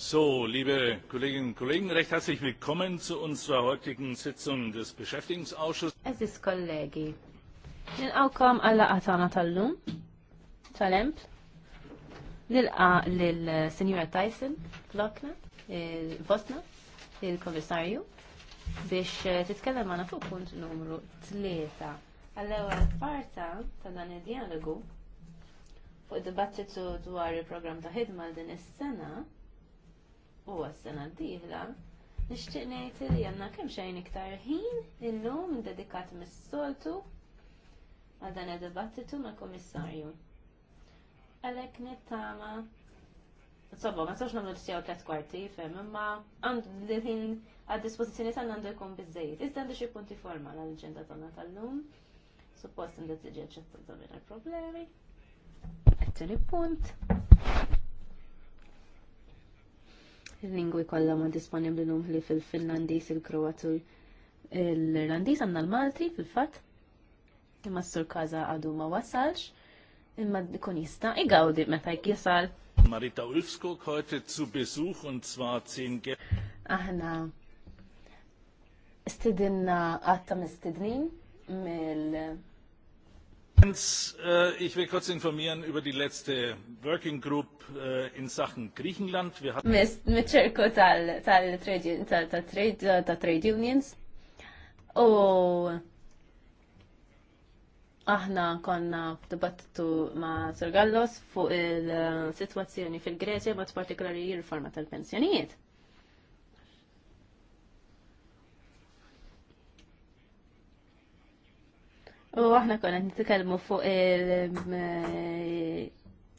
So, liebe Kolleginnen und Kollegen, recht herzlich willkommen zu unserer heutigen Sitzung des Beschäftigungsausschusses. Es ist Kollegi. Nilqawkom għalla qatana tal-lum, tal-emp. Nilqa lil-Senjura Tyson, flokna, vostna, il-Komissarju, biex eh, titkellem għana fuq punt numru 3. Għall-ewwel parta ta' dan id-dialogu fuq dibattitu dwar il program ta' ħidma din is-sena u għas-sena d-dieħla nixtieq ngħid li għandna kemm xejn iktar ħin illum dedikat mis-soltu għal dan id-dibattitu mal kummissarju. Għalhekk nittama Sobba, ma nistax nagħmlu tiegħu tliet kwarti, fem, imma għandu l-ħin għad-dispożizzjoni tagħna għandu jkun biżejjed. Iżda għandu xi punti forma l ġenda tagħna tal-lum. Suppost inda tiġi ċetta minn problemi Għettini punt. Il-lingwi kollha ma disponibbli numħli fil finlandis il-Kroatu, l-Irlandiż għandna l-Malti fil-fatt. Imma s-sur kaza għadu ma wasalx, imma kun jista' igawdi meta jkisal. Marita Ulfskog heute zu Besuch und zwar 10 Gäste. Aħna istidinna għatta mistidnin mill Äh, ich will kurz informieren über die letzte Working Group äh, in Sachen Griechenland. Mitċerku tal-trade äh, unions u aħna konna f'dibattitu ma' Sir Gallos fuq il-situazzjoni fil-Greċja, mat partikolari il reforma tal-pensjonijiet. U aħna konna nitkellmu fuq il- eh,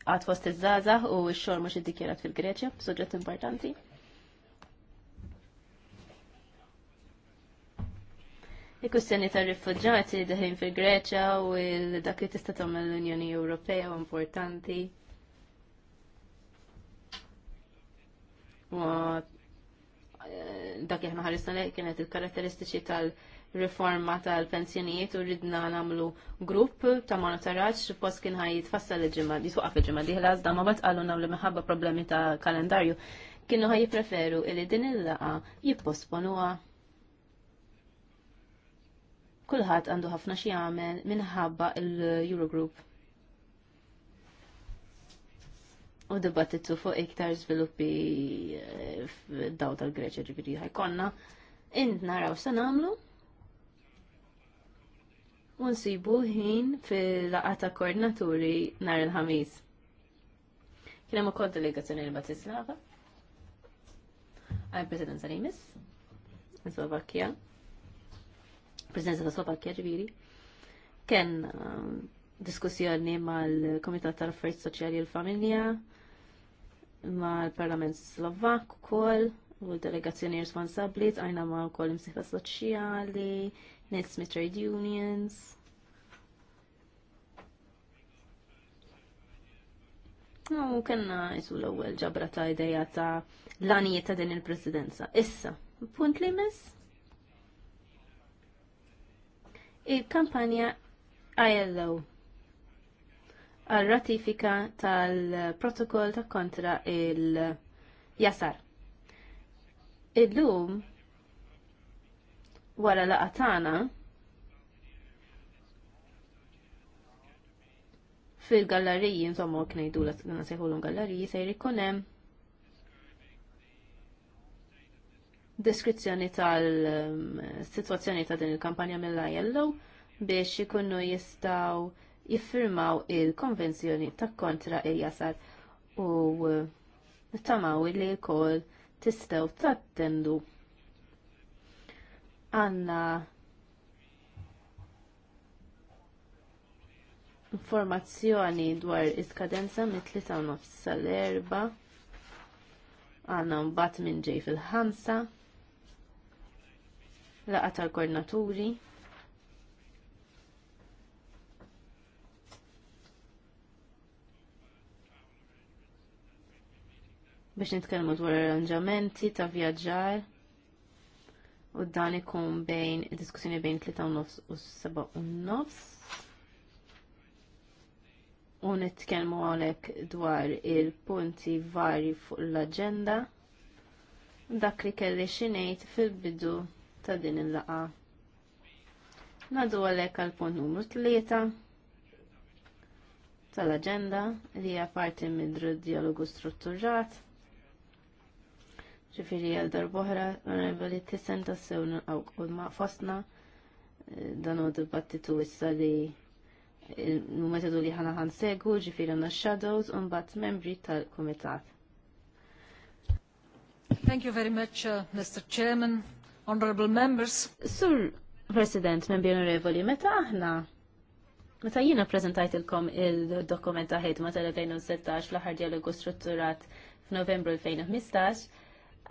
għat fost il żaza u x-xor mux id-dikjerat fil-Greċja, soġġett importanti. Il-kustjoni ta' rifugġati daħin fil-Greċja u dak li tista' tagħmel l-Unjoni Ewropea u importanti. Eh, dak li aħna ħarisna kienet il-karatteristiċi tal- riforma tal-pensjonijiet u ridna namlu grupp ta' monitoraġġ post kien ħaj jitfassal il-ġimma, jitwaqaf il-ġimma diħla għazda ma bat għallu namlu meħabba problemi ta' kalendarju kienu ħaj jipreferu illi din il-laqa jipposponuha. Kulħadd għandu ħafna xi għamel minħabba l-Eurogroup. U dibattitu fuq iktar żviluppi eh, f'daw tal-Greċja ġifieri ħajkonna. Int naraw se nagħmlu u nsibu ħin fil-laqa ta' koordinaturi nhar il-ħamis. Kien hemm ukoll delegazzjoni l batislava għaj presidenza li jmiss, Slovakkja, presidenza ta' Slovakkja ġifieri, kien um, diskussjoni mal-Komitat tal-Affarijiet Soċjali u l-Familja, mal-Parlament Slovak ukoll, u l-delegazzjoni responsabbli għajna ma' wkoll imsieħba soċjali, me trade unions. U oh, kanna jisu l-ewel ġabra ta' ideja ta' l-anijiet ta' din il-presidenza. Issa, punt li mis? Il-kampanja ILO għal ratifika tal-protokoll ta' kontra il-jasar. Illum wara laqatana fil-galleriji, insomma, knejdu l-għana seħulun galleriji, se hemm deskrizzjoni tal-situazzjoni ta' din il-kampanja mill-ILO biex ikunu jistaw jiffirmaw il-konvenzjoni ta' kontra il-jasar u tamaw li kol tistaw tattendu għanna informazzjoni dwar iskadenza mit-3 u nofs sal-erba għanna mbatt minn ġej fil-ħamsa laqa tal-koordinaturi biex nitkellmu dwar arranġamenti ta' vjaġġar u dan ikun bejn diskussjoni bejn 3.9 u 7.9 u nitkellmu għalhekk dwar il-punti varji fuq l-aġenda dak li kelli xinejt fil-bidu ta' din il laqgħa Nadu għalhekk għal punt numru 3 tal-aġenda li hija parti dru dialogu strutturat ġifiri għal darboħra, t tissen ta' sewna għaw kol ma' fosna, eh, dan u battitu issa li il-metodu eh, li ħana ħan segu, ġifiri għanna shadows, un bat membri tal-komitat. Thank you very much, uh, Mr. Chairman, honorable members. Sur President, membri onorevoli, meta aħna Meta jina prezentajt ilkom il-dokumenta ħed ma tal-2016 fl-aħħar dialogu strutturat f'Novembru 2015,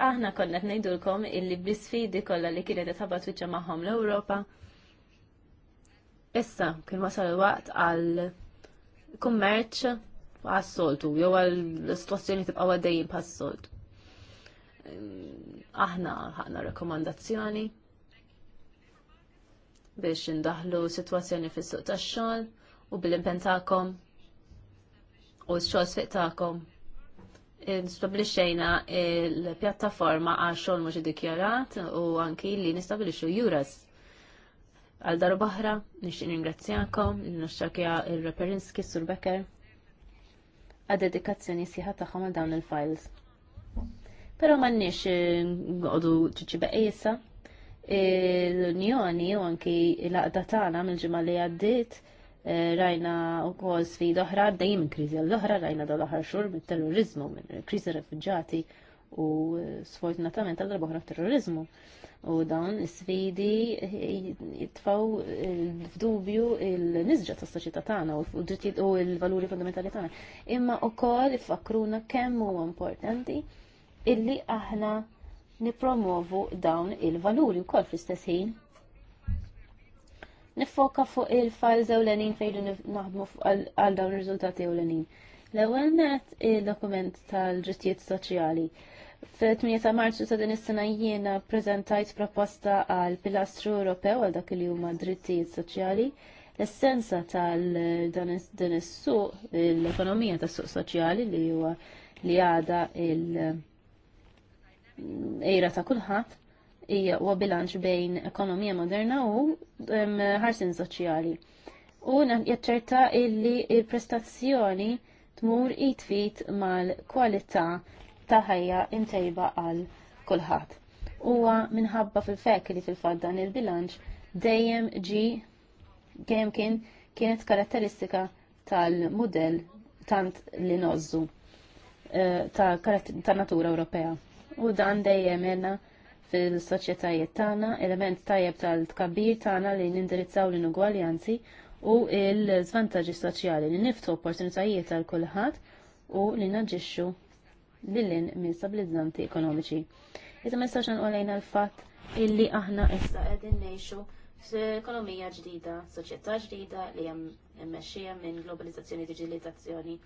Aħna konna ngħidulkom illi bisfidi kolla kollha li kienet tabat twiċċa magħhom l-Ewropa. Issa kien wasal il-waqt għal kummerċ għas-soltu, jew għal-situazzjoni tibqa' għaddejjin bħas-soltu. Aħna ħakna rekomandazzjoni biex indaħlu situazzjoni fis-suq tax-xogħol u bil impentakom u x-xogħol sfiq tagħkom nistabilixxejna il-pjattaforma għal xogħol mhux iddikjarat u anki li nistabilixxu juras. Għal darbaħra, nixtieq ningrazzjakom, nixxakja il-Reperinski Sur Becker għad dedikazzjoni sieħa tagħhom għal dawn il-files. Però m'għandniex eh, nqogħdu ċiċibeq issa, l-Unjoni u anki l-aqda tagħna mill-ġimgħa li għaddiet Eh, rajna u kol sfid oħra, dejjem kriżi l-oħra, rajna dal oħar xur minn terrorizmu, minn kriżi refugġati u eh, sfortunatament għal darba terrorizmu. U dawn sfidi eh, jitfaw f'dubju il-nizġa tas soċjetà tagħna u l-valuri fundamentali tagħna. Imma wkoll ifakruna kemm huwa importanti illi aħna nipromovu dawn il-valuri wkoll fl-istess ħin nifoka fuq il-files ewlenin fejn naħdmu għal dawn ir-riżultati ewlenin. L-ewwel net il-dokument tal-ġittijiet soċjali. F-8 ta' Marzu ta' din is-sena jiena preżentajt proposta għal pilastru Ewropew għal dak li huma drittijiet soċjali. L-essenza tal din is-suq, l-ekonomija tas-suq soċjali li huwa li għada il-ejra mm, ta' kulħadd hija huwa bilanċ bejn ekonomija moderna u ħarsin soċjali. U jaċċerta illi il-prestazzjoni tmur jitfit mal-kwalità ta' ħajja intejba għal kulħadd. Huwa minħabba fil-fek li fil-fatt dan il-bilanċ dejjem ġi kemm kien kienet karatteristika tal-mudell tant li nozzu eh, ta', ta natura Ewropea. U dan dejjem għenna fil-soċjetajiet tagħna, element tajjeb tal-tkabbir tagħna li nindirizzaw l-inugwaljanzi u l-żvantaġġi soċjali li niftu opportunitajiet għal kulħadd u li naġġixxu lilin minn stabilizzanti ekonomiċi. Iżda messaġġ jistax l-fatt illi aħna issa qegħdin ngħixu f'ekonomija ġdida, soċjetà ġdida li hemm immexxija minn globalizzazzjoni diġilizzazzjoni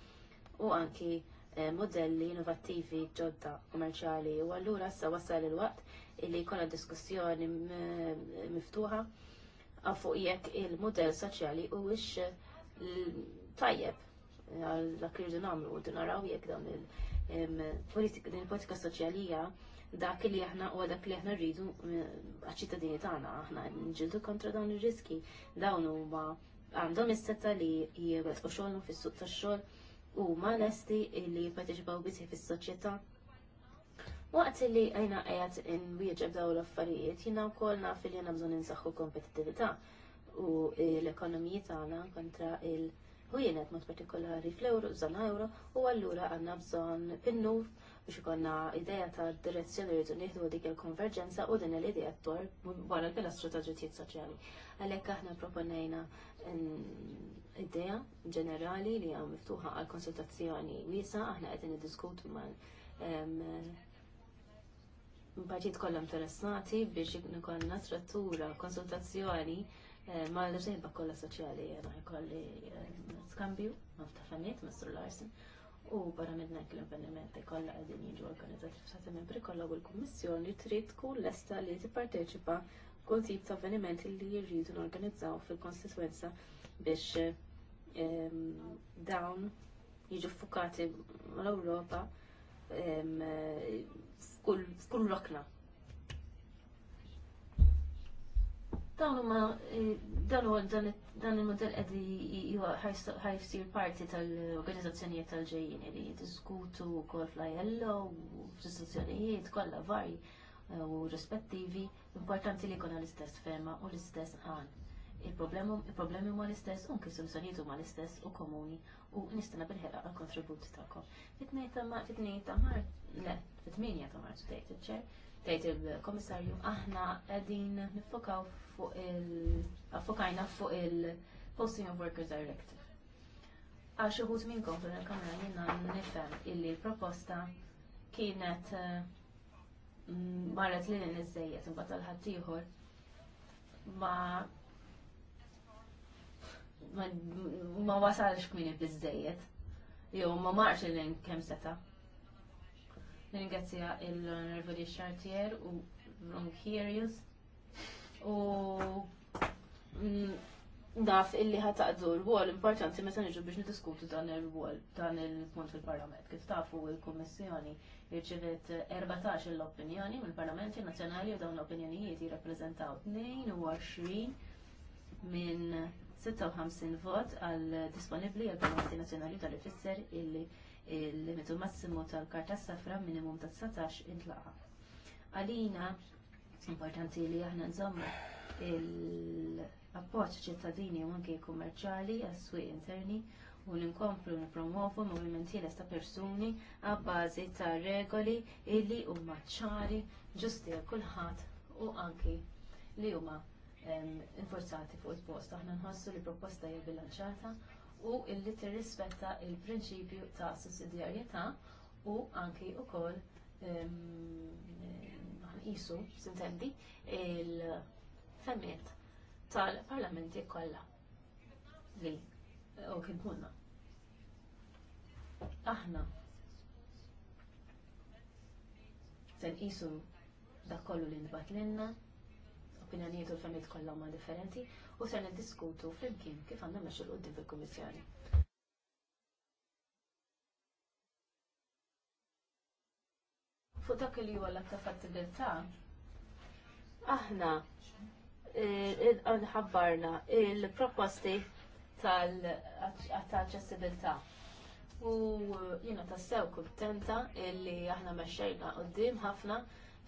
u anki eh, modelli innovattivi ġodda kummerċjali u allura sa wasal il-waqt li jkollha diskussjoni miftuħa fuq jekk il-modell soċjali huwiex eh, tajjeb għal dak li rridu nagħmlu u naraw jekk dawn il-politika soċjalija dak li aħna u dak li aħna rridu eh, għaċ-ċittadini tagħna aħna nġildu kontra dawn ir-riski dawn huma għandhom is-setta li jibgħu xogħolhom fis-suq tax-xogħol u ma lesti li jipparteċipaw biss fis-soċjetà Waqt li għajna għajat n-wieġeb daw l-affarijiet, jina u kol naf li jina bżon nsaxħu kompetitivita u l-ekonomiji tagħna kontra il- u jienet mod partikolari fl-euro, zona euro, u għallura għanna bżon pinnuf biex ikonna ideja ta' direzzjoni rridu nieħdu dik il-konverġenza u din l-ideja t-tor wara l-pilastru ta' ġittijiet soċjali. Għalhekk aħna proponejna mm, ideja ġenerali li għam miftuħa għal konsultazzjoni wiesa aħna id niddiskutu mal M'baġit kollha interessati biex nikonna trattura, konsultazzjoni eh, ma l-ġejba kollha soċjali jena eh, jkolli eh, skambju, ma fanit, Mr. Larsen, u barra minn l-avvenimenti kollha qegħdin jiġu organizzati f'stati membri kollha u l-Kummissjoni trid l lesta li tipparteċipa kull tip ta' avvenimenti li jirridu norganizzaw fil-konsistenza biex ehm, dawn jiġu fukati mal-Ewropa ehm, f'kull rokna. Dan huma eh, dan huwa dan il-modell qed ħajsir parti tal-organizzazzjonijiet tal-ġejjin li jiddiskutu wkoll fl-ILO u f'istituzzjonijiet kollha varji eh, u rispettivi importanti li jkollna l-istess ferma u l-istess għan il-problemi huma l-istess, unki soluzzjonijiet ma l-istess u komuni u nistana bil ħera għal-kontribut tagħkom. Fitnejta ma fitnejta ma le, fit-8 ta' marzu tgħid iċ-ċer, tgħid il-Komissarju aħna qegħdin niffokaw fuq il affokajna fuq il-Posting of Workers Directive. Għax uħut minnkom fil kamra jiena nifhem illi l-proposta kienet mm, marret li l-nizzejiet imbagħad tal-ħaddieħor ma ma wasalx kmini bizzejiet. Jew ma marx il-lin kem seta' Ringrazzja l-Onorevoli Chartier u Ronkierius u mm, naf illi taqdu l-wol importanti meta niġu biex nidiskutu dan il-wol, dan il-punt fil-parlament. Kif tafu il-Kommissjoni irċivet 14 l-opinjoni mill-Parlamenti Nazzjonali u dawn l-opinjonijiet jirrappreżentaw 22 minn 56 vot għal disponibli għal Parlamenti Nazzjonali tal-ifisser illi il-limitu massimu tal-karta safra minimum ta' 19 intlaqa. Għalina, importanti li aħna nżommu il-appoċ ċittadini u anke kummerċali għas-swieq interni u n-promovu movimenti l ta' persuni għabbażi ta' regoli illi huma ċari ġusti għal kulħadd u anki li huma infurzati fuq il-post. Aħna nħossu li proposta hija bilanċata u illi tirrispetta l prinċipju ta' sussidjarjetà u anki wkoll ehm, ehm, qisu sintendi il-femmiet tal-parlamenti kollha li u kien Aħna sen qisu dak kollu li nbatlinna, l-inna, opinjonijiet u l-femmiet kollha differenti u se niddiskutu flimkien kif għandna meċu l-qoddim fil-Kummissjoni. Fuq dak li huwa l-attafattibilità, aħna e, e, nħabbarna il-proposti tal-accessibilità. U e, jina tassew kontenta illi aħna meċċejna qoddim ħafna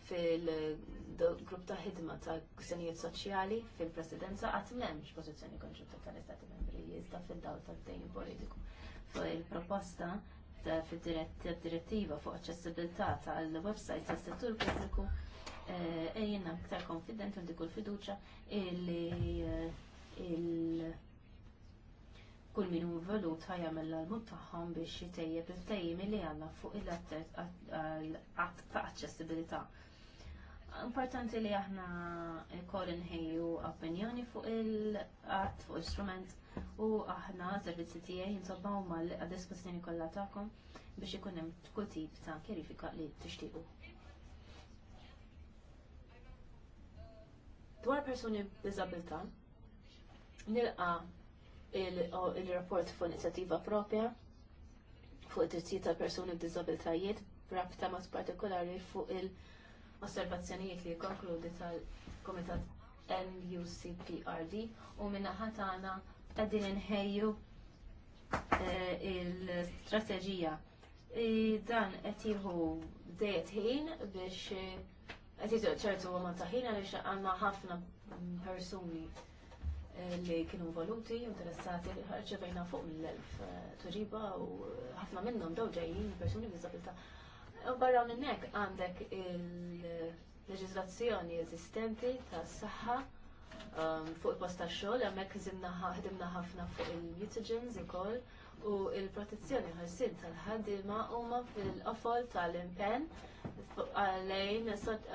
fil-grupp ta' ħidma ta' kwistjonijiet soċjali fil-presidenza qatt m'hemmx pożizzjoni konġunta tal-Istati Membri jiżda fil-dawl tal dejn politiku. Fuq il-proposta ta' fil-direttiva fuq aċċessibilità tal-website tas-settur pubbliku eh, ejjina aktar konfident għandi kull fiduċa illi eh, il kull minu hu valut ħajamel l-album tagħhom biex jitejjeb il-tejjim li għandna fuq il-qatt ta' aċċessibilità Importanti li aħna kol nħejju opinjoni fuq il-qatt, fuq istrument u aħna servizzi tiegħi jinsobbaw mal għad-diskussjoni kollha ta'kom biex ikun hemm kull tip ta' kjerifika li tixtiequ. Dwar persuni b'diżabilità, nilqa il-rapport fuq inizjattiva propja fuq it-tizzijiet tal persuni b'diżabilitajiet b'rabta mod partikolari fuq il-, il, il, il, il, il, il, il, il osservazzjonijiet li konkludi tal-Komitat MUCPRD u minna ħatana għaddin nħejju eh, il-strategija. Dan għetiħu dejet ħin biex għetiħu eh, ċertu għaman ħin għalix għanna ħafna personi eh, li kienu voluti, interessati, ħarċevajna fuq mill-elf tuġiba u ħafna minnom daw ġejjin persuni bizzabilta barra minnek għandek il-leġizlazzjoni eżistenti tas saħħa um, fuq il posta ta' xogħol hemmhekk ħdimna ħafna fuq il-mutagens ukoll u l protezzjoni ħarsin tal u huma fil-qofol tal-impenn għalejn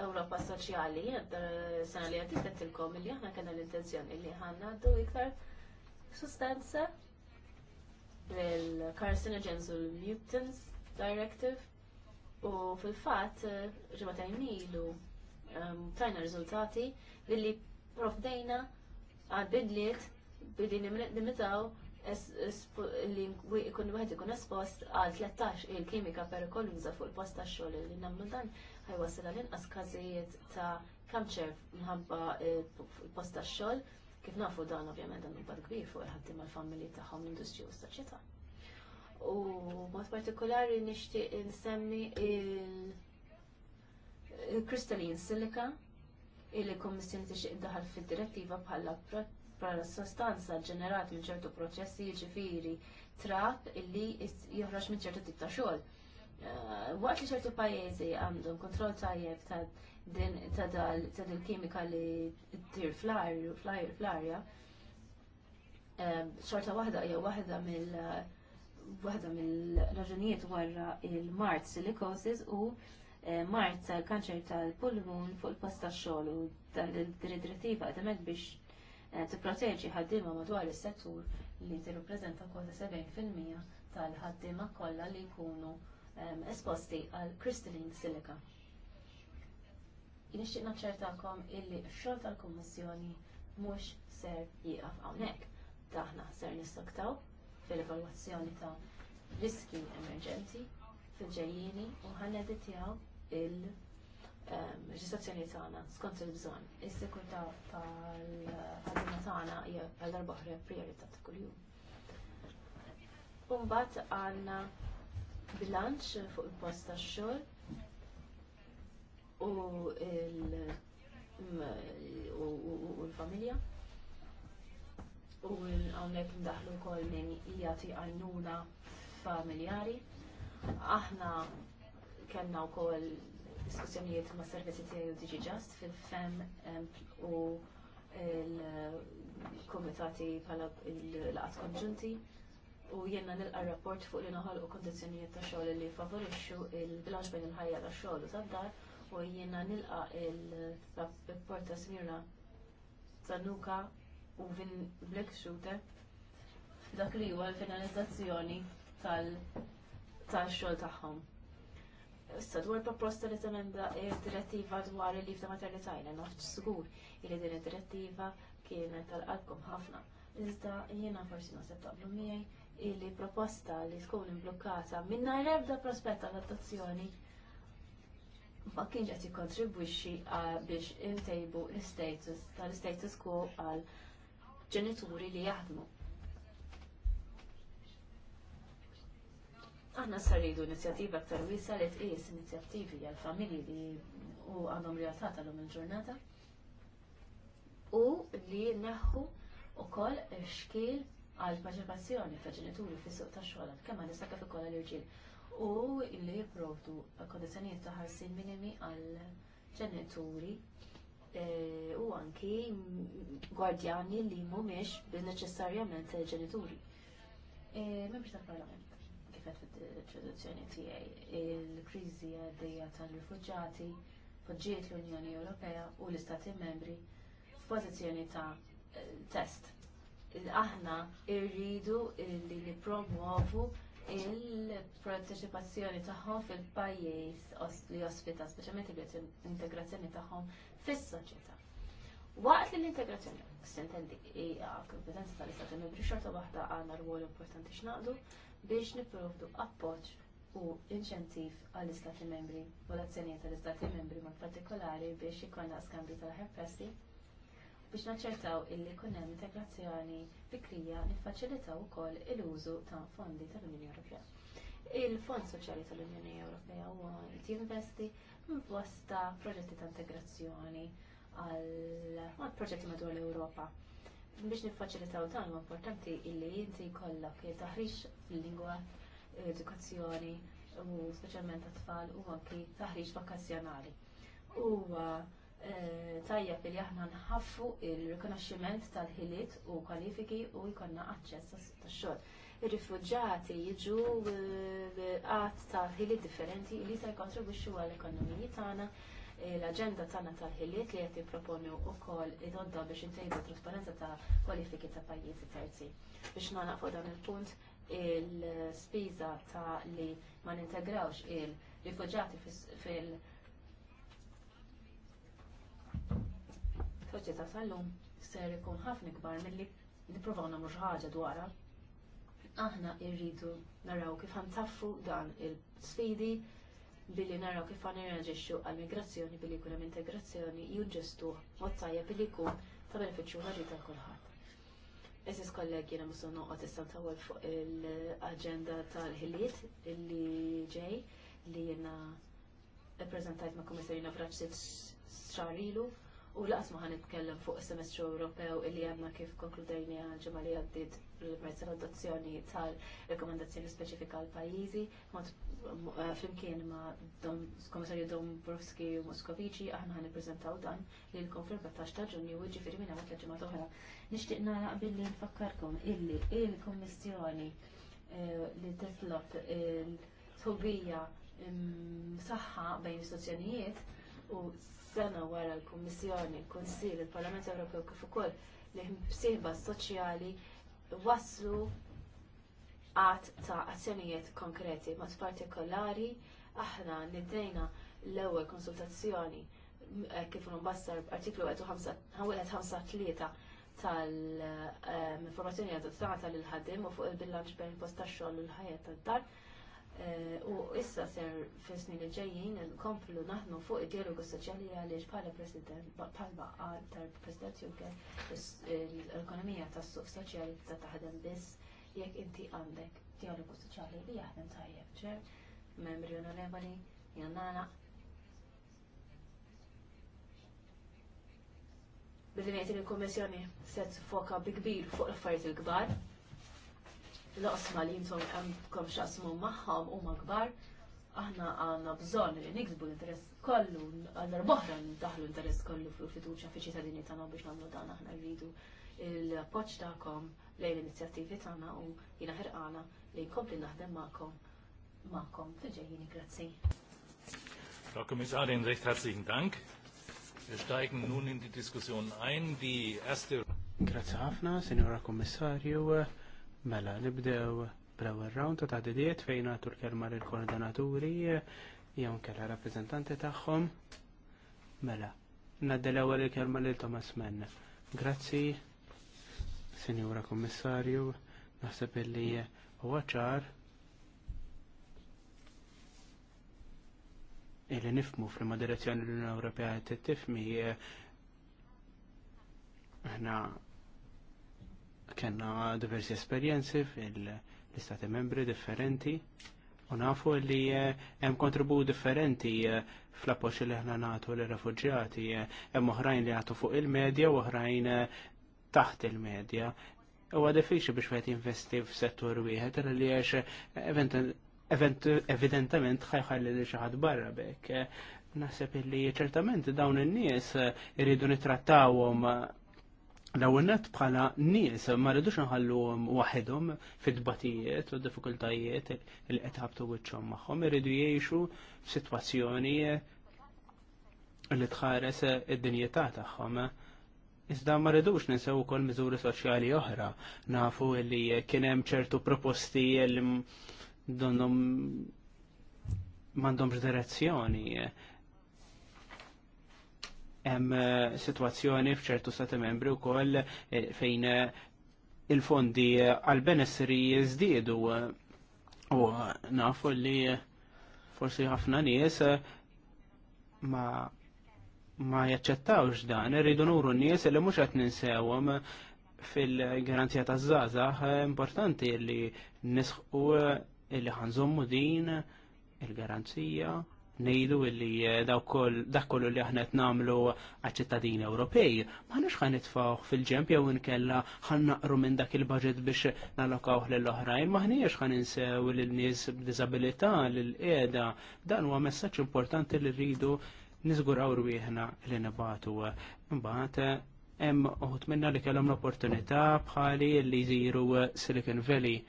Ewropa Soċjali sena li għad tilkom li aħna kellna l-intenzjoni li ħanna għaddu iktar sustanza bil-carcinogens u l-mutants directive U fil-fat, ġematajn ilu, ehm, tajna rizultati li provdejna għal bidliet bidli nimitaw li kun wieħed ikun espost għal 13 il-kimika perikoluża fuq il-post ta' xogħol li nagħmlu dan ħajwasil għal inqas każijiet ta' kamċer minħabba il-post ta' xogħol kif nafu dan ovvjament dan impatt kbir fuq il-ħaddim mal-familji tagħhom l-industrija u s-soċjetà. U mod partikolari nixtieq insemmi il-kristallin silica il kommissjoni tixtieq daħal fid-direttiva bħala bħala sostanza ġenerata minn ċertu proċessi ġifiri trap illi joħroġ minn ċertu tip ta' xogħol eh, waqt li ċertu pajjiżi għandhom kontroll tajjeb ta' din ta' dal ta' din kimika li ttir fl-arja, eh, xorta waħda jew waħda mill waħda mill-raġunijiet wara il-Mart silicosis u eh, Mart tal-kanċer tal-pulmun fuq il-post tax-xogħol u tal-direttiva qed hemmhekk biex eh, tipproteġi ħaddiema madwar is-settur li tirrappreżenta kważi 70% tal-ħaddiema kollha li jkunu eh, esposti għal crystalline silica. Nixtieq naċċertakom illi x-xogħol tal-Kummissjoni mhux ser jieqaf hawnhekk. Daħna ser nistaktaw fil-evalwazzjoni ta' riski emerġenti fil-ġejjini u ħalledi tiegħu il-reġistrazzjoni ehm, tagħna skont il-bżonn. Is-sikurtà tal-ħadma tagħna hija għal darba priorità ta' kuljum. Umbagħad għanna bilanċ fuq il-post tax-xogħol u mm, l-familja u għamlek ndaħlu kol minn jgħati għajnuna familjari. Aħna kellna u kol diskussjonijiet ma' servizzi tijaj u Digi Just fil-FEM u il-komitati bħala il-laqat konġunti u jenna nilqa rapport fuq li u kondizjonijiet ta' xogħol li favorixxu il-bilanċ bejn il-ħajja ta' xogħol u tad-dar u jenna nilqa il-rapport ta' Smirna Zanuka u vin black shooter dak li huwa l-finalizzazzjoni tal tal-xogħol tagħhom. Issa dwar proposta li temenda direttiva dwar il-lif ta' tajna nafx sigur li din id-direttiva kienet tal-qalbkom ħafna. Iżda jiena forsi naħseb taqblu miegħi illi proposta li tkun imblukkata mingħajr ebda prospetta l-adozzjoni ma kienx qed jikkontribwixxi ah, biex intejbu l-status tal-status quo għal ġenituri li jaħdmu. Aħna saridu inizjattiva aktar wiesa li tqis inizjattivi għal familji li u għandhom realtà tal-lum il-ġurnata u li naħħu wkoll xkil għal paċipazzjoni ta' ġenituri fis-suq tax-xogħol kemm għal nista' kif ikollha l-irġiel u li jipprovdu kondizzjonijiet ta' ħarsin minimi għal ġenituri Eh, u anki gwardjani li mhumiex bin-neċessarjament ġenituri. Eh, membri tal-Parlament, kif qed fil-traduzzjoni tiegħi, il-kriżi għaddejja tal rifugġati poġġiet l-Unjoni Ewropea u l-Istati Membri f'pożizzjoni ta' eh, test. Aħna irridu li nippromuovu il-parteċipazzjoni tagħhom fil-pajjiż li ospita, speċjalment l-integrazzjoni tagħhom fis-soċjetà. Waqt li l-integrazzjoni s-intendi hija kompetenza tal-Istati Membri xorta waħda r-għol importanti x'naqdu biex nipprovdu appoġġ u inċentiv għall-Istati Membri u l-azzjonijiet tal-Istati Membri ma' partikolari biex ikollna skambi tal-ħerpressi biex naċċertaw illi kun hemm integrazzjoni fikrija li faċilitaw ukoll il-użu ta' fondi tal-Unjoni Ewropea. Il-Fond Soċjali tal-Unjoni Ewropea huwa jinvesti f'bosta proġetti ta' integrazzjoni għal proġetti madwar l-Ewropa. Biex niffaċilitaw dan huwa importanti illi inti jkollok il-taħriġ fil-lingwa, edukazzjoni u speċjalment tat-tfal u anki taħriġ vakazzjonali. Eh, tajjeb li aħna nħaffu il-rikonoxximent tal-ħiliet u kwalifiki u jkollna aċċess tax-xogħol. Ir-rifuġġati jiġu eh, qatt ta' ħiliet differenti li se jkontribwixxu għall-ekonomiji tagħna eh, l-agenda tagħna tal-ħiliet li qed jipproponu wkoll idodda biex intejbu trasparenza ta' kwalifiki ta' pajjiżi terzi. Biex nagħlaq fuq dan il-punt il-spiża ta' li ma nintegrawx il-rifuġġati fil- fl-soċjetà tal-lum ser ikun ħafna kbar milli nippruvaw nagħmlu xi ħaġa dwarha. Aħna rridu naraw kif ħantaffu dan il-sfidi billi naraw kif għan irraġiċu għal-migrazzjoni billi jkun hemm integrazzjoni juġġestu mod tajjeb billi jkun ta' benefiċċju ħarri ta' kulħadd. Eżis kollegi jiena musu noqgħod issa tawwel fuq il aġenda tal-ħiliet illi ġej li jiena ppreżentajt ma' Kummissarju Navraċ sitt xahar ilu u laqas ma ħan nitkellem fuq semestru Ewropew illi għandna kif konkludajni għal-ġimgħa li għaddiet l-prezz adozzjoni tal-rekomendazzjoni speċifika għal pajjiżi eh, flimkien ma' Komissarju Dombrovski u Moskovici aħna ħan nippreżentaw dan li l-konfirm 14 ta' ġunju u ġifieri minn hawnhekk ġimgħa oħra. Nixtieq naraq billi nfakkarkom illi il-Kommissjoni eh, li titlob il-tobija mm, saħħa bejn istazzjonijiet u sena wara l-Kummissjoni, il-Kunsil, il-Parlament Ewropew kif ukoll li msieba soċjali waslu għat ta' azzjonijiet konkreti, mod partikolari aħna niddejna l-ewwel konsultazzjoni eh, kif nbassar b'artiklu 153 tal-informazzjoni eh, adottata lil ħaddiem u fuq il-bilanċ bejn post tax-xogħol u l-ħajja tad-dar Eh, u issa ser fil li ġejjin nkomplu naħnu fuq id-dialogu soċjali għaliex bħala president, bħalma għal tal-President Juncker, l-ekonomija tas-suq soċjali ta' taħdem biss jekk inti għandek dialogu soċjali li jaħdem tajjeb. ċer, membri onorevoli, jannana. Bidin jgħid il-Kommissjoni set foka bi kbir fuq l-affarijiet il-kbar l-osma li jintom għamkom xasmu maħħom u magbar, aħna għanna bżon li nikdbu l-interess kollu, għanna boħra daħlu l-interess kollu fil-fiduċa fi ċittadini tagħna biex nagħmlu dan aħna rridu il-appoġġ tagħkom lejn l-inizjattivi tagħna u jina ħirqana li jkompli naħdem magħkom magħkom fil-ġejjini grazzi. Frau Kommissarin, recht herzlichen Dank. Wir steigen nun in die Diskussion ein. Die erste. Grazie ħafna, Signora Kommissarju. Mela, nibdew bl-ewwel round ta' tadidiet fejn għatur l-kelma lill-koordinaturi jew kella rappreżentanti tagħhom. Mela, nadde l-ewwel il-kelma lil Thomas Menn. Grazzi, Sinjura Kommissarju, naħseb illi huwa ċar illi nifmu fl direzzjoni l-Unjoni Ewropea tittifmi aħna kena diversi esperjenzi fil-istati membri differenti u nafu li eh, hemm kontribut differenti eh, fl-appoċ li ħna nagħtu l refuġjati eh, hemm oħrajn li għatu fuq il-medja u oħrajn taħt il-medja. Huwa diffiċli biex wieħed jinvesti f'settur wieħed li għax evidentament ħajħalli li xaħat barra bekk. Nasib li ċertament dawn in-nies iridu nitrattawhom L-għonet bħala nies ma rridux nħallu waħedhom fid-dbatijiet u diffikultajiet li qed ħabtu wiċċhom magħhom, irridu jgħixu f'sitwazzjoni li tħares id dinjità tagħhom. Iżda ma rridux ninsew ukoll miżuri soċjali oħra. Nafu li kien hemm ċertu proposti li m'għandhomx direzzjoni hemm eh, sitwazzjoni f'ċertu stati membri wkoll eh, fejn eh, il-fondi għal-benessri jizdiedu u nafu li forsi ħafna nies ma ma jaċċettawx dan, irridu nuru n-nies li mhux qed ninsewhom fil-garanzija ta' zaza importanti li nisħu li ħanżommu din il-garanzija nejdu illi eh, dak kollu li aħna qed nagħmlu għaċ-ċittadini Ewropej, m'aħniex ħan nitfgħu fil-ġemp jew inkella ħan naqru minn dak il-budget biex nallokawh lil oħrajn, m'aħniex ħan insew lin nies b'diżabilità lill qiegħda. Dan huwa messaġġ importanti li rridu niżguraw rwieħna li nibatu. Imbagħad hemm uħut minna li kellhom l-opportunità bħali li jżiru Silicon Valley.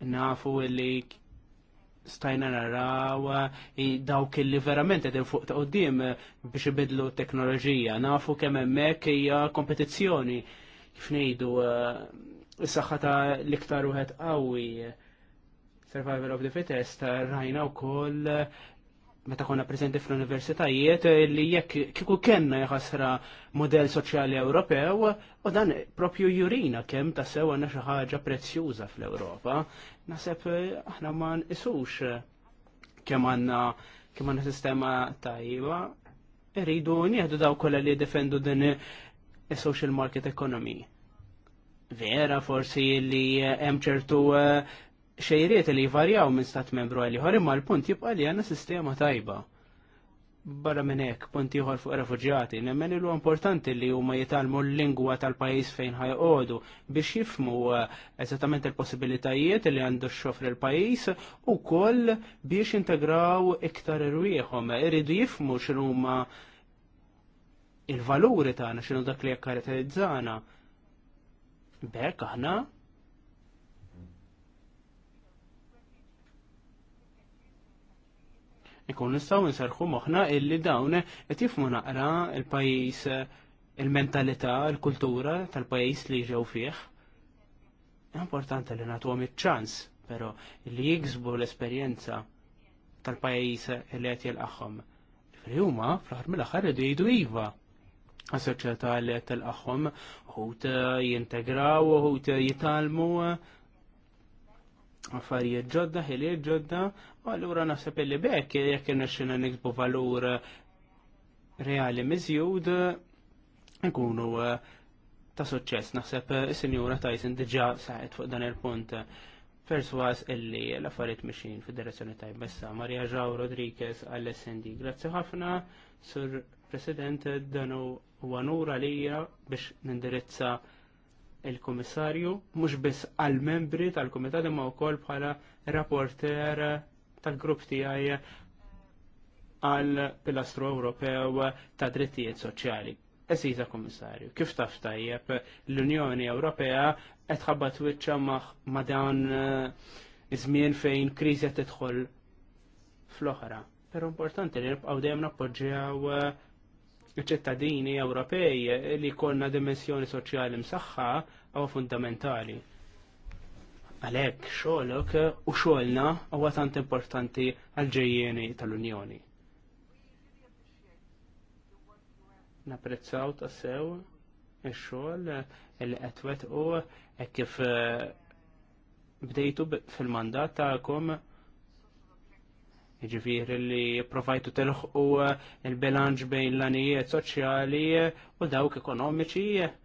Nafu li stajna naraw eh, dawk li verament edin fuq ta' qoddim eh, biex ibidlu teknoloġija. Nafu kemm hemmhekk hija kompetizzjoni kif ngħidu eh, is-saħħa ta' l-iktar wieħed qawwi. Survival of the Fittest rajna wkoll meta konna preżenti fl-universitajiet eh, li jekk kieku kenna jħasra modell soċjali Ewropew u dan propju jurina kemm ta' sewa għandna xi ħaġa prezzjuża fl-Ewropa. Naħseb eh, aħna ma nqisux eh, kemm għandna kemm għandna sistema tajba. rridu nieħdu daw kollha li defendu din is-social market economy. Vera forsi li hemm ċertu xejriet li jvarjaw minn stat membru għal ieħor imma l-punt jibqa' li għandna sistema tajba. Barra minn hekk punt ieħor fuq refuġjati, nemmen ilu importanti li huma jitalmu l-lingwa tal-pajjiż fejn ħajqogħdu biex jifmu eh, eżattament il-possibilitajiet li għandu x-xofr il-pajjiż ukoll biex integraw iktar irwieħhom, iridu jifmu x'huma il-valuri tagħna x'inhu dak li jakkaratterizzana. Bekk aħna Ikun nistgħu nserħu moħħna illi dawn qed jifmu naqra l pajjiż il-mentalità, il-kultura tal-pajjiż li ġew fih. Importanti li nagħtuhom iċ-ċans, però li jiksbu l-esperjenza tal-pajjiż li qed jilqagħhom. Huma fl-aħħar mill-aħħar idu jgħidu iva għas-soċjetà li qed tilqagħhom, ħut jintegraw, ħut jitalmu, affarijiet ġodda, ħiliet ġodda, u allura naħseb illi bekk jekk irnexxina niksbu valur reali miżjud nkunu eh, ta' suċċess. Naħseb eh, is-Sinjura Tyson diġà saħet fuq dan il-punt eh, perswas illi l-affarijiet mixin fid-direzzjoni tajba issa. Maria Ġaw Rodriguez għall-SND. Grazzi ħafna, Sur President, danu huwa nura lija biex nindirizza il-Komissarju mhux biss għal-membri tal-Kumitat imma wkoll bħala rapporter tal-grupp tiegħi għal pilastru Ewropew ta' drittijiet soċjali. Esiza Komissarju, kif taf tajjeb l-Unjoni Ewropea qed ħabba wiċċa ma' dan eh, iż-żmien fejn kriżi tidħol fl-oħra. Però importanti li nibqgħu dejjem nappoġġjaw eh, ċittadini Ewropej li jkollna dimensjoni soċjali msaħħa huwa fundamentali. Għalhekk xogħolok u xogħolna huwa tant importanti għal ġejjieni tal-Unjoni. Napprezzaw sew ix-xogħol li qed u e kif bdejtu fil-mandat tagħkom Ġifiri li provajtu telħu eh, il-bilanċ bejn l-anijiet soċjali eh, u dawk ekonomiċi eh,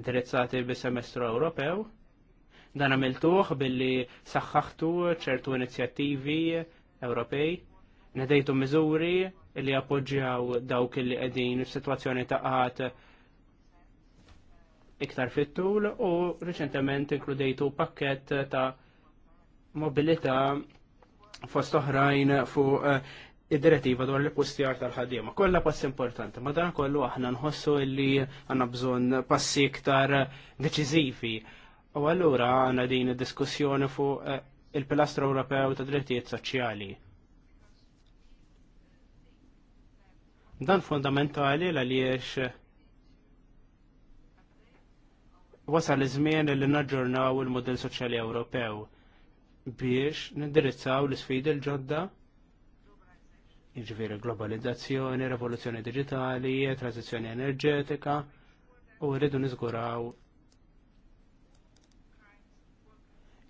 interessati bis-semestru Ewropew. Dan għamiltuħ billi saħħaħtu ċertu inizjattivi Ewropej, nedejtu miżuri li appoġġjaw dawk li qegħdin f'sitwazzjoni ta' qat iktar fit-tul u riċentement inkludejtu pakket ta' mobilità fost oħrajn fuq eh, id-direttiva dwar l-postjar tal-ħaddiema. Kolla pass importanti, ma dan kollu aħna nħossu li għanna bżon passi iktar deċizivi. U allura għanna din diskussjoni fuq eh, il-pilastro Ewropew ta' drittijiet soċjali. Dan fundamentali għaliex wasal iż-żmien li naġġornaw il-modell soċjali Ewropew biex nindirizzaw l-sfidi l-ġodda jiġifieri globalizzazzjoni, rivoluzzjoni digitali, transizzjoni enerġetika u rridu niżguraw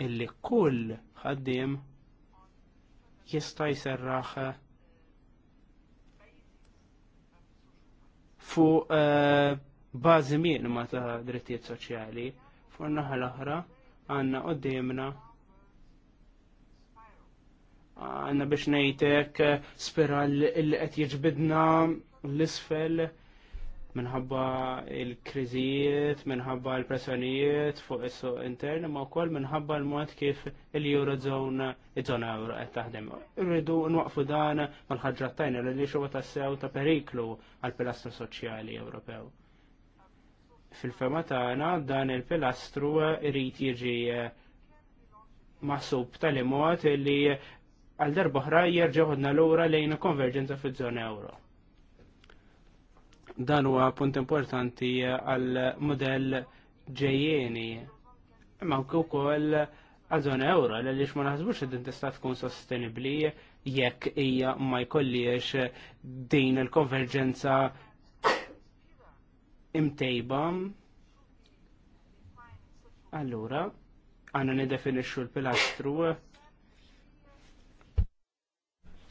illi kull ħaddiem jista' jserraħ fuq uh, bażi minima ta' drittijiet soċjali fuq naħa l-oħra għandna qudiemna għanna biex nejtek eh, spira li qed jiġbidna l-isfel minħabba il-kriżijiet, minħabba l-pressjonijiet fuq is-suq intern, ma wkoll minħabba l-mod kif il-Eurozone iż-żona euro qed taħdem. Irridu nwaqfu dan mal-ħaġra tajna li li xuwa tassew ta' periklu għall pilastru soċjali Ewropew fil-fema tagħna dan il-pilastru irid jiġi maħsub tal-imot li għal darba ħra jerġaħodna l-ura lejn konverġenza fil zona euro. Dan huwa punt importanti għal modell ġejjeni, imma wkoll għal żona euro l-għalix ma naħsbux din tista' tkun sostenibbli jekk hija ma jkolliex din il-konverġenza imtejba. Allura, għanna nidefinixxu l-pilastru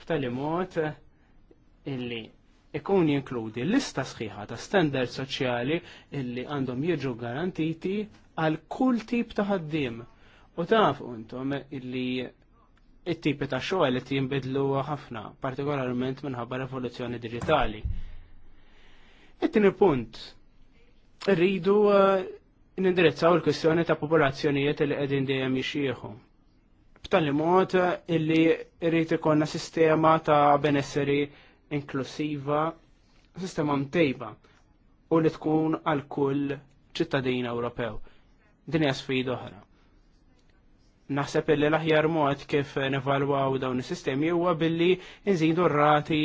f'tali mod illi ikun jinkludi lista sħiħa ta' standard soċjali illi għandhom jiġu garantiti għal kull tip ta' ħaddim. U taf untom illi it-tipi ta' xogħol li jinbidlu ħafna, partikolarment minħabba rivoluzzjoni digitali. It-tieni punt, rridu eh, nindirizzaw il-kwestjoni ta' popolazzjonijiet li qegħdin dejjem jixieħu tal mod eh, illi rrit ikonna sistema ta' benesseri inklusiva, sistema mtejba u li tkun għal kull ċittadin Ewropew. Din hija sfida oħra. Naħseb illi l-aħjar mod kif nevalwaw dawn is-sistemi huwa billi nżidu r-rati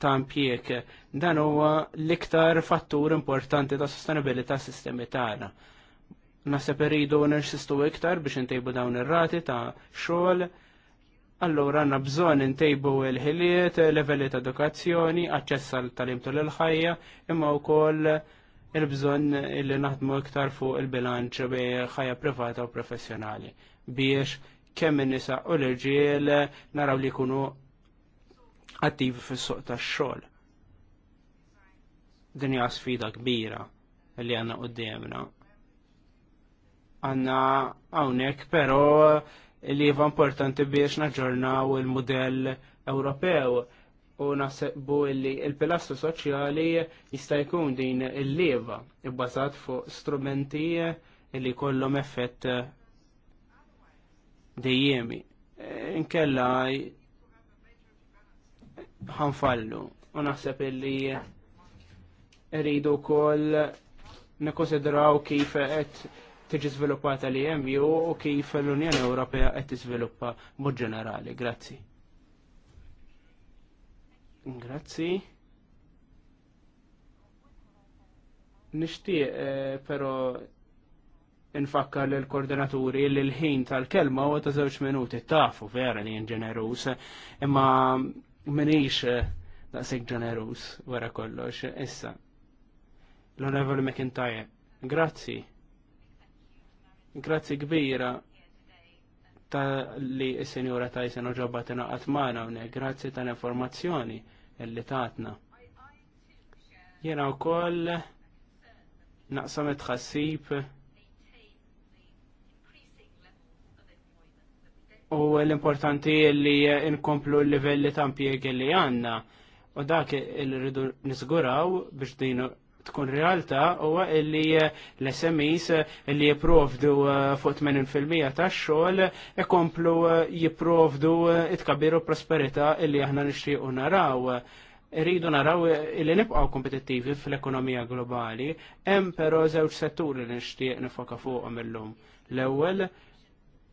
ta' impjieg. Dan huwa l-iktar fattur importanti ta' sostenibilità sistemi tagħna. Naseb irridu sistu iktar biex intejbu dawn ir-rati ta' xogħol. Allura għandna bżonn intejbu il ħiliet leveli ta' edukazzjoni, aċċess għal talim tul il-ħajja, imma wkoll il-bżonn li naħdmu iktar fuq il-bilanċ bi ħajja privata u professjonali biex kemm in-nisa u l-irġiel naraw li jkunu attivi fis-suq tax-xogħol. Dinja sfida kbira li għandna qudiemna għanna għawnek, pero li jiva importanti biex naġġornaw il-modell Ewropew u nasibbu li il-pilastru soċjali jista' jkun din il-leva ibbażat fuq strumenti li kollhom effett dejjemi. Inkella ħanfallu u naħseb li rridu wkoll nikkonsidraw kif qed tiġi sviluppata li hemm jew u kif l-Unjoni Ewropea qed tiżviluppa mod ġenerali. Grazzi. Grazzi. Nixtieq eh, però infakkar l koordinaturi li l-ħin tal-kelma u ta' żewġ minuti tafu vera li ġenerus imma m'iniex eh, daqsik ġenerus wara kollox issa. L-Onorevoli McIntyre, grazzi. Grazzi kbira ta' li s-senjura Tyson u ġobba tinaqat maħna unne, grazzi tal-informazzjoni illi tatna. Jena u koll naqsamet xassib u l-importanti li inkomplu l-livelli ta' impjeg li għanna u dak il-ridu nisguraw biex dinu tkun realtà huwa illi eh, l-SMEs eh, illi jipprovdu eh, fuq 80% tax-xogħol ikomplu jipprovdu it prosperità illi aħna nixtiequ naraw rridu naraw li nibqgħu kompetittivi fl-ekonomija globali, hemm però żewġ setturi li nixtieq nifoka fuqhom illum. L-ewwel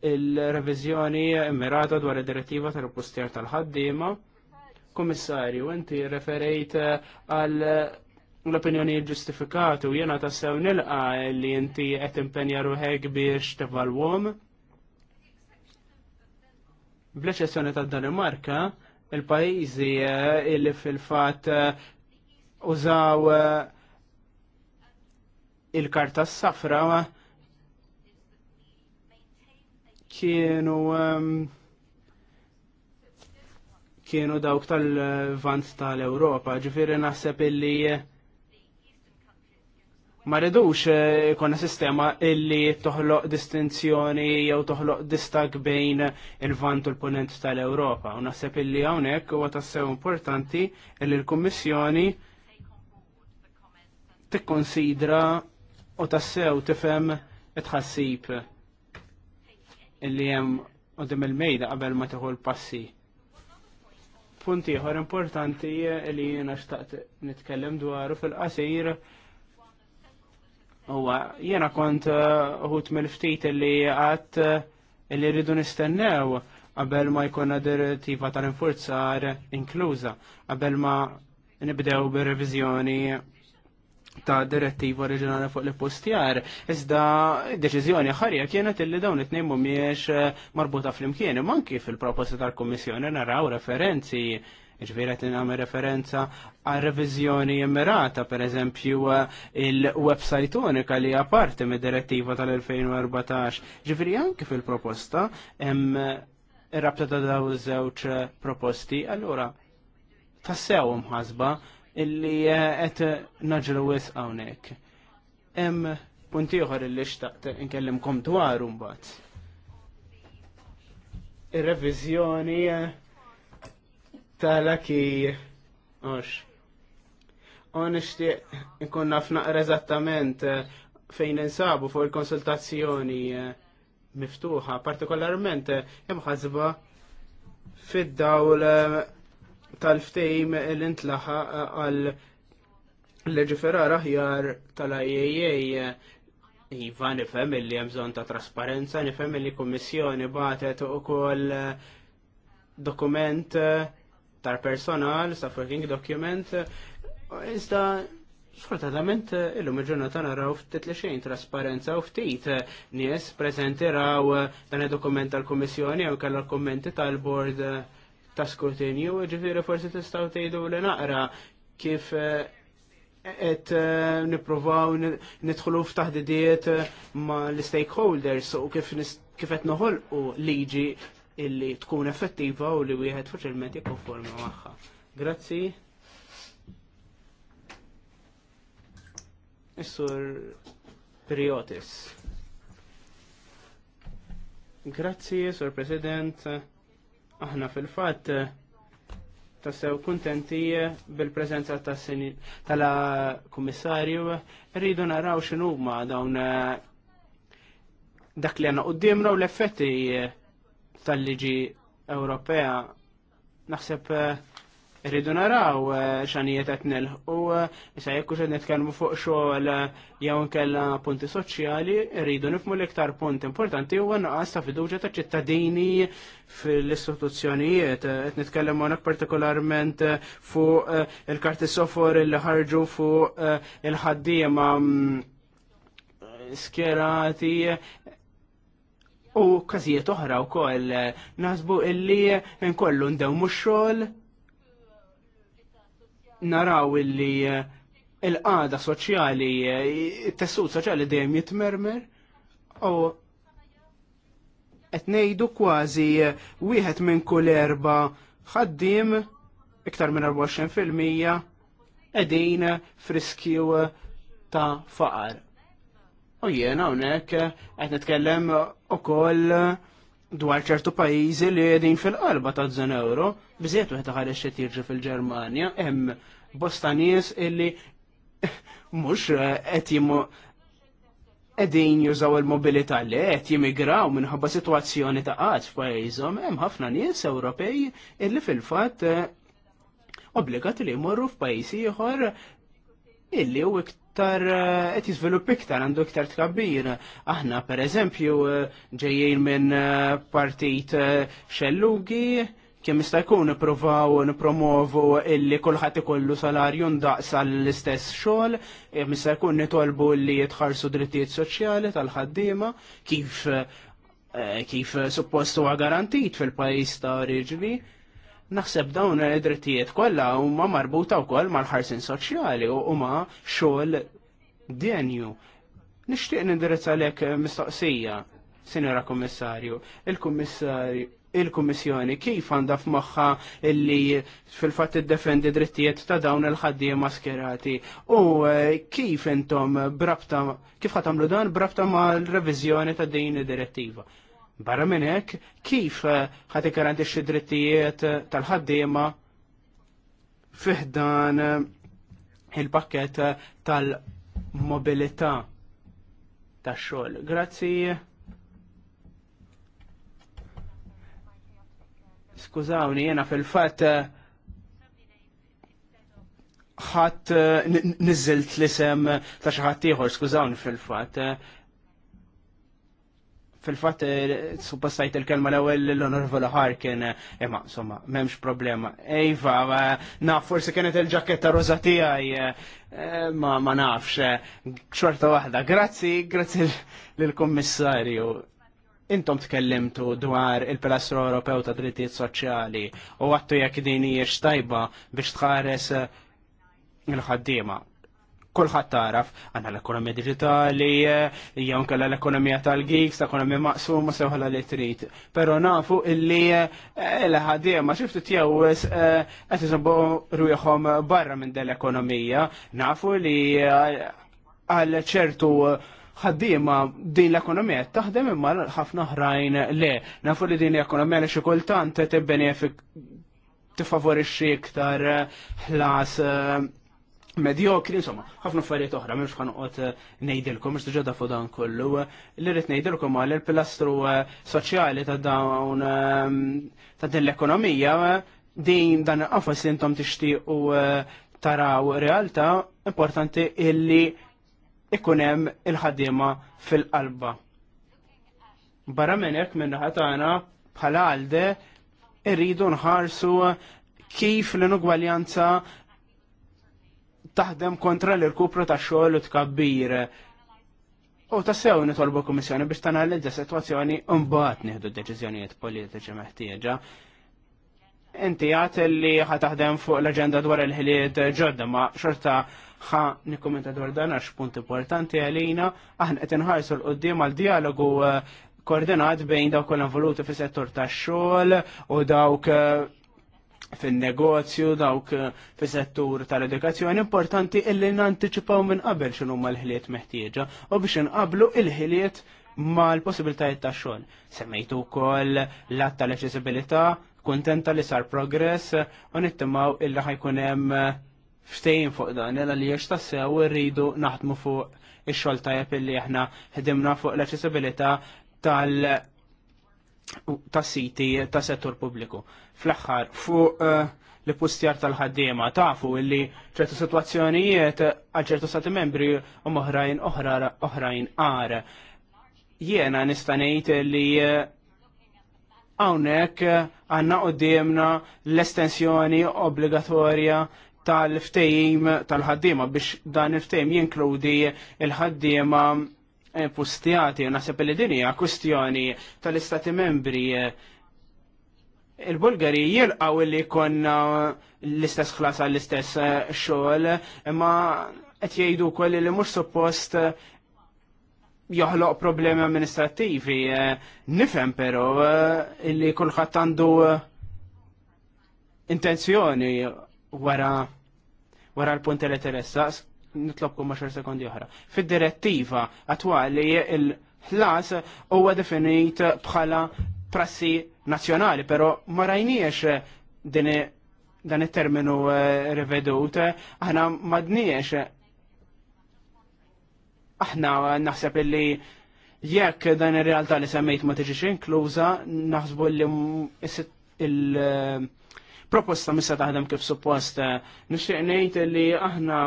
il-reviżjoni immirata dwar id-direttiva tal-postjar tal-ħaddiema. Kummissarju, inti referejt għal l-opinjoni ġustifikatu jena tassew nilqa li inti qed impenja ruħek biex tevalwom. Bl-eċezzjoni ta' Danimarka, il-pajjiżi eh, illi fil-fatt eh, użaw eh, il-karta s-safra kienu ehm, kienu dawk tal-vant tal-Europa, ġifiri naħseb illi ma ridux eh, ikonna sistema illi toħloq distinzjoni jew toħloq distag bejn il-vant u l-ponent tal-Ewropa. U naħseb illi hawnhekk huwa tassew importanti illi l-Kummissjoni tikkonsidra u tassew tifhem it-ħassib illi hemm qudiem il-mejda qabel ma tieħu l-passi. Punt ieħor importanti li jiena xtaqt nitkellem dwaru fil-qasir Uwa, jena kont eh, uħut mill-ftit li għat eh, li rridu nistennew qabel ma jkunna direttiva tal-infurzar inkluża, qabel ma nibdew bir revizjoni ta' direttiva oriġinali fuq l-postjar. Iżda deċiżjoni ħarja kienet illi dawn it-tnejn mhumiex eh, marbuta fl-imkien, manki fil-proposta tal-Kummissjoni naraw referenzi Ġviri għet nagħmel referenza għal revizjoni immirata, per eżempju, eh, il-website unika li għaparti mid direttiva tal-2014. Ġviri anke fil-proposta, hemm eh, rabta ta' daw żewġ eh, proposti, allora tassew mħazba illi qed naġlu wis hawnhekk. Hemm punti illi xtaqt inkellimkom dwar mbagħad. Ir-reviżjoni tala ki ox. On ixtieq ikun naf eżattament eh, fejn insabu fuq il-konsultazzjoni eh, miftuħa, partikolarment hemm eh, ħażba fid-dawl tal-ftejm il intlaħa għal leġiferar aħjar tal-IAA Iva nifhem li hemm bżonn ta' trasparenza, nifhem li kummissjoni batet ukoll dokument Tar personal staff working document, iżda sfortunatament illum il-ġurnata naraw ftit li xejn trasparenza u ftit nies prezentiraw raw dan id-dokument tal-Kummissjoni jew kellha kommenti tal-Bord ta' skrutinju, ġifieri forsi tistgħu tgħidu li naqra kif eh, qed eh, nippruvaw nidħlu f'taħdidiet ma l-stakeholders u kif kif qed noħolqu liġi illi tkun effettiva u li wieħed faċilment jikkonforma magħha. Grazzi. Is-sur Priotis. Grazzi, Sur President. Aħna fil-fatt tassew kontenti bil-prezenza tal-Kummissarju. Rridu naraw x'inhuma dawn eh, dak li għanna qoddimna u l-effetti eh, tal-liġi Ewropea. Naħseb eh, rridu naraw eh, xanijiet qed U eh, issa jekk qed nitkellmu fuq xogħol jew nkella punti soċjali, rridu nifmu l-iktar punt importanti huwa naqas ta' fiduċja ta' ċittadini fil-istituzzjonijiet. Qed nitkellem hawnhekk partikolarment fuq il-karti sofor li ħarġu fuq il-ħaddiema mm, skerati U każijiet oħra wkoll eh, nasbu illi nkollu ndew mhux xogħol naraw illi eh, il-qada soċjali, eh, il-tessut soċjali dejjem jitmermer u qed ngħidu kważi wieħed minn kull erba ħaddim iktar minn 24 fil-mija qegħdin friskju ta' faqar. U jiena hawnhekk qed nitkellem koll dwar ċertu pajjiżi li qegħdin fil-qalba ta' żon euro, bizietu wieħed ħarex jtirġi fil-Ġermanja, hemm bosta nies illi mhux qed jimu qegħdin jużaw il-mobilità li qed jimigraw minħabba sitwazzjoni ta' qatt f'pajjiżhom, hemm ħafna nies Ewropej illi fil-fatt obbligati li jmorru f'pajjiż ieħor illi u iktar iktar eh, qed jiżvilupp iktar għandu iktar tkabbir. Aħna pereżempju eh, ġejjin minn eh, partit xellugi kemm jista' jkun nippruvaw nippromovu illi kulħadd ikollu salarju ndaqs l-istess xogħol, kemm jista' jkun nitolbu li jitħarsu drittijiet soċjali tal-ħaddiema kif kif suppostu garantit fil-pajis ta' oriġini, Naħseb dawn id-drittijiet kollha huma marbuta wkoll mal-ħarsin soċjali u huma xogħol denju. Nixtieq nindirizz għalhekk mistoqsija, Sinjora Kummissarju. Il-Kummissarju il-Kummissjoni kif għandha f'moħħa illi fil-fatt iddefendi drittijiet ta' dawn il-ħaddiem maskerati u eh, kif intom brabta kif ħatamlu dan brabta ma' l-reviżjoni ta' din id-direttiva. Barra minn hekk, kif eh, ħad igarantixxi drittijiet eh, tal-ħaddiema fiħdan eh, il-pakket tal-mobilità tax-xogħol. Grazzi. Skużawni, jena fil-fatt ħadd nizzilt l-isem ta' xi ħadd ieħor, skużawni fil-fatt fil-fatt eh, suppostajt il-kelma l-ewwel l l-ħar Harkin, eh, imma somma, m'hemmx problema. Ejva, eh, naf forsi kienet il-ġaketta roża tiegħi ma ma nafx. Xorta waħda. Grazzi, grazzi lill-Kummissarju. Intom tkellimtu dwar il-Pilastro Ewropew ta' Drittijiet Soċjali u għattu jekk din hijiex tajba biex tħares il-ħaddiema kolħat taraf, għanna l-ekonomija digitali, eh, jew kalla l-ekonomija tal-geeks, l-ekonomija maqsuma sewħala li trid. Pero nafu illi eh, l ma xiftu tjewis għet eh, iżombu rujħom barra minn dell-ekonomija, nafu li għal ċertu ħaddiema din l-ekonomija taħdem imma ħafna ħrajn le. Nafu li din l-ekonomija li xi kultant t-favorixi iktar ħlas medjokri, insomma, ħafna affarijiet oħra, mhux ħanqot eh, ngħidilkom mhux diġà tafu dan kollu. Eh, li rid ngħidilkom għal il-pilastru eh, soċjali ta' dawn ta' din l-ekonomija din dan qafas li intom tixtiequ taraw realtà importanti illi ikun hemm il-ħaddiema fil-qalba. Barra minn hekk minn tagħna bħala għalde irridu nħarsu kif l-inugwaljanza taħdem kontra l-irkupru ta' xogħol u tkabbir. U ta' sew nitolbu kummissjoni biex tanalizza situazzjoni mbagħad nieħdu deċiżjonijiet politiċi meħtieġa. Inti għat li ħataħdem fuq l-agenda dwar il-ħiliet ġodda ma xorta ħa nikkumenta dwar dan għax punt importanti għalina aħna qed inħarsu l-qoddim għal dialogu eh, koordinat bejn dawk l-involuti fis settur tax-xogħol u dawk eh, fin-negozju dawk eh, fis-settur tal-edukazzjoni importanti illi nanticipaw minn qabel xinu ma l-ħiliet meħtieġa u biex inqablu il-ħiliet mal-possibilitajiet ta' xogħol. Semmejtu wkoll l-att tal aċċessibilità kuntenta li sar progress u nittimaw illi ħajkun hemm eh, ftejn fuq dan illa li jiex tassew irridu naħdmu fuq ix-xogħol tajjeb illi aħna ħdimna fuq l aċċessibilità tal- tas-siti tas-settur pubbliku fl-axħar fuq eh, li postjar tal-ħaddiema tafu illi ċertu situazzjonijiet għal ċertu stati membri u moħrajn oħrajn għar. Jiena nistanejt li għawnek eh, eh, għanna qoddimna l-estensjoni obbligatorja tal-ftejim tal-ħaddiema biex dan il-ftejim jinkludi il-ħaddiema postjati. Nasib li dinija kwestjoni tal-istati membri il-Bulgari jilqaw li konna l-istess ħlas l-istess eh, xogħol, imma qed jgħidu wkoll li mhux suppost eh, joħloq problemi amministrattivi. Eh, nifhem però li kulħadd għandu intenzjoni wara wara l-punt li teressas, nitlobkom xar sekondi oħra. Fid-direttiva attwali il-ħlas huwa definit bħala prassi nazzjonali, pero ma rajniex eh, din dan it-terminu eh, rivedut, eh, aħna madniex. Aħna naħseb illi jekk dan ir-realtà li semmejt ma tiġix inkluża, naħsbu li il-proposta missa taħdem kif suppost. Nixtieq ngħid li aħna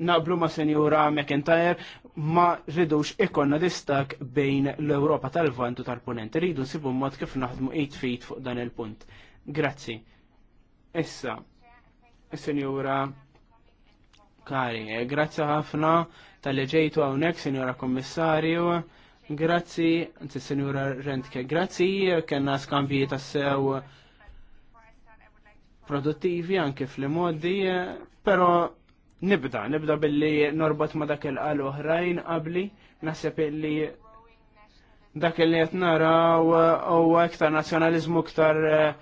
naqblu ma' Senjura McIntyre ma ridux ikonna distak bejn l-Europa tal-Vant u tal-Ponent. Ridu nsibu mod kif naħdmu 8 feet fuq dan il-punt. Grazzi. Issa, Senjura Kari, grazzi ħafna tal-leġejtu għawnek, Senjura Kommissarju. Grazzi, anzi Senjura Rentke, grazzi, kena skambji tassew produttivi anke fl-modi, pero Nibda, nibda billi norbot ma dak il-qal oħrajn qabli, naħseb illi dak li qed u uh, iktar nazzjonaliżmu iktar uh,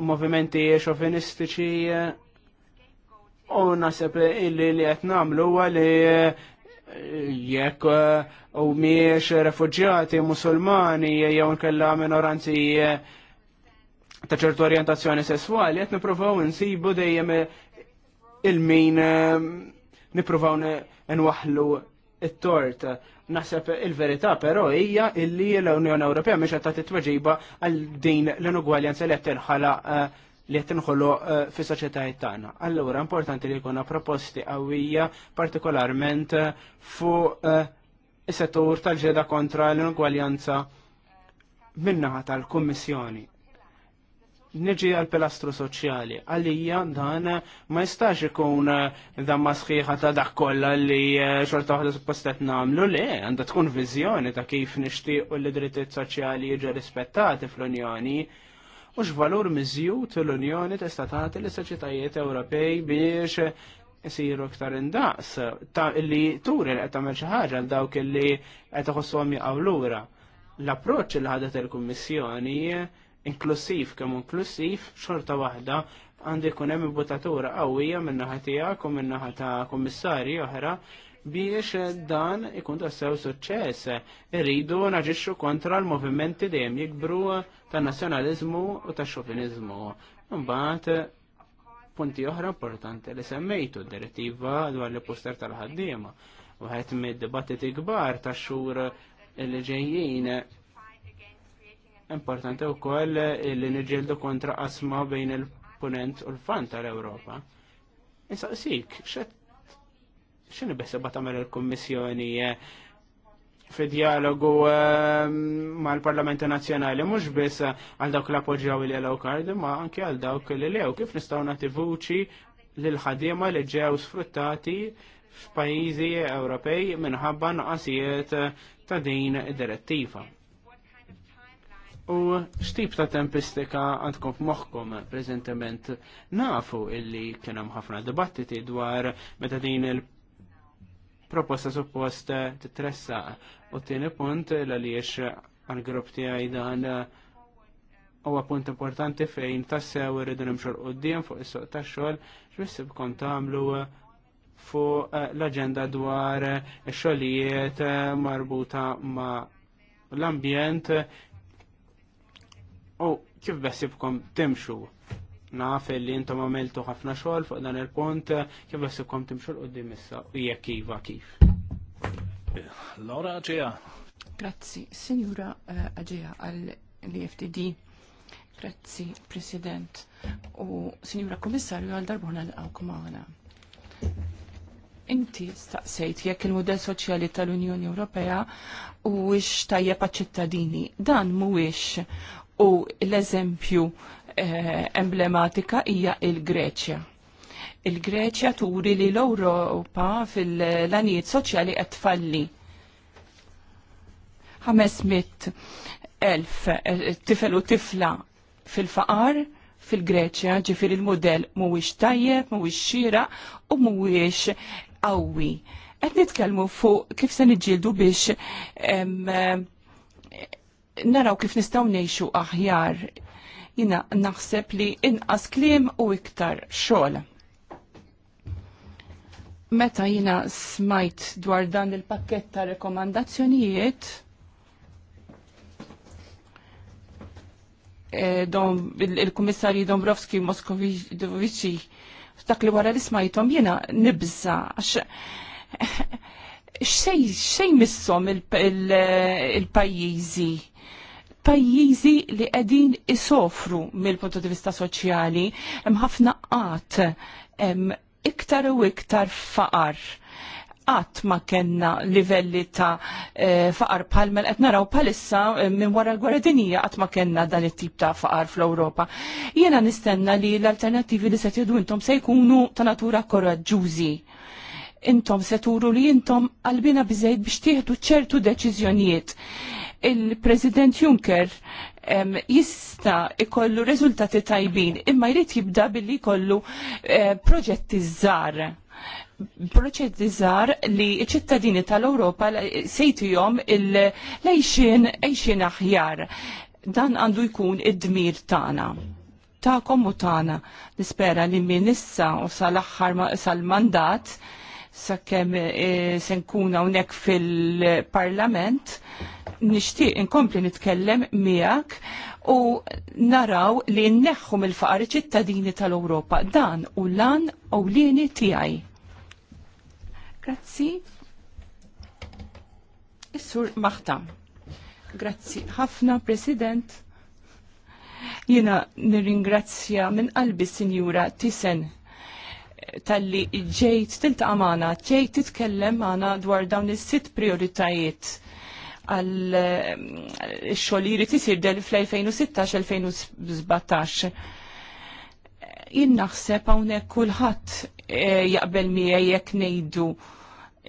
movimenti xovinistiċi uh, u naħseb illi li qed nagħmlu li jekk u miex refugjati musulmani jew nkella minoranzi ta' ċertu orientazzjoni sessuali qed nippruvaw insibu dejjem il-min eh, niprofaw nwaħlu il tort Naħseb il-verità però hija illi l-Unjoni Ewropea meċa qed tagħti tweġiba għal din l-inugwaljanza li qed tinħala eh, li qed tinħolu eh, fis soċjetajiet tagħna. Allura importanti li kuna proposti qawwija partikolarment fuq is-settur tal-ġeda kontra l-inugwaljanza minnaħa tal-Kummissjoni. Niġi għal pilastru soċjali. Għalija dan ma jistax ikun eh, damma sħiħa ta' dak kollha li eh, xorta waħda suppostet nagħmlu le, għandha tkun viżjoni ta' kif nixtieq u li drittijiet soċjali jiġu rispettati fl-Unjoni u x'valur miżjud l-Unjoni tista' tagħti lis soċjetajiet Ewropej biex isiru aktar indaqs li turi li qed tagħmel xi ħaġa għal dawk li qed iħossuhom jaqgħu lura. L-approċċ li ħadet il-Kummissjoni inklusiv kemm inklusiv xorta waħda għandi jkun hemm imbutatura qawwija min-naħa tiegħek u min-naħa ta' kummissarji oħra biex dan ikun ta' sew suċċess. Irridu naġixxu kontra l-movimenti dejjem jikbru ta' nazzjonaliżmu u ta' xovinizmu. Mbagħad punti oħra importanti li semmejtu d-direttiva dwar li poster tal-ħaddiema. Waħed mid-dibattiti kbar tax xhur li ġejjin Importanti wkoll li nġildu kontra qasma bejn il-punent u l-fan tal-Ewropa. Insaqsik, x'inhi beħseb tagħmel il-Kummissjoni eh, fi dialogu eh, mal-Parlamenti Nazzjonali mhux biss għal dawk l-appoġġaw il-yellow ma anke għal dawk li lew kif nistgħu nati vuċi l ħaddiema li ġew sfruttati f'pajjiżi Ewropej minħabba naqasijiet ta' din id direttiva. U xtip ta' tempistika għandkom f'moħħkom preżentement nafu illi kien hemm ħafna dibattiti dwar meta din il-proposta suppost titressa u tieni punt għaliex għal-grupp tiegħi dan huwa punt importanti fejn tassew irridu nimxu l-qudiem fuq is-suq tax-xogħol kont tagħmlu fuq l-aġenda dwar ix-xogħlijiet marbuta ma' l-ambjent U kif besibkom timxu? Naf li intom għamiltu ħafna xogħol fuq dan il pont kif besibkom timxu l-qoddim issa u jekk iva kif. Laura Aġeja. Grazzi, Signora eh, Aġeja għall lftd Grazzi, President. U Signora Komissarju għal darbuna l-għawk Inti staqsejt jekk il-modell soċjali tal-Unjoni Ewropea u ix tajjeb ċittadini. Dan mhuwiex u l-eżempju eh, emblematika hija il-Greċja. Il-Greċja turi li l-Ewropa fil-lanijiet soċjali qed tfalli. 500 elf eh, tifel u tifla fil-faqar fil-Greċja ġifir il-modell mhuwiex tajjeb, mhuwiex xira u mhuwiex qawwi. Qed nitkellmu fuq kif se niġġieldu biex naraw kif nistgħu ngħixu aħjar jina naħseb li inqas kliem u iktar xogħol. Meta jina smajt dwar dan il-pakket ta' rekomandazzjonijiet, eh, il-Kummissarji Dombrovski Moskovici, dak li wara li smajtom jina nibza, għax xej missom il-pajjiżi. Il, il pajjiżi li qegħdin isofru mill-punt di vista soċjali hemm ħafna qatt hemm iktar u iktar faqar qatt ma kellna livelli ta' e, faqar bħal mel qed naraw bħalissa eh, minn wara l-gwerra dinija qatt ma kellna dan it-tip ta' faqar fl-Ewropa. Jiena nistenna li l-alternattivi li se tieħdu intom se jkunu ta' natura korraġġużi intom se turu li intom għalbina biżejt biex tieħdu ċertu deċiżjonijiet. Il-President Juncker em, jista ikollu rezultati tajbin, imma jrid jibda billi jkollu eh, proġetti żgħar proċetti żgħar li ċittadini tal-Ewropa jom il-lejxin ejxin aħjar. Dan għandu jkun id-dmir tagħna. Ta'kom u tagħna nispera li minissa issa u sal-aħħar sal-mandat sal aħħar sal mandat sakkem eh, se senkuna unek fil-parlament, nishtiq inkompli nitkellem miegħek u naraw li nneħħu mill-faqar ċittadini tal-Ewropa. Dan u lan ewlieni tiegħi. Grazzi. Is-sur Maħtam. Grazzi ħafna, President. Jina nirringrazzja minn qalbi Sinjura Tisen tal-li ġejt tilta għamana, ġejt titkellem għana dwar dawn is-sitt prioritajiet għal eh, xogħol jrid isir fl-2016-2017. Jien naħseb hawnhekk kulħadd eh, jaqbel miegħi jekk ngħidu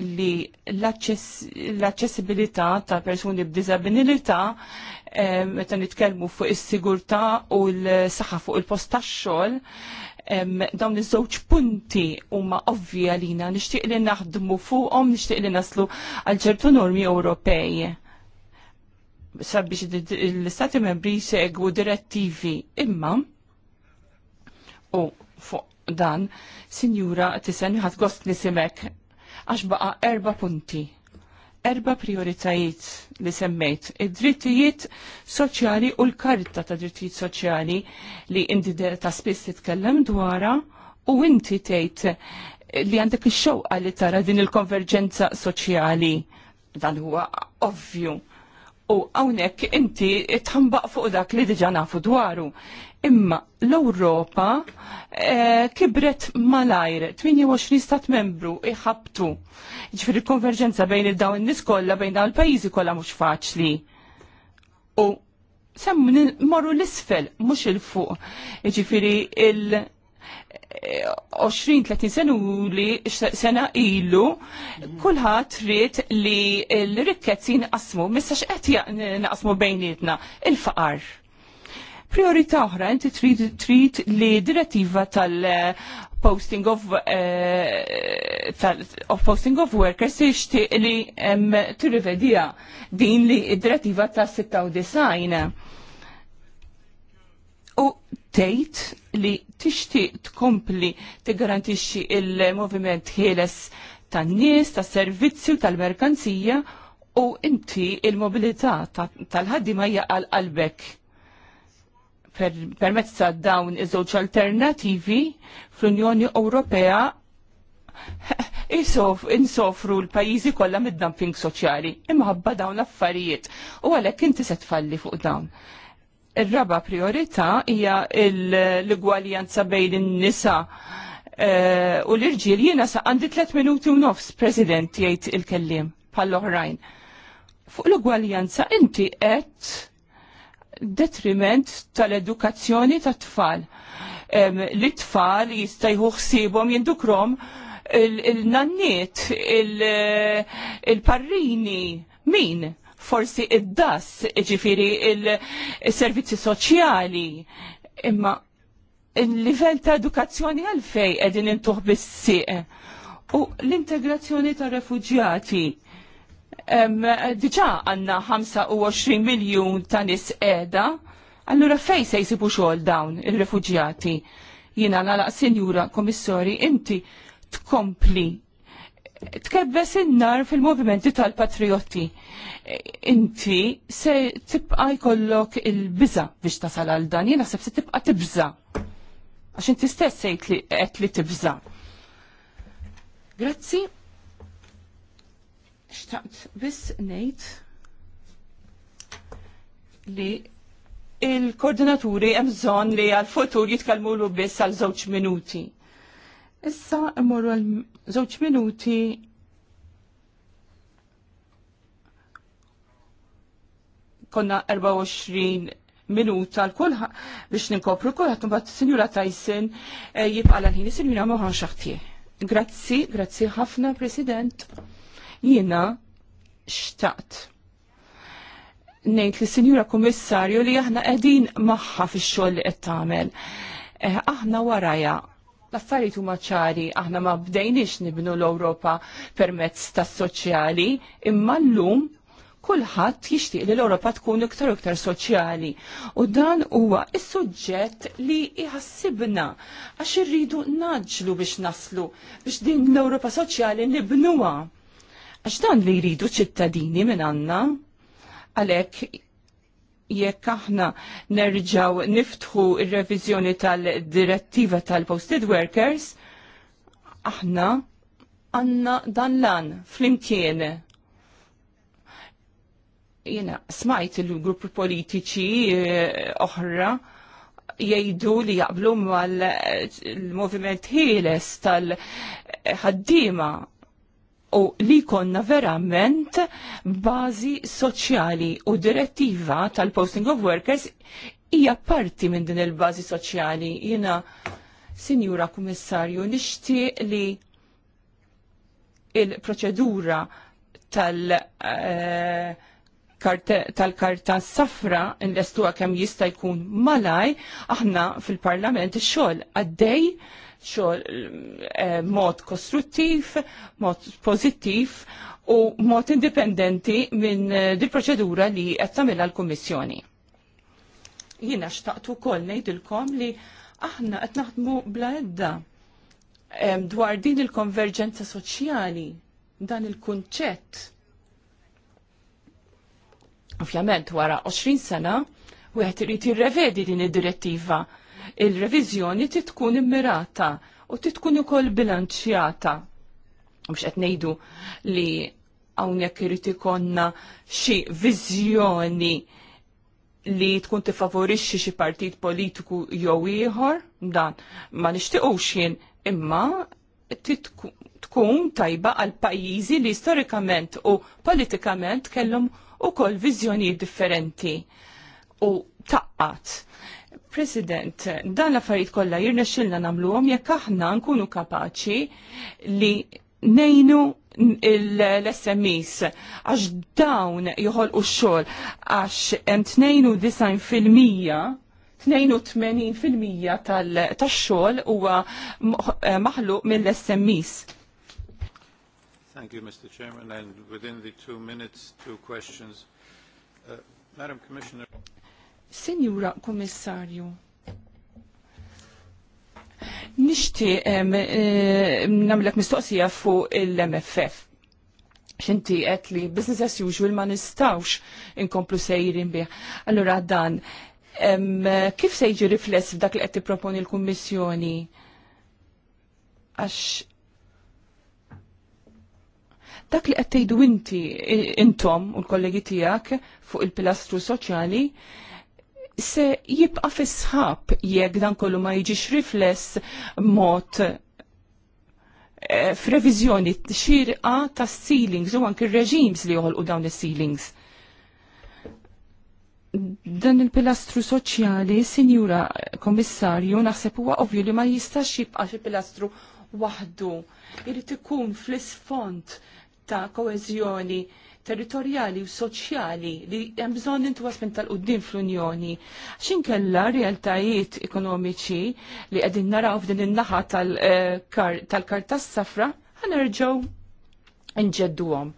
li l-aċċessibilità ta' persuni b'diżabilità eh, meta nitkellmu fuq is-sigurtà u l-saħħa fuq il-post tax-xogħol dawn iż-żewġ punti huma ovvja lina nixtieq li naħdmu fuqhom nixtieq li naslu għal ċertu normi Ewropej sabiex l-istati membri segwu direttivi imma u fuq dan, sinjura tisen ħadgost gost nisimek għax baqa erba punti erba prioritajiet li semmejt. Id-drittijiet soċjali u l-karta ta' drittijiet soċjali li inti ta' spiss titkellem dwara u inti tgħid li għandek ix-xewqa li tara din il-konverġenza soċjali. Dan huwa ovvju u hawnhekk inti tħambaq fuq dak li diġa nafu dwaru. Imma l-Ewropa e, eh, kibret malajr, 28 stat membru iħabtu. il konverġenza bejn id-dawn in-nies bejn dawn il-pajjiżi kollha mhux faċli. U semmu morru l-isfel, mhux il-fuq. Ġifieri il 20-30 sena li sena ilu kulħadd trid li l-rikkezzi nqasmu, mistax qed naqsmu bejnietna il-faqar. Priorità oħra inti trid li direttiva tal posting of uh, tal of posting of workers ixti li tirrivedija din li id-direttiva ta' 96 u tgħid li tixti tkompli tiggarantixxi il-moviment ħieles tan-nies, tas-servizzi tal-merkanzija u inti il-mobilità tal ħaddima hija għal qalbek permezz ta' dawn iż-żewġ alternativi fl-Unjoni Ewropea insofru l-pajizi kollha mid-dumping soċjali imħabba dawn l-affarijiet u għalhekk inti se tfalli fuq dawn. Ir-raba priorità hija l-igwaljanza bejn in-nisa eh, u l-irġiel jiena sa għandi tlet minuti u nofs President jgħid il-kellim bħall-oħrajn. Fuq l igwaljanza inti qed detriment tal-edukazzjoni tat-tfal. L-tfal jistajħu ħsibhom jindukrom il-nanniet, eh, il-parrini, min? forsi id-das, ġifiri il-servizzi soċjali. Imma il-livell ta' edukazzjoni għalfej edin intuħ bis-siq. U l-integrazzjoni ta' refugjati. Diġa għanna 25 miljon ta' nis edha, allura fej se jisibu xogħol dawn il-refugjati. Jina nalaq, Sinjura Komissori, inti tkompli tkebbes in-nar fil-movimenti tal-patrioti. Inti se tibqa jkollok il biza biex tasal għal dan, jiena se tibqa tibza'. Għax inti stess sejt li qed li tibza'. Grazzi. Xtaqt biss ngħid li il-koordinaturi hemm bżonn li għal-futur jitkellmu biss għal żewġ minuti. Issa immorru żewġ minuti konna 24 minuta l-kull biex ninkopru kull ħattum bat Sinjura Tyson eh, jibqa l-ħin, Sinjura moħan Xaħtie. Grazzi, grazzi ħafna, President. Jina xtaqt. Nejt li Sinjura Komissarju li aħna qegħdin magħha fix-xogħol li qed tagħmel. Eh, aħna waraja L-affarijiet huma ċari, aħna ma bdejniex nibnu l-Ewropa permezz tas-soċjali, imma llum kulħadd jixtieq li l-Ewropa tkun iktar iktar soċjali. U dan huwa is-suġġett li jħassibna għax irridu naġlu biex naslu biex din l-Ewropa soċjali nibnuha. Għax dan li jridu ċittadini minn għandna għalhekk jekk aħna nerġaw niftħu ir-reviżjoni tal-direttiva tal-posted workers, aħna għanna dan lan flimkien. Jena, smajt il-grupp politiċi eh, oħra jgħidu li jaqblu mal-moviment eh, ħieles tal-ħaddima u li konna verament bazi soċjali u direttiva tal-posting of workers hija parti minn din il-bazi soċjali. Jena, Sinjura Kummissarju, nixtieq li il-proċedura eh, tal-karta safra investuha kemm jista' jkun malaj, aħna fil-Parlament ix-xogħol għaddej xogħol eh, mod kostruttiv, mod pożittiv u mod indipendenti minn eh, di proċedura li qed l-Kummissjoni. Jiena xtaqtu wkoll ngħidilkom li aħna qed naħdmu bla edda eh, dwar din il-konverġenza soċjali dan il-kunċett. Ovvjament wara 20 sena wieħed irid jirrevedi din id-direttiva il-revizjoni titkun immirata u titkun ukoll bilanċjata. Mux qed ngħidu li hawnhekk irid ikonna xi viżjoni li tkun tifavorixxi xi partit politiku jew ieħor, dan ma nixtiequx jien imma tkun tajba għal pajjiżi li storikament u politikament kellhom ukoll viżjonijiet differenti u taqqat President, dan l-affarijiet kollha jirnexxilna nagħmluhom jekk aħna nkunu kapaċi li nejnu l-SMEs għax dawn joħolqu u xol għax 92% 82% tal-xol huwa eh, maħluq mill-SMEs. Thank you, Mr. Chairman, and within the two minutes, two questions. Uh, Madam Commissioner. Senjura Komissarju, nishti namlek mistoqsija fuq il-MFF. Xinti għet li business as usual ma nistawx inkomplu sejrin bih. Allora dan, em, kif sejġi rifless f'dak li għetti proponi l-Kommissjoni? Għax dak li għettejdu inti intom u l-kollegi tijak fuq il-pilastru soċjali se jibqa' fisħab sħab jekk dan kollu ma jiġix rifless mod eh, f'reviżjoni xirqa ta' ceilings u anki reġims li joħolqu dawn is-ceilings. Dan il-pilastru soċjali, sinjura komissarju, naħseb huwa ovvju li ma jistax jibqa' xi pilastru waħdu. Irid ikun fl-isfond ta' koeżjoni territorjali u soċjali li hemm bżonn intu wasmin tal-qudiem fl-Unjoni. X'inkella realtajiet ekonomiċi li qegħdin naraw f'din in-naħa eh, tal-kart tas-safra ħanerġgħu nġedduhom.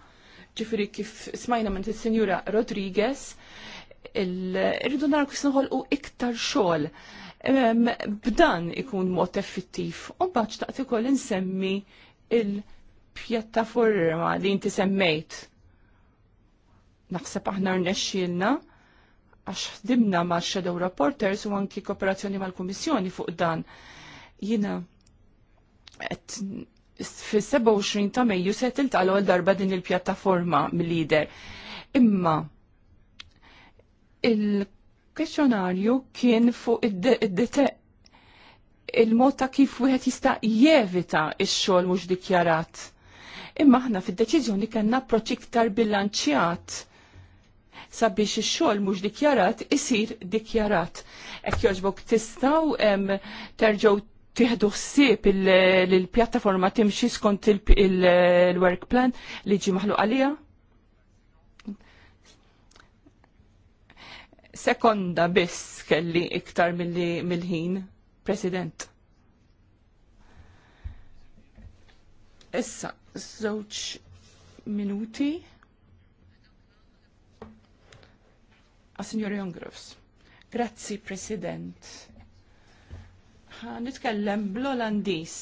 Ġifieri kif smajna minn is-Sinjura Rodriguez, irridu naraw kif u iktar xogħol. B'dan ikun mod effittiv U mbagħad xtaqt ukoll insemmi il-pjattaforma li inti semmejt Naħseb aħna rnexxielna għax ħdimna ma' Shadow Reporters u anki kooperazzjoni mal-Kummissjoni fuq dan. Jina fis 27 ta' Mejju se tiltaqgħu għal darba din il-pjattaforma mill-lider. Imma il-kwestjonarju kien fuq id-dete il-mod ta' kif wieħed jista' jevita x-xogħol mhux dikjarat. Imma aħna fid-deċiżjoni kellna approċċ iktar bilanċjat sabiex ix-xogħol mhux dikjarat isir dikjarat. Hekk jogħġbok tistgħu terġgħu tieħdu ħsieb il-pjattaforma timxi skont il-work plan li ġi maħluq għalija? Sekonda biss kelli iktar mill-ħin, President. Issa, żewġ minuti. A ah, Signor Jongrofs. Grazzi, President. Nitkellem bl-Olandis.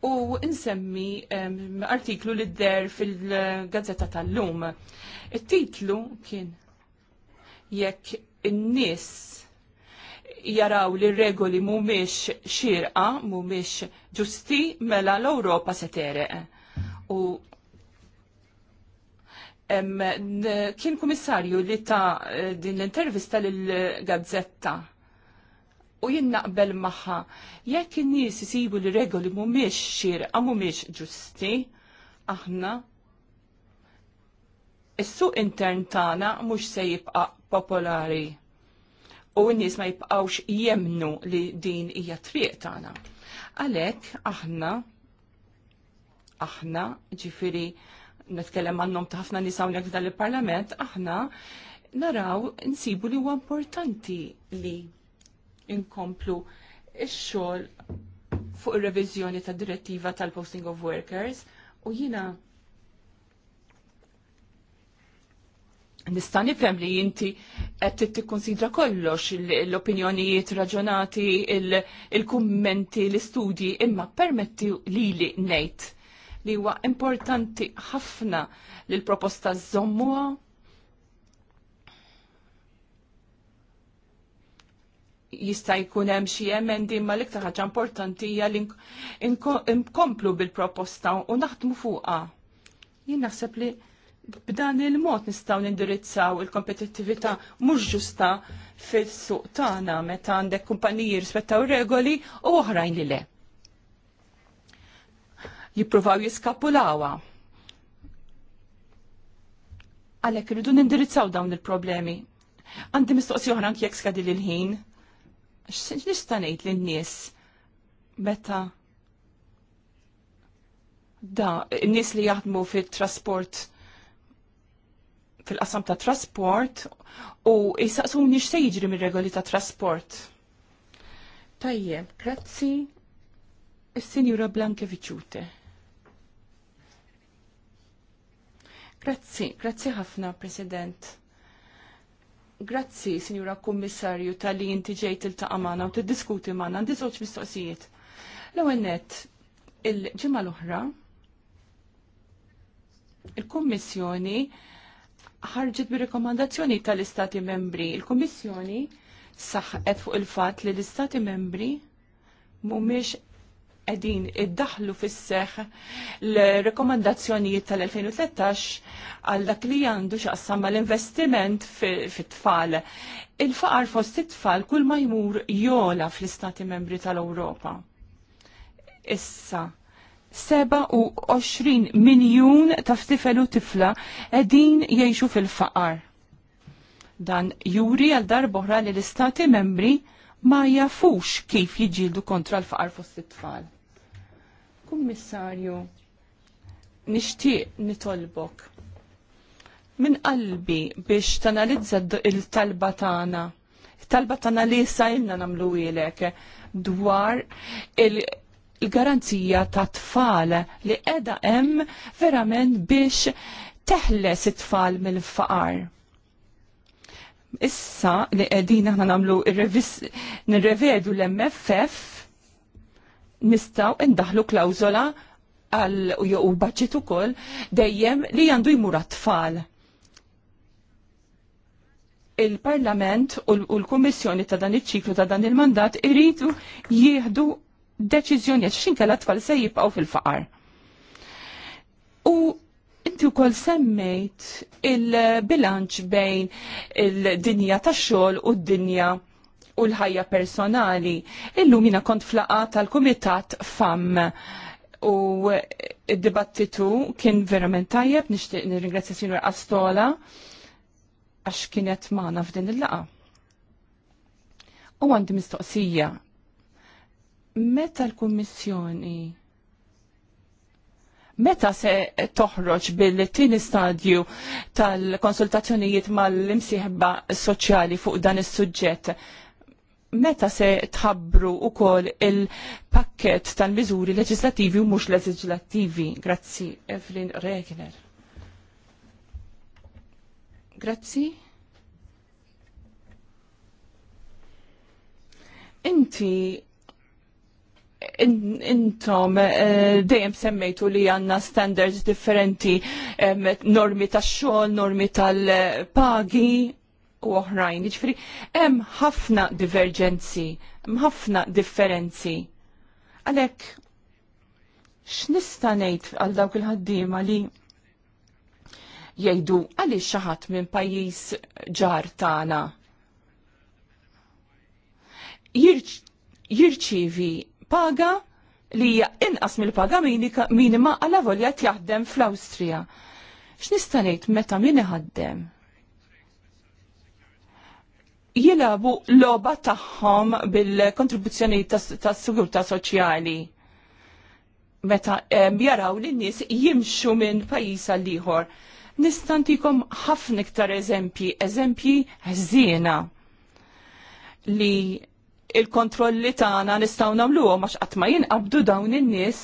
U insemmi um, artiklu li d-der fil-gazzetta tal-lum. Il-titlu kien jekk in-nis jaraw li regoli mumiex xirqa, mumiex ġusti, mela l-Europa se tereq. U kien komissarju li ta' din l-intervista l-gazzetta u jien naqbel maħħa, jekk in-nies isibu li regoli mhumiex xierqa mhumiex ġusti, aħna is-suq intern tagħna mhux se jibqa' popolari. U n-nies ma jibqgħux jemnu li din hija triq tagħna. Għalhekk aħna aħna ġifieri netkellem għannom ta' ħafna nisa unek f'dan il-parlament, aħna naraw nsibu li huwa importanti li inkomplu ix-xogħol fuq ir-reviżjoni tad direttiva tal-posting of workers u jina nista' nifhem li inti qed tikkonsidra kollox l-opinjonijiet raġonati, il-kummenti, l-istudji, imma permetti lili ngħid li huwa importanti ħafna li l-proposta żommuha jista' jkun hemm xi emendi ma l-iktar ħaġa importanti hija li nkomplu bil-proposta u naħdmu fuqha. Jien naħseb li b'dan il-mod nistgħu nindirizzaw il-kompetittività mhux ġusta fis-suq tagħna meta għandek kumpaniji rispettaw regoli u oħrajn li le jippruvaw jiskapulawa. Għalhekk irridu nindirizzaw dawn il-problemi. Għandi mistoqsi oħra anke jekk il ħin X'nista' ngħid lin-nies meta da n-nies li jaħdmu fit-trasport fil-qasam ta' trasport u jisaqsuni se jiġri mir-regoli ta' trasport. Tajjeb, grazzi. il sinjura Blanke Viċute. Grazzi, grazzi ħafna, President. Grazzi, Sinjura Kummissarju, tal-li inti ġejt il-taqamana u t-diskuti maħna, għandi zoċ mistoqsijiet. l għennet il-ġimma l-oħra, il-Kummissjoni ħarġet bi rekomandazzjoni tal-Istati membri. Il-Kummissjoni saħqet fuq il-fat li l-Istati membri mumiex qegħdin iddaħlu fis-seħ l-rekomandazzjonijiet tal-2013 għal dak li għandu x'qassam mal-investiment fit-tfal. Il-faqar fost it-tfal kull ma jmur jola fl-Istati Membri tal-Ewropa. Issa, 27 miljun ta' tifel tifla qegħdin jgħixu fil-faqar. Dan juri għal darbohra li l-Istati Membri ma jafux kif jiġildu kontra l-faqar fost it-tfal. Kummissarju, nixtieq nitolbok minn qalbi biex tanalizza il-talba tagħna. Talba tana li sajna nagħmlu ilek dwar il-garanzija ta' tfal li qiegħda hemm verament biex teħles it-tfal mill-faqar. Issa li qegħdin aħna nagħmlu nirrevedu l-MFF nistaw indaħlu klawzola għal u budget ukoll dejjem li għandu jmur tfal il-Parlament u l kummissjoni ta' dan iċ-ċiklu ta' dan il-mandat iridu jieħdu deċiżjonijiet xinka l-atfal se jibqgħu fil-faqar. U inti wkoll semmejt il-bilanċ bejn il-dinja tax-xogħol u d-dinja u l-ħajja personali. Illum jina kont flaqa tal-Kumitat FAM u id-dibattitu kien verament tajjeb, nixtieq nirringrazzja Sinur Astola għax kienet magħna f'din il-laqa. U għandi mistoqsija. Meta l-Kummissjoni meta se toħroġ bil-tini stadju tal-konsultazzjonijiet mal-imsieħba soċjali fuq dan is-suġġett meta se tħabbru u kol il-pakket tal-mizuri leġislativi u mux leġislativi. Grazzi, Evelyn Regner. Grazzi. Inti intom eh, dejjem semmejtu li għanna standards differenti eh, normi tax xogħol, normi tal-pagi, u oħrajn. Jiġifieri hemm ħafna diverġenzi, hemm ħafna differenzi. Għalhekk x'nista' ngħid għal dawk il-ħaddiema li jgħidu għaliex xi ħadd minn pajjiż ġar tagħna jirċivi paga li hija inqas mill-paga minima għal avolja jaħdem fl-Awstrija. X'nista' ngħid meta min iħaddem? jilabu loba tagħhom bil-kontribuzzjoni tas-sigurtà soċjali. Meta jaraw li nies jimxu minn pajjiż liħor. ieħor. Nistantikom ħafna iktar eżempji, eżempji ħżiena li il-kontrolli tagħna nistgħu nagħmluhom għax qatt ma jinqabdu dawn in-nies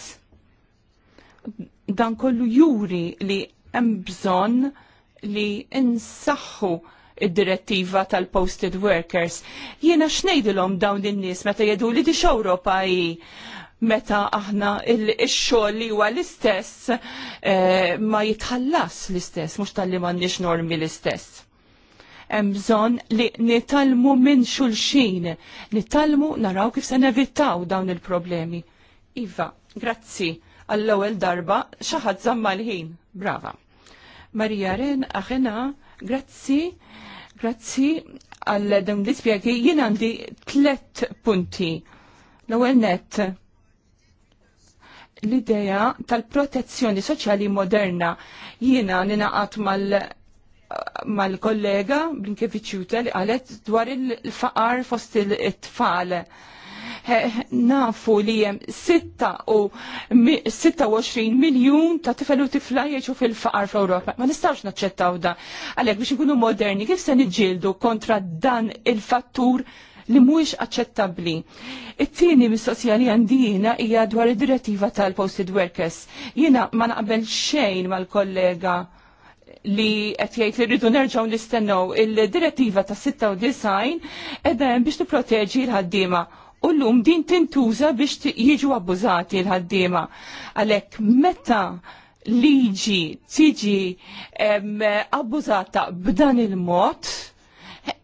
dan kollu juri li hemm bżonn li insaħħu id-direttiva tal-posted workers. Jiena xnejdilhom dawn in-nies meta jedu li dix Ewropa hi meta aħna il-xogħol li huwa l-istess eh, ma jitħallas l-istess, mhux tal-li m'għandniex normi l-istess. Hemm bżonn li nitalmu minn xulxin, nitalmu naraw kif se nevitaw dawn il-problemi. Iva, grazzi għall-ewwel darba xi ħadd żamma l-ħin. Brava. Marija Ren aħena Grazzi, grazzi għal dawn l-ispjegi jien għandi tlet punti. L-ewwel net l-idea tal-protezzjoni soċjali moderna jiena ninaqat mal mal-kollega Blinkeviċjuta li qalet dwar il-faqar fost it-tfal. il faqar fost it tfal nafu li jem 26 miljon ta' tifel u tifla jieċu fil-faqar fl-Europa. Ma nistawx naċċettaw da. Għalek biex nkunu moderni, kif se nġildu kontra dan il-fattur li mhuwiex aċċettabbli. It-tieni mis-sosja li għandina hija dwar id-direttiva tal-posted workers. Jiena ma naqbel xejn mal-kollega li qed jgħid li rridu nerġgħu nistennew il-direttiva ta' 96 qiegħda biex tipproteġi l-ħaddiema u l-lum din tintuża biex jiġu abbużati l-ħaddiema. Għalhekk meta liġi tiġi abbużata b'dan il-mod,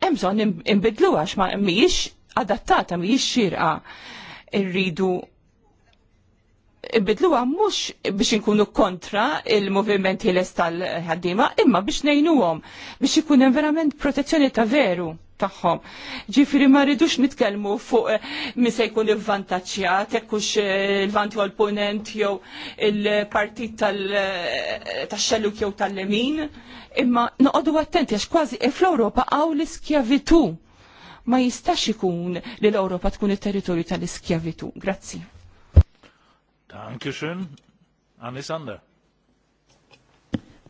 hemm bżonn inbidlu għax ma mhijiex adattata miex xirqa irridu ibidluha mhux biex inkunu kontra il-movimenti l tal-ħaddima, imma biex nejnuhom biex ikun hemm verament protezzjoni ta' veru tagħhom. Ġifiri ma rridux nitkellmu fuq eh, min se jkun il jekk hux eh, il-vanti għal ponent jew il-partit eh, tax-xelluk jew tal-lemin, imma noqogħdu attenti għax kważi fl-Ewropa hawn l-iskjavitu. Ma jistax ikun li l-Ewropa tkun it-territorju tal-iskjavitu. Grazzi. Dankeschön. Anne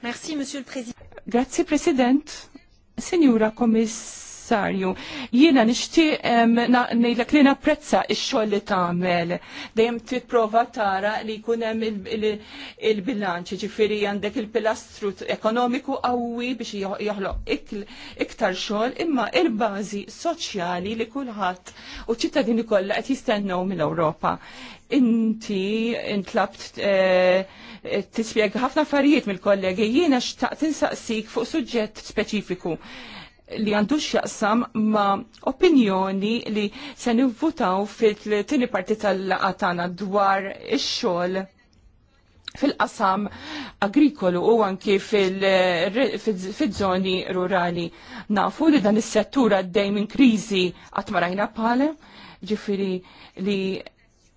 Merci, Monsieur le Président. Grazie, Presidente. Signora Commiss Kummissarju, jiena nixtieq ngħidlek li napprezza ix xogħol li tagħmel. Dejjem tipprova tara li jkun hemm il-bilanċ, ġifieri għandek il-pilastru ekonomiku qawwi biex joħloq iktar xogħol imma il-bażi soċjali li kulħadd u ċittadini kollha qed jistennew mill-Ewropa inti intlabt eh, tispjeg ħafna affarijiet mill-kollegi, jiena xtaqt insaqsik fuq suġġett speċifiku li għandu xjaqsam ma' opinjoni li se nivvutaw fil-tini parti tal-laqatana dwar ix-xogħol fil-qasam agrikolu u anki fil-żoni rurali. Nafu li dan is-settura għaddej minn kriżi għatmarajna ma rajna li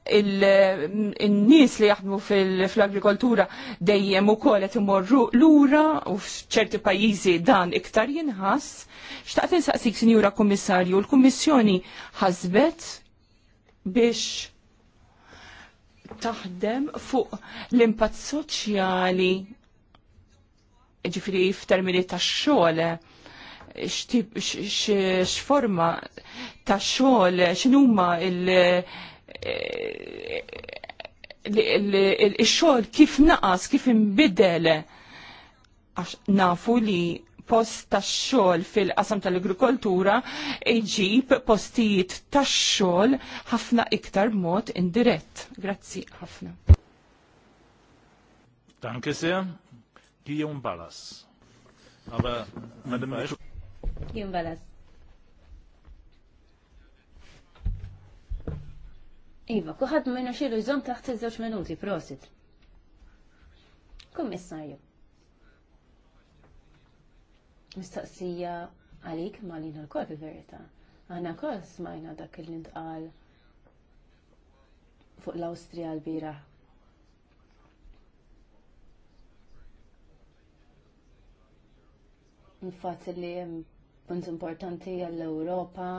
il-nis li jaħdmu fil-agrikoltura dejjem ukoll qed imorru lura u f'ċerti pajjiżi dan iktar jinħass. Xtaqt insaqsik, Sinjura kommissarju, l-Kummissjoni ħasbet biex taħdem fuq l-impatt soċjali ġifri f'termini tax-xogħol x'forma ta' xogħol x'inhuma il- il-xogħol kif naqas, kif inbidel għax nafu li post tax-xogħol fil-qasam tal-agrikoltura iġib postijiet tax-xogħol ħafna iktar mod indirett. Grazzi ħafna. Danke sehr. Guillaume Ballas. Aber, Madame Gijon balas. Iva, kuħad minna xilu jżom taħt iż-żewġ minuti, prosit. Kummissarju. Mistaqsija għalik ma lina l-kol fil-verita. Għana kol smajna dak il intqal fuq l-Austria l-bira. Nfat li punt importanti għall-Europa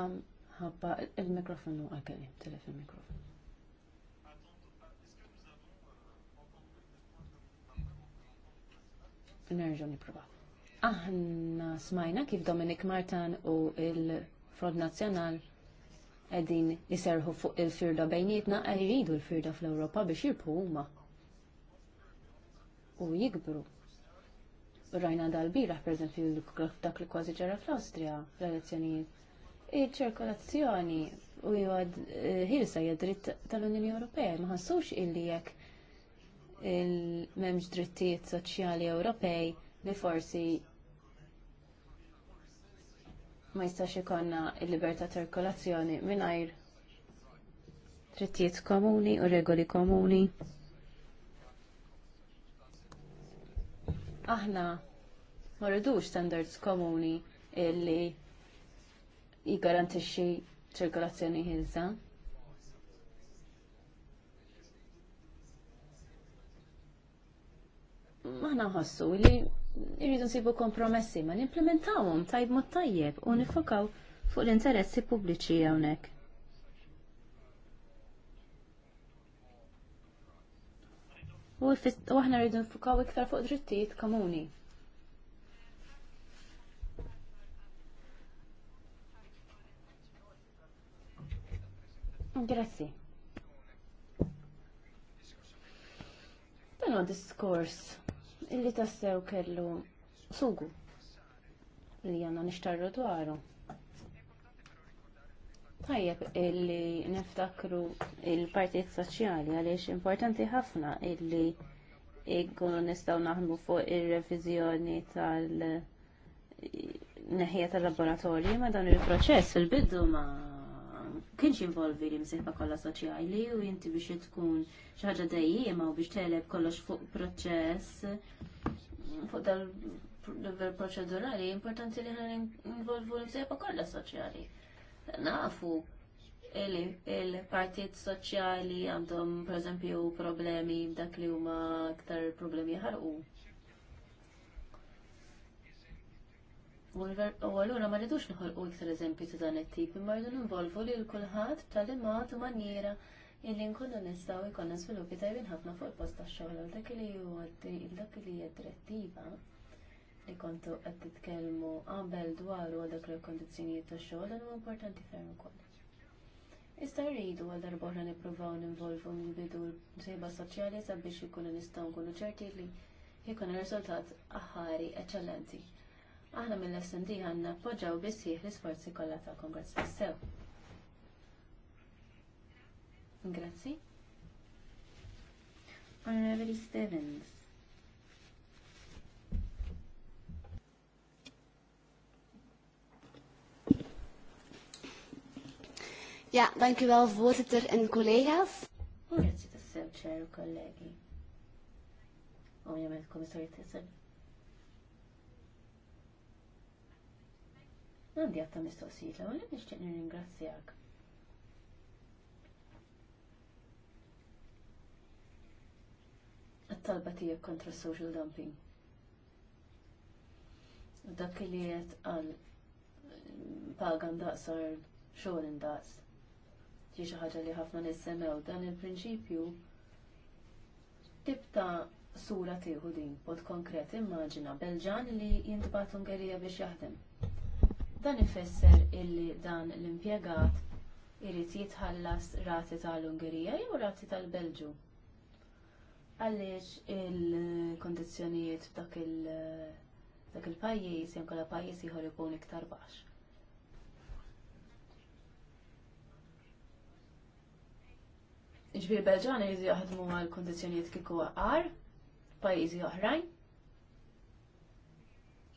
ħabba il-mikrofonu għakalli, telef il-mikrofonu. nerġu niprova. Aħna smajna kif Dominik Martan u il-Frod Nazzjonal għedin jiserħu fuq il-firda bejnietna għajridu l-firda fl-Europa biex jirpu huma u jikbru. Rajna dal-biraħ, per eżempju, dak li kważi ġara fl-Austria, l-elezzjonijiet. Il-ċirkolazzjoni u jgħad eh, ħirsa jgħad dritt tal-Unjoni Ewropea, ma ħassux illi jekk il-memx drittijiet soċjali Ewropej li forsi ma jistax ikonna il-libertà ċirkolazzjoni mingħajr drittijiet komuni u regoli komuni. Aħna ma rridux standards komuni illi jgarantixxi ċirkolazzjoni ħilsa. maħna ħossu li irridu nsibu kompromessi ma nimplementawhom tajb mod tajjeb u nifokaw fuq l-interessi pubbliċi hawnhekk. U aħna rridu nfukaw iktar fuq drittijiet komuni. Grazzi. Dan diskors illi tassew kellu sugu li għanna nixtarru dwaru. Tajjeb illi niftakru il-partijiet soċjali għaliex importanti ħafna illi ikkunu nistaw naħdmu fuq ir revizjoni tal- neħija tal laboratorji ma dan il-proċess il biddu ma' kienx involvi li msejħa kollha soċjali u inti biex tkun xi ħaġa dejjiema u biex teleb kollox fuq proċess fuq dal level proċedurali importanti li ħan involvu l msejħa kollha soċjali. Nafu il-partit soċjali għandhom per problemi dak li huma aktar problemi ħarqu U allura ma rridux nħolqu iktar eżempju ta' dan it-tip, imma rridu ninvolvu li l-kulħadd tal-imat u maniera illi nkunu nistgħu jkollna sviluppi tajbin ħafna fuq il-post tax-xogħol għal dak li huwa dak li hija direttiva li kontu qed titkellmu qabel dwar u dak il-kondizzjonijiet tax-xogħol dan huwa importanti ferm ukoll. Issa rridu għal darborna nippruvaw ninvolvu nbidu sejba soċjali sabiex ikunu nistgħu nkunu ċerti li jkun ir-riżultat aħari eċċellenti. Aħna mill-SMD għanna poġġaw bisħiħ l-isforzi kollha tal-Kongress sew. Grazzi. Honorable Stevens. Ja, dank u wel, voorzitter en collega's. Grazie, dat is zo, collega. Ovviamente, oh, commissaris Tessel. Għandi għatta mistoqsijiet l-għu li nishtiq nirringrazzjak. Għat-talba tijek kontra social dumping. Dak li jiet għal pagan daqs xogħol indaqs. daqs. xi ħaġa li ħafna nissemew dan il-prinċipju tibta sura tieħu din, bod konkret immaġina Belġan li jintbagħat Ungerija biex jaħdem Dan ifisser illi dan l-impjegat irid jitħallas rati tal-Ungerija jew rati tal-Belġu. Għaliex il-kondizzjonijiet f'dak dak il-pajjiż jew kollha pajjiż ieħor ikun iktar baxx. Ġbir Belġan jridu jaħdmu għal kondizzjonijiet kieku għar, pajjiżi oħrajn,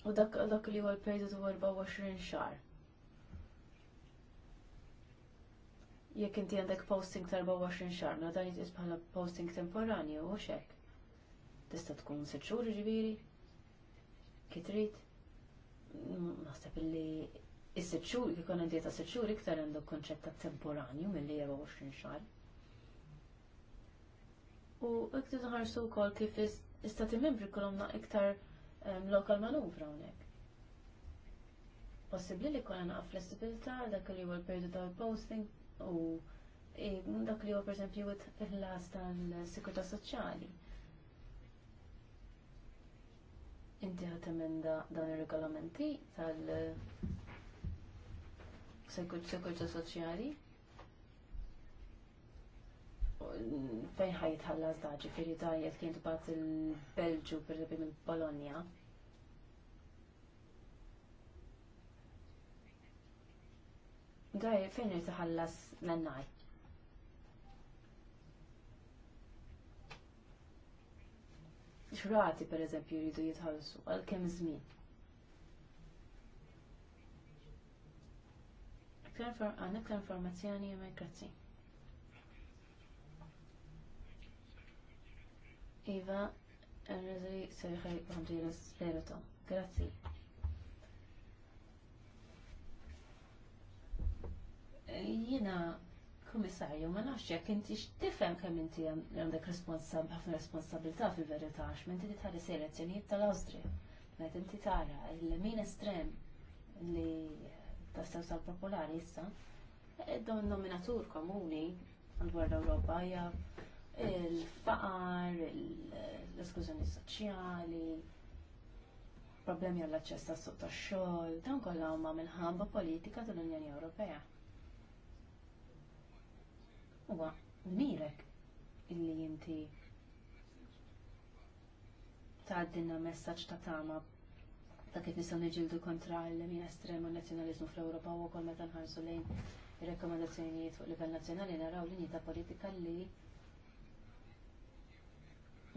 U dak dak li huwa l-perjodu 24 xahar. Jekk inti għandek posting ta' 24 xahar, na dan jitqis bħala posting temporanju u xek. Tista' tkun sitt xhur ġifieri, kif trid. Naħseb illi is-sitt xhur kif ikun għandi ta' sitt xhur iktar għandu konċett ta' temporanju milli 24 xahar. U iktar ħarsu wkoll kif l-istati membri kollhom iktar lokal manuvra hawnhekk. Possibbli li kolla naqaf flessibilità dak li huwa l-periodu tal-posting u e, dak li huwa pereżempju il-las tal-sikurtà soċjali. Inti ħat emenda dan ir-regolamenti tal-sikurtà soċjali fejn ħajtħallas da ġifiri da jgħet kien tibgħat il-Belġu per minn Bologna. Da fejn jitħallas l mennaj? Xrati per eżempju jridu jitħallsu għal kem żmien. Għan iktar informazzjoni għamil grazzi. Iva, r-rezeri serħi għamġira s-verito. Grazzi. Jina, komissarju, ma nafx jek inti x'tifhem kemm inti għandek responsabilta ħafna responsabilità fil-verità għax minn inti tħares elezzjonijiet tal-Awstrija. Meta inti tara l-min estrem li tassew tal-popolari issa, id-dom e-, nominatur komuni għandwar l-Ewropa hija il-faqar, l-esklużjoni soċjali, problemi għall-aċċess tas suq tax-xogħol, dan kollha huma minħabba politika tal-Unjoni Ewropea. Huwa mirek illi inti tgħaddilna messaġġ ta' tama ta' kif nistgħu niġildu kontra l-min estrem nazzjonaliżmu fl-Ewropa u wkoll meta nħarsu lejn ir-rekkomandazzjonijiet fuq livell nazzjonali naraw linji ta' politika li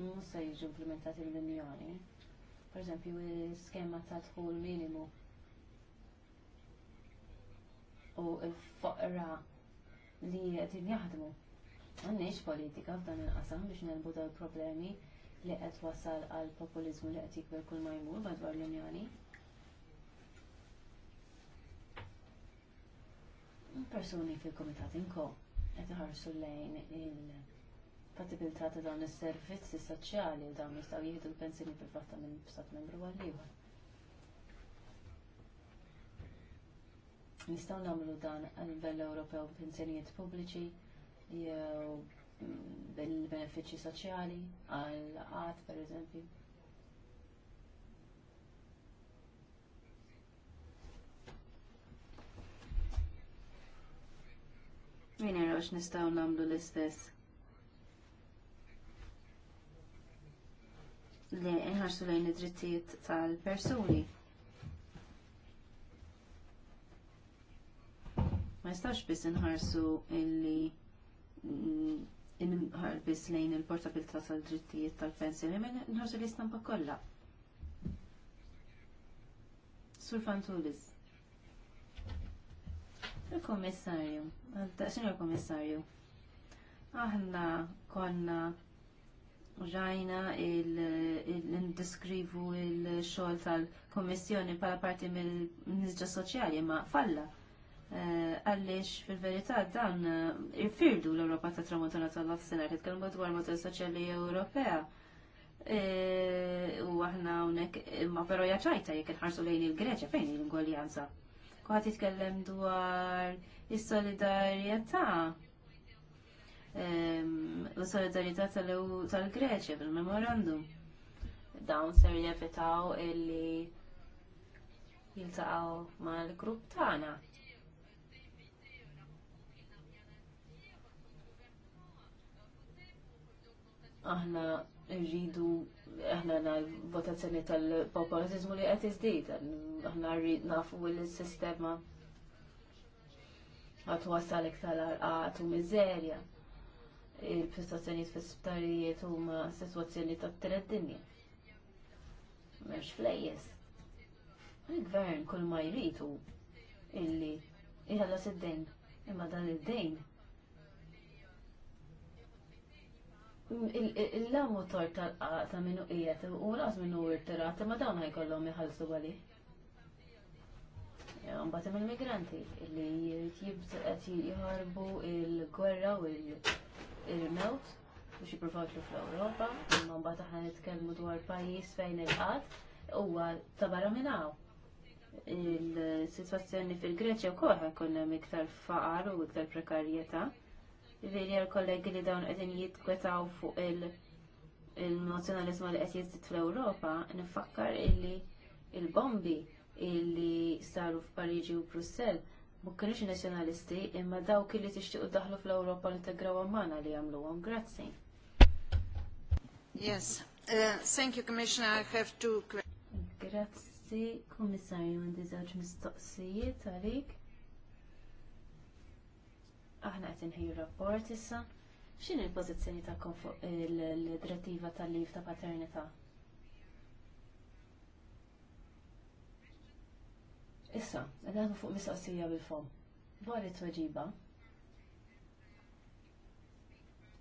mhux se jiġu implementati mill-Unjoni. Pereżempju l-skema ta' dħul minimu u l-foqra li qed jaħdmu. Għandniex politika f'dan il-qasam biex nelbu dawn il-problemi li qed wasal għal populiżmu li qed jikber kull ma jmur madwar l-Unjoni. persuni fil-komitat inko qed iħarsu lejn il- kompatibilità ta' dawn is-servizzi soċjali u dawn jistgħu jieħdu l-pensjoni privata minn stat membru għal ieħor. Nistgħu nagħmlu dan għal livell Ewropew pensjonijiet pubbliċi jew bil-benefiċċji soċjali għal qatt pereżempju. Jien nistgħu nagħmlu l-istess li nħarsu lejn id-drittijiet tal-persuni. Ma jistax biss inħarsu illi mm, inħarbis lejn il portabilta tal-drittijiet tal-pensjoni, ma nħarsu li stampa kollha. Sur Fantulis. Il-Kommissarju, għal-taqsinu il-Kommissarju? Aħna konna rajna il-indiskrivu il-xol tal-Komissjoni pala parti mill-Nisġa Soċjali ma falla. Eh, Għalliex fil-verità dan eh, irfirdu l-Europa ta' tramontana tal-Afsenar, jitkellmu dwar motor soċjali Ewropea. Eh, u għahna unek, ma pero jaċajta jek nħarsu lejn il-Greċa, fejn il-ingwaljanza. Kuħat jitkellem dwar il-solidarieta u solidarità tal-Greċja fil-memorandum. Dawn ser jevitaw illi jiltaqgħu mal-grupp tagħna. Aħna rridu aħna l votazzjoni tal-popolatizmu li qed iżdied, aħna rrid nafu l-sistema għat wasalek tal-arqat u miżerja il-prestazzjonijiet fis-sptarijiet huma sitwazzjoni ta' t tret dinja. M'hemmx flejjes. Il-gvern kull ma jritu illi jħalla id-dejn, imma dan id-dejn Il-lamutor tal-qata minnu ijet, u ras minnu irtirat, imma dawn ħajkollhom jħalsu għali. Mbagħad hemm il-migranti li qed jħarbu il-gwerra u il l il-mewt biex jippruvaw fl-Ewropa, imma mbagħad aħna nitkellmu dwar pajjiż fejn il-qatt huwa ta' barra minn hawn. Il-sitwazzjoni fil-Greċja wkoll ħajkun hemm iktar faqar u iktar prekarjetà. Veri għal-kollegi li dawn qegħdin jitkwetaw fuq il-nazzjonaliżmu li qed jiżdied fl-Ewropa, nifakkar illi il-bombi illi saru f'Pariġi u Brussell ma kienux nazzjonalisti imma dawk li tixtiequ daħlu fl-Ewropa li integraw għamana li jagħmluhom. Grazzi. Yes. Uh, thank you, Commissioner. I have two Grazzi, Kummissarju, għandi żewġ mistoqsijiet għalik. Aħna qed inħejju rapport issa. X'inhi l-pożizzjoni ta' fuq il-drattiva tal-liv ta' paternità? Ta Issa, għedħan fuq mistoqsija bil-fom. Dwar it-tweġiba,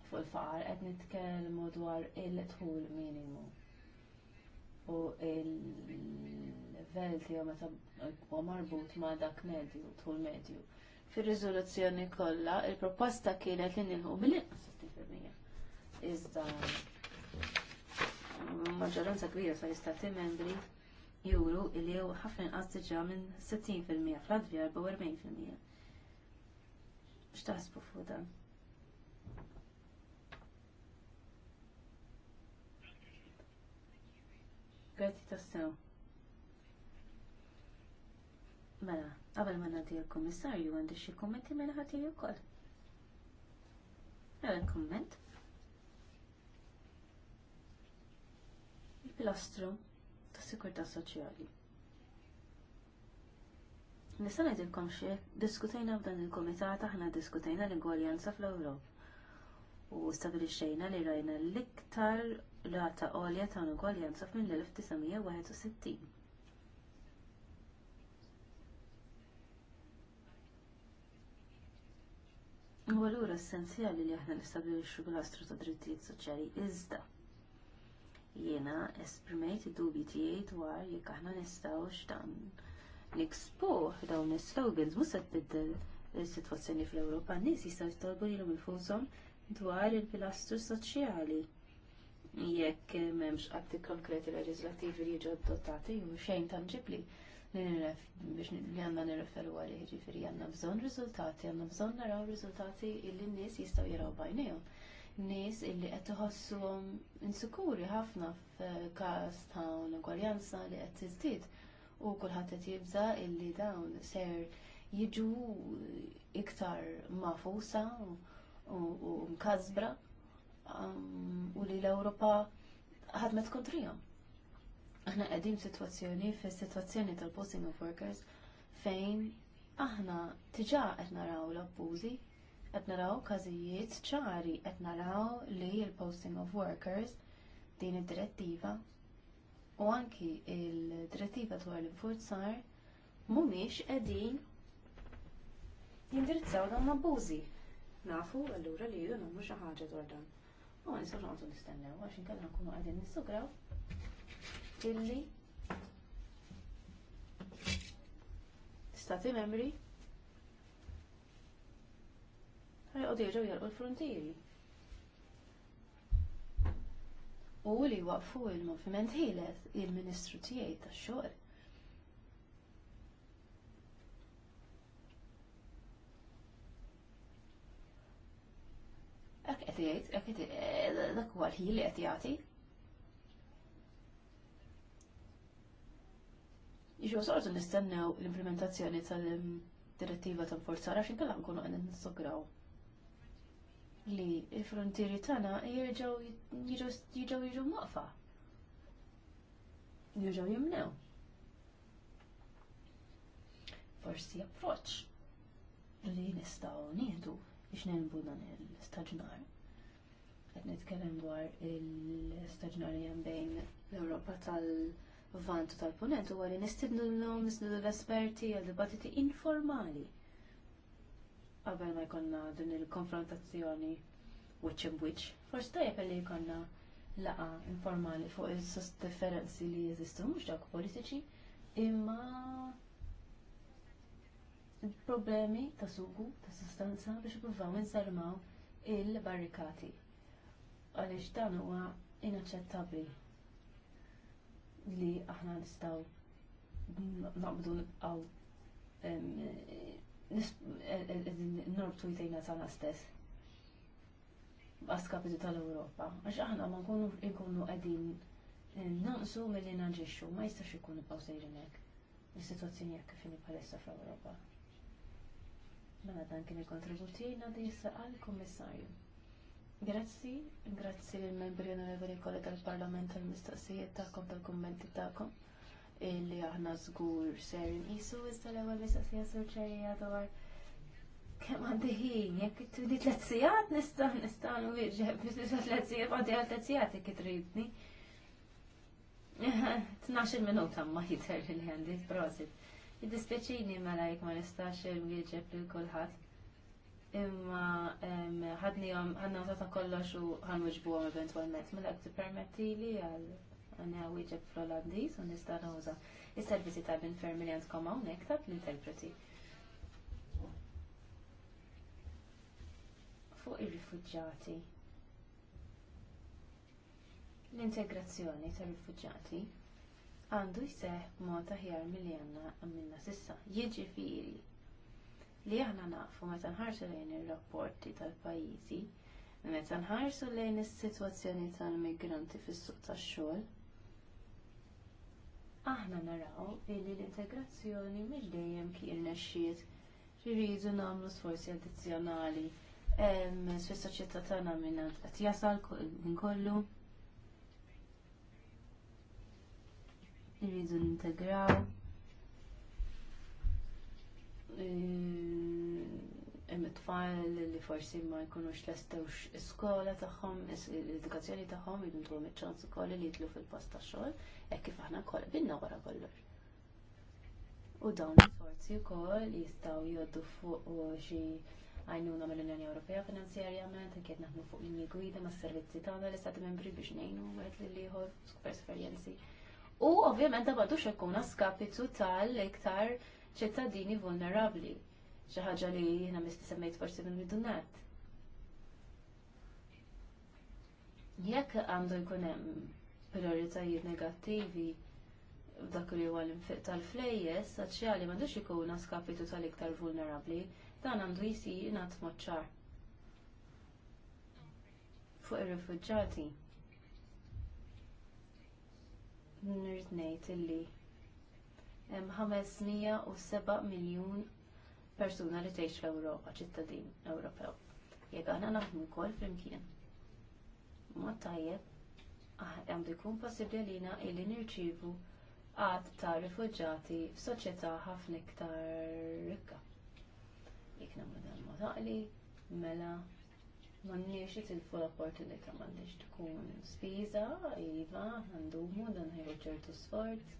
fuq il-faqar qed nitkellmu dwar il-tħul minimu u il velti u meta huwa marbut ma' dak medju, tħul medju. Fir-riżoluzzjoni kollha il-proposta kienet li nilħu mill-inqas Iżda maġġoranza kbira sa' jistati membri juru li hu ħafna inqas diġà minn 60% fl-Latvja 44%. X'taħsbu fuq dan? Grazzi tassew. Mela, qabel ma nagħti l-kummissarju għandi xi kummenti mela ħati wkoll. Mela kumment. Il-pilastru sikurta soċjali. Nista' ngħidilkom xi diskutejna f'dan il-kumitat aħna diskutejna l-ingwaljanza fl-Ewropa u stabilixxejna li rajna l-iktar rata għolja ta' ingwaljanza l 1961 U allura essenzjali li aħna nistabilixxu b-ħastru ta' drittijiet soċjali iżda jiena esprimejt id-dubji tiegħi dwar jekk aħna nistgħux dan nikspuh dawn is-slogans mhux se tibdel is-sitwazzjoni fl-Ewropa, n-nies jistgħu jitolbu lilhom infushom dwar il-pilastru soċjali. Jekk m'hemmx atti konkreti leġislattivi li jiġu adottati, jew xejn tanġibli biex li għandna nirreferu għalih, ġifieri għandna bżonn riżultati, għandna bżonn naraw riżultati illi n-nies jistgħu jaraw bajnejhom nies illi qed iħossuhom insikuri ħafna f'każ ta' l li qed tiżdied u kulħadd qed jibża illi dawn ser jiġu iktar mafusa u mkazbra um, u li l-Ewropa ħadmet kontrihom. Aħna qegħdin f'sitwazzjoni fis-sitwazzjoni tal-posting of workers fejn aħna tiġa qed naraw l-abbużi Qed naraw każijiet ċari qed naraw li l-posting of workers din id-direttiva u anki l direttiva dwar l-infurzar mhumiex qegħdin jindirizzaw dawn l-abbużi. Nafu allura li jidu nagħmlu xi ħaġa dwar dan. U ma nistgħux nagħmlu nistennew għax inkella nkunu għadin nissugraw illi stati membri għoddi jirġaw jarqu l-frontieri. U li waqfu il-moviment ħilet il-ministru tiegħi tax-xogħol. Ek qed jgħid, ek qed dak huwa l-ħin li qed jagħti. Jiġu sortu nistennew l-implementazzjoni tal-direttiva tal-forzara x'inkella nkunu qegħdin nissograw li l-frontieri tagħna jirġaw jiġu jirġaw maqfa. Jirġaw jimnew. Forsi approċċ li nistgħu nieħdu biex nelbu dan il-staġnar. Qed nitkellem dwar il-staġnar li bejn l-Ewropa tal vantu u tal ponentu huwa li nistidnu l nistidnu l-esperti għal dibattiti informali qabel ma jkollna din il-konfrontazzjoni which in forsi tajjeb li jkollna laqa informali fuq il-sus differenzi li jeżistu mhux dawk politiċi, imma problemi ta' sugu, ta' sustanza biex ipruvaw insarmaw il-barrikati. Għaliex dan huwa inaċċettabbli li aħna nistgħu naqbdu nibqgħu norbtu jtejna tana stess. Għaskapitu tal-Europa. Għax aħna ma nkunu ikunu għedin eh, naqsu mill-li naġiċu, ma jistax ikunu pawsejrinek hekk. Il-situazzjoni jekk kifini palessa fl-Europa. Mela dan kien il-kontributina di għal kommissarju. Grazzi, grazzi l membri onorevoli kollega tal-Parlament tal-mistoqsijiet tagħkom tal-kummenti tagħkom. Illi aħna żgur ser inqisu iżda l-ewwel mistoqsija sur ċerija dwar kemm għandi ħin jekk tridni tliet sigħat nista' nista' nwieġeb nista' tliet sigħat għandi għal tliet sigħat jekk tridni. Tnax il-minuta ma jidher li għandi prosit. Jiddispjaċini mela jekk ma nistax nwieġeb lil kulħadd. Imma ħadni għanna ta' kollox u ħanwiġbuhom eventwalment. Mela permetti li għal nistana wieġeb fl-Olandiż u nista' uża is-servizzi tal-infermi li għandkom hawnhekk l interpreti Fuq ir-rifuġġati. L-integrazzjoni tar-rifuġġati għandu jseħ b'mod aħjar milli għandna għamilna sissa. Jiġifieri li aħna nafu meta nħarsu lejn ir-rapporti tal-pajjiżi meta nħarsu lejn is-sitwazzjoni tal-migranti fis-suq tax-xogħol, aħna naraw illi l-integrazzjoni mhix dejjem kien nexxiet rridu nagħmlu sforzi addizzjonali fis-soċjetà tagħna minn qed jasal minn kollu. Irridu nintegraw. integraw tfal li forsi ma jkunux lestewx iskola tagħhom, l-edukazzjoni tagħhom jiduntuhom iċ-ċans ukoll li jitlu fil-post tax-xogħol, hekk kif aħna wkoll binna wara kollox. U dawn l forzi wkoll jistgħu jgħoddu fuq xi għajnuna mill-Unjoni Ewropea finanzjarjament, kiet naħdmu fuq linji gwida ma' servizzi tagħna li stati membri biex ngħinu wieħed li ieħor esperjenzi. U ovvjament da ikun skapitu tal-iktar ċittadini vulnerabbli ħaġa li jiena misti semmejt forsi minn midunat. Jekk għandu jkun hemm prioritajiet negattivi f'dak li huwa l-infiq tal-flejjes soċjali m'għandux ikun skapitu tal-iktar vulnerabbli, dan għandu jisir ingħad moċċar fuq ir-rifuġġati. Nirrid ngħid illi hemm 507 miljun persuna li tgħix fl europa ċittadin Ewropew. Jekk aħna naħmu wkoll flimkien. Mod tajjeb ah, għandu jkun possibbli lina illi nirċivu għad ta' rifuġġati f'soċjetà ħafna iktar rikka. Jekk nagħmlu dan mod mela m'għandniex itilfu l-opportunità m'għandniex tkun spiża, iva, għandumu dan ħajru ċertu sforz,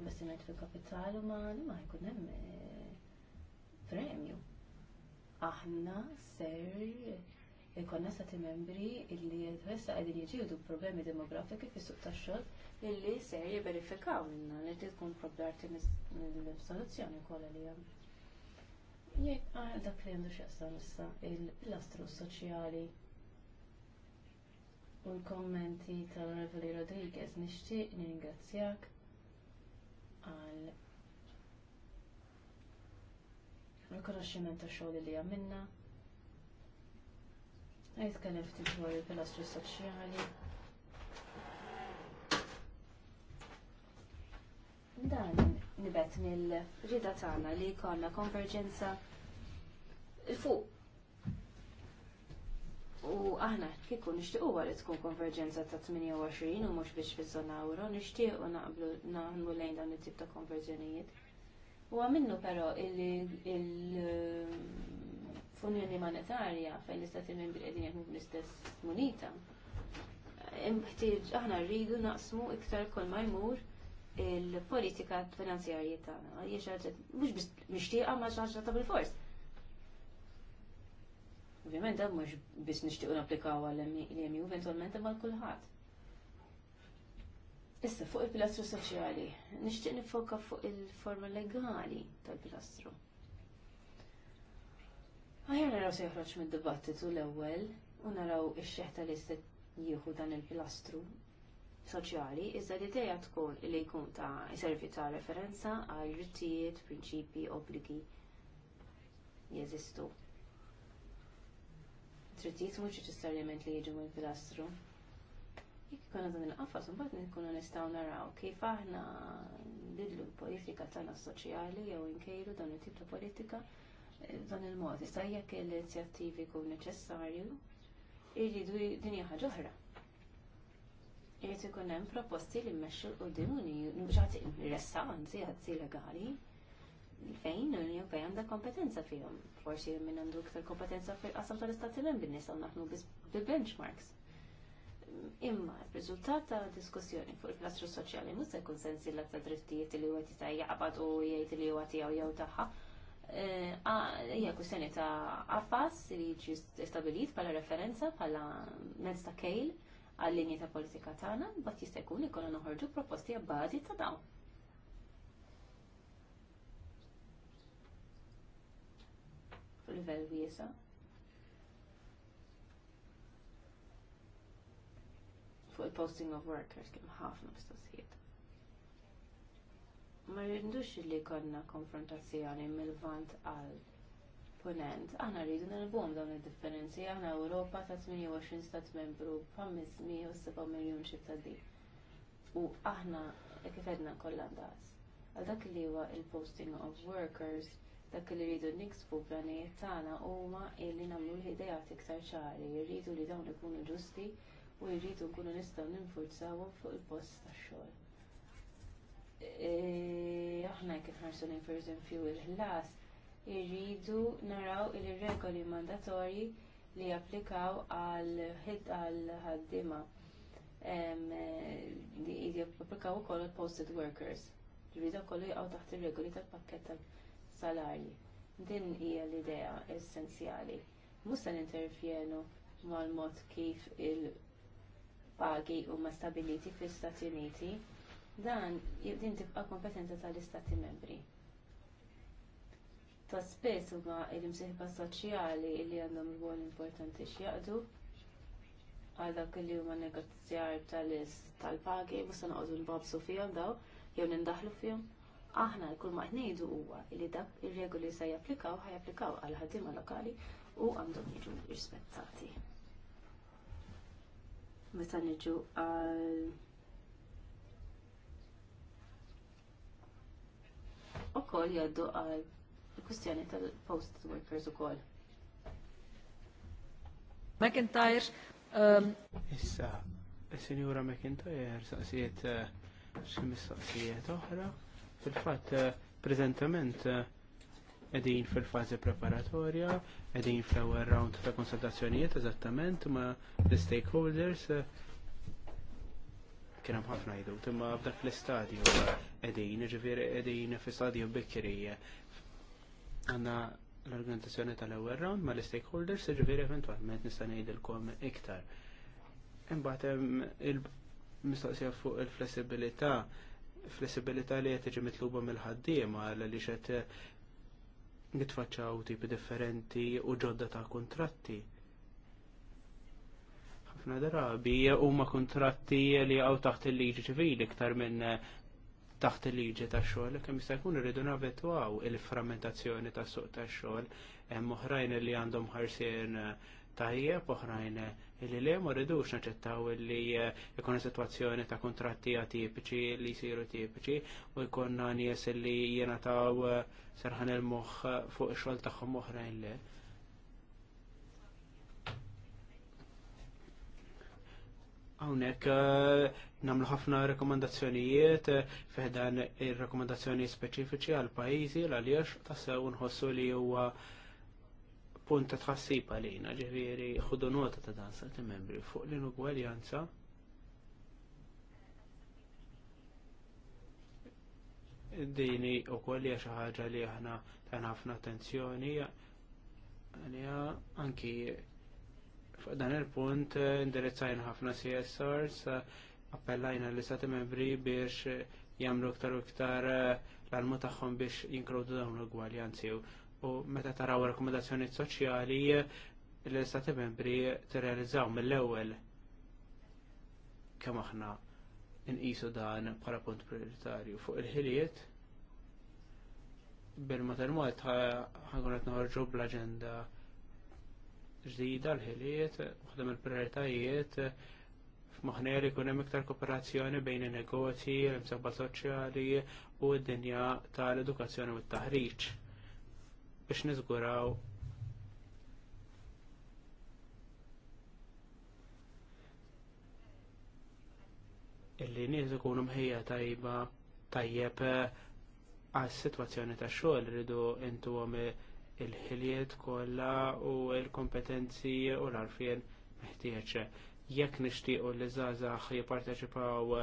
investiment fil-kapital umani ma jkun hemm premju. Aħna ser ikonna sa membri illi jitwessa għedin jġiħdu problemi demografiki fis suq tax xogħol illi ser jiverifikaw minna li tkun probdarti mill-soluzzjoni kollha li għam. Jekk għal dak li għandu xieqsa nissa il lastru soċjali u l-kommenti tal-Reveli Rodriguez nixtieq ningrazzjak għal rikonoxximent ta' xogħol li għamilna. Għajtkellem ftit dwar il-pilastru soċjali. Dan nibet mill-rida tagħna li jkollna konverġenza il-fuq. U aħna kieku nixtiequ li tkun konverġenza ta' 28 u mhux biex fiż-żona euro, nixtiequ naqblu naħnu lejn dawn it-tip ta' konverġenijiet. U minnu però il-funjoni monetarja fejn l-istati membri qegħdin jaħdmu l istess munita. Imħtieġ aħna rridu naqsmu iktar kull ma jmur il-politika finanzjarji tagħna. Hija xi mhux mixtieqa ma xi ta' bil-fors. Ovvjament dan mhux biss nixtiequ napplikaw għal l e eventualment ma' kulħadd. Issa fuq il-pilastru soċjali, nixtieq nifoka fuq il-forma legali tal-pilastru. Aħjar naraw se joħroġ mid-dibattitu l-ewwel u naraw ix-xeħta li se jieħu dan il-pilastru soċjali, iżda li dejja tkun li jkun ta' servi ta' referenza għal rittijiet, prinċipi, obbligi jeżistu. Trittijiet mhux neċessarjament li jiġu mill-pilastru, Jekk ikun dan il-qafas, mbagħad nkunu nistgħu naraw kif aħna nidlu l-politika tagħna soċjali jew inkejlu dan it-tip ta' politika eh, dan il-mod. Issa jekk l-inizjattivi jkun neċessarju, irridu din hija ħaġa oħra. Irid ikun hemm proposti li mmexxu l-qudiem u ġati ressa anzi ħadsi legali fejn l-Unjon fejn għandha kompetenza fihom. Forsi minn għandu iktar kompetenza fil-qasam tal-Istati Membri nistgħu naħnu bil-benchmarks. Imma il riżultat ta' diskussjoni fuq il-plastru soċjali mhux se jkun sensi l ta' drittijiet li huwa tista' jaqbad u jgħid li huwa tiegħu jew tagħha. Eh, hija kwistjoni ta' qafas li jiġi stabilit bħala referenza bħala mezz ta' kejl għal-linji ta' politika tagħna, mbagħad jista' jkun ikollna noħorġu proposti abbażi ta' dawn. Fil-livell wiesa' fuq il-posting of workers kien ħafna mistoqsijiet. Ma rridux li konna konfrontazzjoni mill-vant għal punent, aħna rridu nilbuhom dawn id-differenzi, aħna Europa ta' 28 stat membru b'507 miljun ċittadin. U aħna kif kollan daħs. Għal dak li huwa il-posting of workers, dak li rridu niksbu planet tagħna huma illi nagħmlu l-idejat iktar ċari, rridu li dawn ikunu ġusti u jridu nkunu nistgħu ninfurzawhom fuq il-post tax-xogħol. E, aħna jekk inħarsu lejn pereżempju il-ħlas, irridu naraw il-regoli mandatorji li japplikaw għal ħaddiema e, li japplikaw ukoll il-posted workers. Ġridu kollu jgħu taħt ir-regoli tal-pakket tal-salarji. Din hija l-idea essenzjali. Mhux se ninterfjenu mal-mod kif il- pagi huma stabiliti fl-Istati Uniti, dan din tibqa' kompetenza tal-Istati Membri. Ta' spess huma l imsiħba soċjali li għandhom rwol importanti x'jaqdu għal dak li huma negozjar tal-pagi mhux se noqogħdu nbabsu fihom daw jew nindaħlu fihom. Aħna kull ma ngħidu huwa li dak ir-regoli se japplikaw ħajapplikaw għal ħaddiema lokali u għandhom jiġu rispettati meta niġu għal u koll jaddu għal kustjoni tal-post workers u koll. McIntyre. Um, Issa, il Senjura McIntyre saqsijiet uh, xi mistoqsijiet oħra. fil fat prezentament, uh, edin fil-fazi preparatorja, edin fl-ewwel round ta' konsultazzjonijiet eżattament ma' l-stakeholders kien hemm ħafna jdu, imma f'dak l-istadju qegħdin, ġifieri qegħdin fi istadju bikri għandna l-organizzazzjoni tal-ewwel round ma l-stakeholders ġifieri eventwalment nista' ngħidilkom iktar. Imbagħad hemm il-mistoqsija fuq il-flessibilità flessibilità li qed tiġi mitluba mill-ħaddiema għal li qed nitfaċċaw tipi differenti u ġodda ta' kuntratti. Ħafna drabi huma kuntratti li għaw taħt il-liġi ċivili iktar minn eh, taħt il-liġi ta' xogħol, kemm jista' jkun irridu navetwaw il-frammentazzjoni ta' suq ta' xogħol, hemm oħrajn li għandhom ħarsien eh, tajjeb oħrajn li le ma rridux naċċettaw li jkun eh, situazzjoni ta' kontratti atipiċi li jsiru tipiċi u jkollna nies li jingħataw eh, serħan il-moħħ fuq ix-xogħol tagħhom oħrajn le. Hawnhekk eh, nagħmlu ħafna rekomandazzjonijiet fiħdan ir-rekomandazzjoni speċifiċi għal pajjiżi l għaliex tassew nħossu li huwa punt ta' tħassib għalina, ġeviri, ħudu nota ta' dan sa' membri fuq l-inugwaljanza. Dini u kolli xi ħaġa li aħna tan ħafna attenzjoni għalija anki fuq dan il-punt indirizzajna ħafna CSRs appellajna li stati membri biex jagħmlu iktar u iktar eh, l armu tagħhom biex jinkludu dawn l-ugwaljanzi u meta taraw rekomendazzjoni soċjali l-istati membri tirrealizzaw mill-ewwel kemm aħna nqisu dan bħala punt prioritarju fuq il-ħiliet bil-matermat ħagun ħagunet noħorġu bl-aġenda ġdida l-ħiliet, waħda il prioritajiet f'maħna li jkun hemm iktar kooperazzjoni bejn in-negozji, l-imsabba soċjali u d-dinja tal-edukazzjoni u t-taħriġ biex niżguraw illi nies ikunu mħejja tajba tajjeb eh, għas sitwazzjoni tax xogħol rridu intu il-ħiliet kollha u l-kompetenzi u l-arfien meħtieġ. Jekk nixtiequ li żgħażagħ jipparteċipaw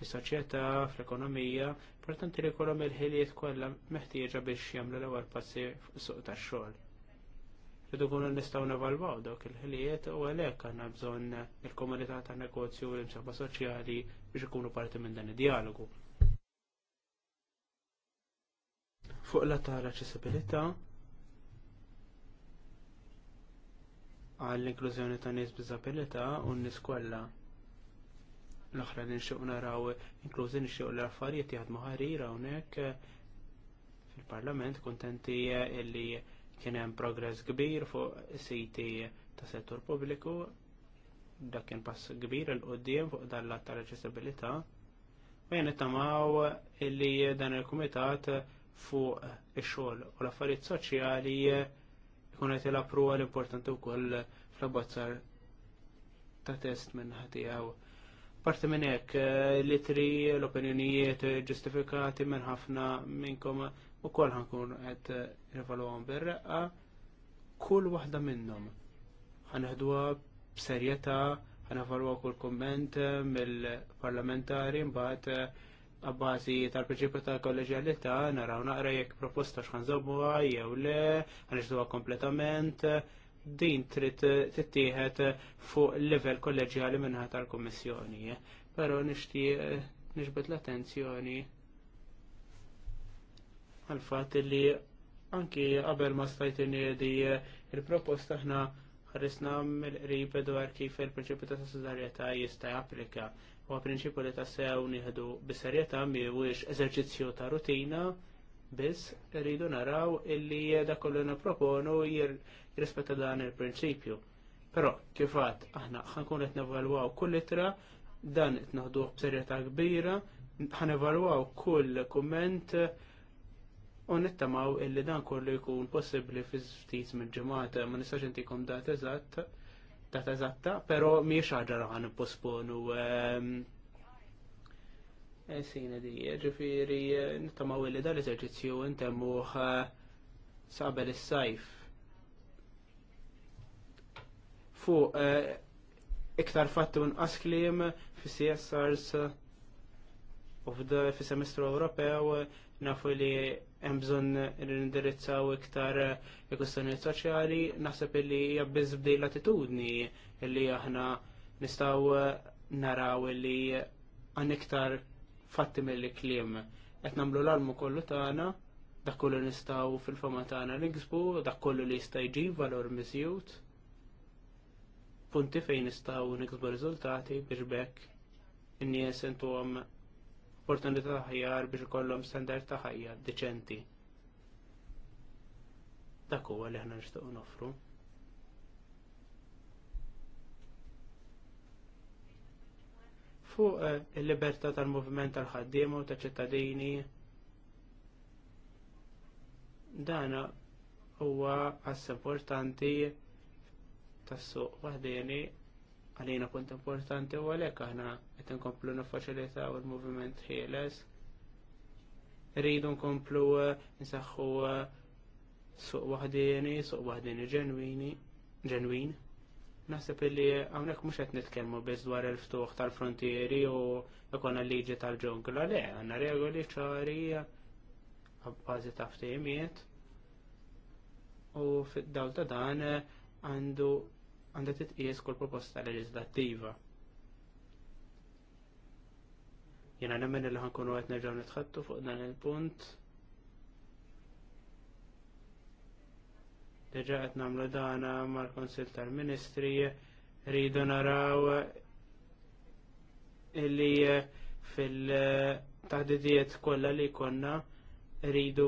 fis-soċjetà, fl-ekonomija, importanti li jkollhom il-ħiliet kollha meħtieġa biex jagħmlu l-ewwel passi fuq suq tax-xogħol. Rridu kunu nistgħu nevalwaw dawk il-ħiliet u għalhekk għandna bżonn il-komunità tan negozju u l imsaba soċjali biex ikunu parti minn dan id-dialogu. Fuq la l aċċessibilità għall-inklużjoni ta' nies b'diżabilità u n-nies kollha l-oħra li nxuq naraw inklużi nxuq l-affarijiet jaħdmu ħarira hawnhekk fil-Parlament kontenti illi kien hemm progress kbir fuq siti ta' settur pubbliku dak kien pass kbir il qudiem fuq dan l-att tal-aċċessibilità. U jien tamaw illi dan il-kumitat fuq ix-xogħol u l-affarijiet soċjali jkun qed jilapru l-importanti wkoll fl-abbozzar ta' test minn ħatiegħu. Parti minn hekk eh, li tri l-opinjonijiet ġustifikati minn ħafna minnkom u kol ħankun qed eh, nivaluhom bir-reqqa kull waħda minnhom. Ħaneħduha b'serjetà, ħanevalwa kull komment eh, mill-parlamentari mbagħad għabbażi tal-prinċipju ta' kolleġjalità naraw naqra jekk proposta x'ħanżobbuha jew le, ħanixduha kompletament, din trid tittieħed fuq level kolleġjali minnha tal-Kummissjoni. Però nixtieq nixbet l-attenzjoni għal fatt li anki qabel ma stajt di il-proposta ħna ħarisna mill-qrib dwar kif il-prinċipju ta' sussidjarjetà jista' japplika u prinċipju li ta' sew nieħdu bis-serjetà mhuwiex eżerċizzju ta' rutina biss rridu naraw illi da kollu nipproponu jirrispetta dan il-prinċipju. Però kif għad aħna ħankun qed nevalwaw kull itra, dan qed naħduh b'serjetà kbira, ħanevalwaw kull kumment u nittamaw illi dan kollu jkun possibbli fi ftit minn ġimgħata ma nistax intikom dat eżatt, dat eżatta, però mhijiex ħaġa ħan posponu ehm, sina di, ġifiri, nittamaw li dal-eżerċizzju intemmuħ eh, sabel is-sajf. Fu eh, iktar fattu unqas asklim fi CSRs u fi semestru Ewropew nafu li hemm bżonn nindirizzaw iktar il-kwistjonijiet eh, soċjali, naħseb li hija bdej l attitudni li aħna nistgħu naraw li għan iktar fatti mill-kliem. Qed nagħmlu l-almu kollu tagħna, da kollu nistgħu fil-fama tagħna niksbu, dak kollu li jista' jġi valor miżjud. Punti fejn nistgħu niksbu riżultati biex bekk in-nies għom opportunità ta' ħajjar biex ikollhom standard ta' ħajja deċenti. Dak huwa li aħna nixtiequ nofru. fuq eh, il-libertà tal-moviment tal-ħaddiema u tal-ċittadini. Dan huwa għass importanti tas-suq waħdieni għalina punt importanti u għalhekk aħna qed inkomplu niffaċilita u l-moviment ħieles. Rridu nkomplu eh, nsaħħu eh, suq waħdieni, suq waħdieni ġenwini, ġenwin. Naħseb li hawnhekk mhux qed nitkellmu biss dwar il-ftuħ tal-frontieri u ikonna liġi tal-ġungla le, għandna regoli ċari għabbazi ta' ftehimiet u fid-dawl ta' dan għandu għandha titqies kull proposta leġislattiva. Jena nemmen li ħankunu għet nerġaw nitħattu fuq dan il-punt Deġa qed nagħmlu dan mal-Konsil tal-Ministri rridu naraw illi fil-taħdidiet kollha li konna rridu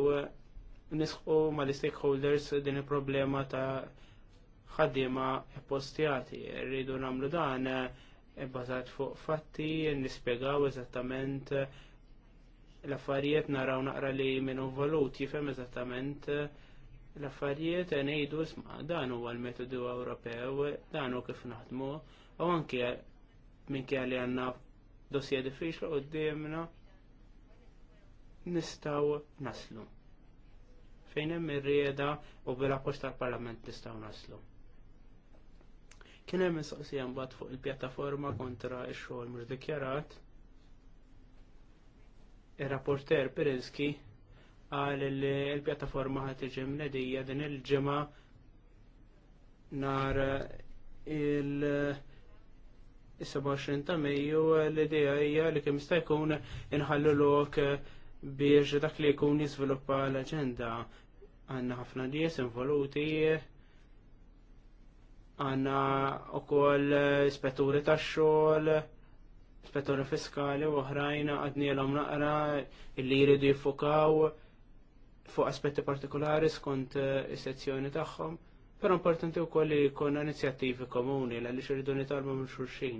nisħu mal-stakeholders din il-problema ta' ħaddiema postjati. Rridu nagħmlu dan bazat fuq fatti, nispjegaw eżattament l-affarijiet naraw naqra li minnu valuti jifhem eżattament l-affarijiet e ngħidu sma' dan huwa l-metodu Ewropew, dan hu kif naħdmu, u anke minkejja li għandna dossier diffiċli qudiemna nistgħu naslu. Fejn hemm ir-rieda u bil-appoġġ tal-Parlament nistgħu naslu. Kien hemm mistoqsija mbagħad fuq il-pjattaforma kontra x-xogħol mhux dikjarat. Ir-rapporter Pirinski għal il-pjattaforma iġemna mnedija din il-ġimgħa nar il- 27 ta' Mejju l-idea hija li kemm jista' jkun inħallu lok biex dak li jkun jiżviluppa l-aġenda. Għandna ħafna nies involuti, għandna wkoll ispetturi tax-xogħol, ispetturi fiskali u oħrajn għadnielhom naqra illi jridu jiffukaw fuq aspetti partikolari skont eh, is-sezzjoni tagħhom, però importanti wkoll li jkun inizjattivi komuni għaliex irridu nitalmu minn xulxin.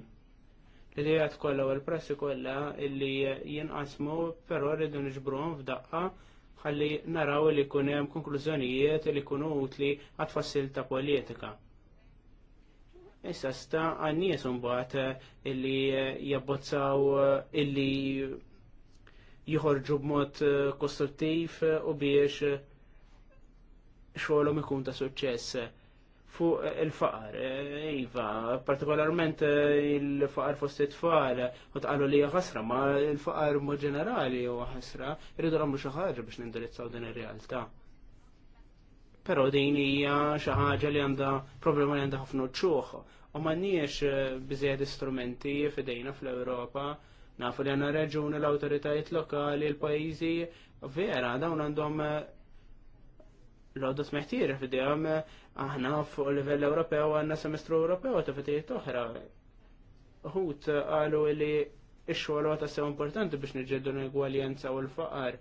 L-idea tkollha u prassi kollha illi jinqasmu però rridu niġbruhom f'daqqa ħalli naraw li jkun hemm konklużjonijiet li jkunu utli għat-tfassil ta' politika. Issa sta għan-nies mbagħad eh, illi eh, jabbozzaw illi jħorġu b'mod eh, kostruttiv eh, u biex eh, xogħolhom ikun ta' suċċess. Fuq il-faqar, iva, partikolarment il-faqar fost it-tfal, u tqalu li ħasra, ma il-faqar mod ġenerali u ħasra, rridu nagħmlu xi ħaġa biex nindirizzaw din ir-realtà. Però din hija xi ħaġa li għandha problema li għandha ħafna ċuħ, u m'għandniex biżejjed istrumenti f'idejna fl-Ewropa Nafu li għanna reġuni l-autoritajiet lokali, l-pajizi, vera, dawn għandhom eh, l-għoddu smeħtir, għam eh, aħna fuq livell Ewropew għanna semestru Ewropew ta' fitijiet oħra. Hut għalu li ix-xogħol għata sew importanti biex nġeddu l-egwaljenza u l-faqar.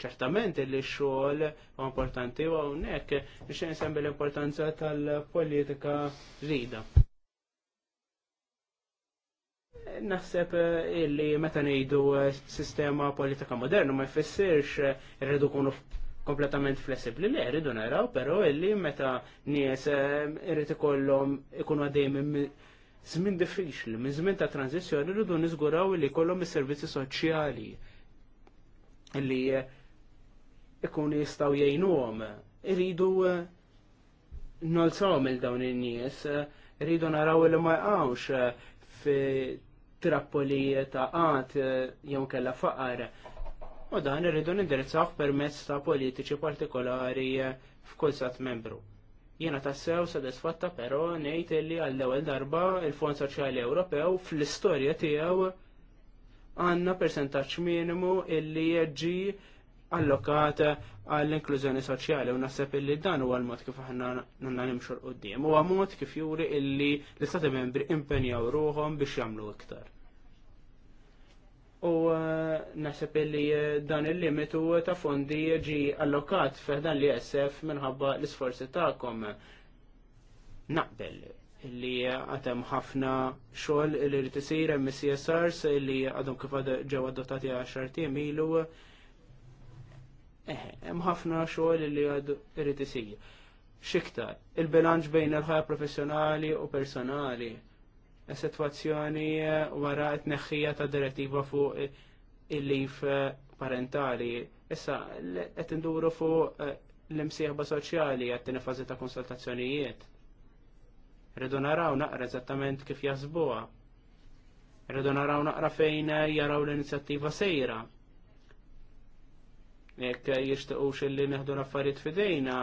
ċertament li x-xogħol huwa importanti u hawnhekk biex nsemmi l-importanza tal-politika rida. Naħseb eh, illi meta ngħidu eh, sistema politika modernu ma jfissirx eh, irridu kunu kompletament flessibli li rridu naraw, però illi meta nies irrid ikollhom ikunu għaddejjem żmien diffiċli, minn żmien ta' tranzizzjoni rridu niżguraw li jkollhom is-servizzi soċjali illi ikun jistgħu jgħinuhom. Irridu nolsawhom il dawn in-nies, rridu naraw li ma jqawx fi trappoli ta' għat eh, jew kella faqar. U dan irridu nindirizzaw permezz ta' politiċi partikolari eh, f'kull sat membru. Jiena tassew sodisfatta però ngħid illi għall-ewwel darba il-Fond Soċjali Ewropew fl-istorja tiegħu għandna persentaġġ minimu illi jeġġi allokat għall-inklużjoni soċjali u naħseb illi dan huwa l-mod kif aħna nanna nimxu l-qoddim. Huwa mod kif juri illi l-istati membri impenjaw ruhom biex jagħmlu iktar. U eh, naħseb illi eh, dan il-limitu ta' fondi ġi allokat f'dan li jessef minħabba l-isforzi tagħkom. Naqbel illi eh, għatem ħafna xogħol illi rritisir isir CSRs illi għadhom kif ġew ġewa dotati xartiem ilu Eh, hemm ħafna xogħol li għadu irid isir. Xiktar, il-bilanċ bejn il-ħajja professjonali u personali. Is-sitwazzjoni wara t-neħħija ta' direttiva fuq il-lif eh, parentali. Issa, qed induru fuq eh, l-imsieħba soċjali għat-tieni fażi ta' konsultazzjonijiet. Rridu naraw naqra eżattament kif jaħsbuha. Rridu naraw naqra fejn jaraw l-inizjattiva sejra jekk jishtiqux illi neħdu l-affarijiet fidejna.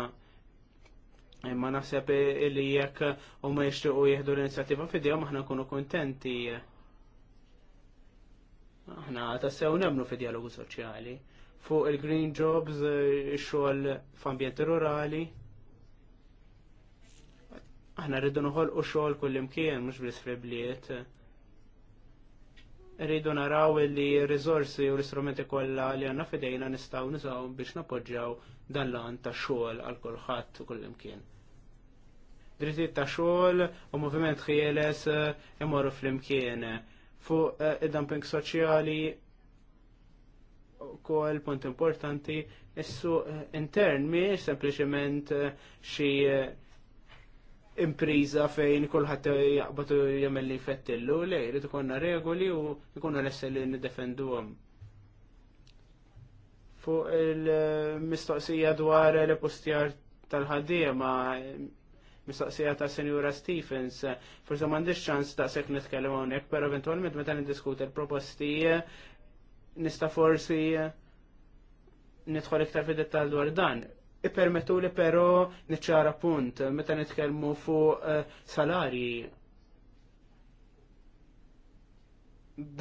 Imma naħseb illi jekk u ma jishtiqu jieħdu l-inizjattiva fidejhom aħna nkunu kontenti. Aħna sew nemnu fi dialogu soċjali. Fuq il-green jobs, ix-xogħol f'ambjenti rurali. Aħna rridu noħolqu xogħol kullimkien mhux bliss fl-bliet rridu naraw li r-rizorsi u l-istrumenti kollha li għandna fidejna nistgħu nisaw biex napoġġaw dan l-għan ta' xogħol għal kulħadd u kull imkien. Drittijiet ta' xogħol u moviment ħieles imorru fl-imkien fuq eh, id-dumping soċjali kol punt importanti, issu intern miex sempliciment eh, xie eh, impriża fejn kulħadd jaqbatu jagħmel li jfettillu, le jrid ikolna regoli u jkunu lessel li niddefenduhom. Fuq il-mistoqsija dwar l-postjar tal-ħaddiema, mistoqsija ta' Senjura Stephens, forse m'għandix ċans ta' sekk nitkellem hawnhekk, però eventwalment meta niddiskuti l-proposti nista' forsi nidħol iktar fid dettal dwar dan. Ipermetu li pero niċċara punt, meta nitkellmu fuq eh, salari.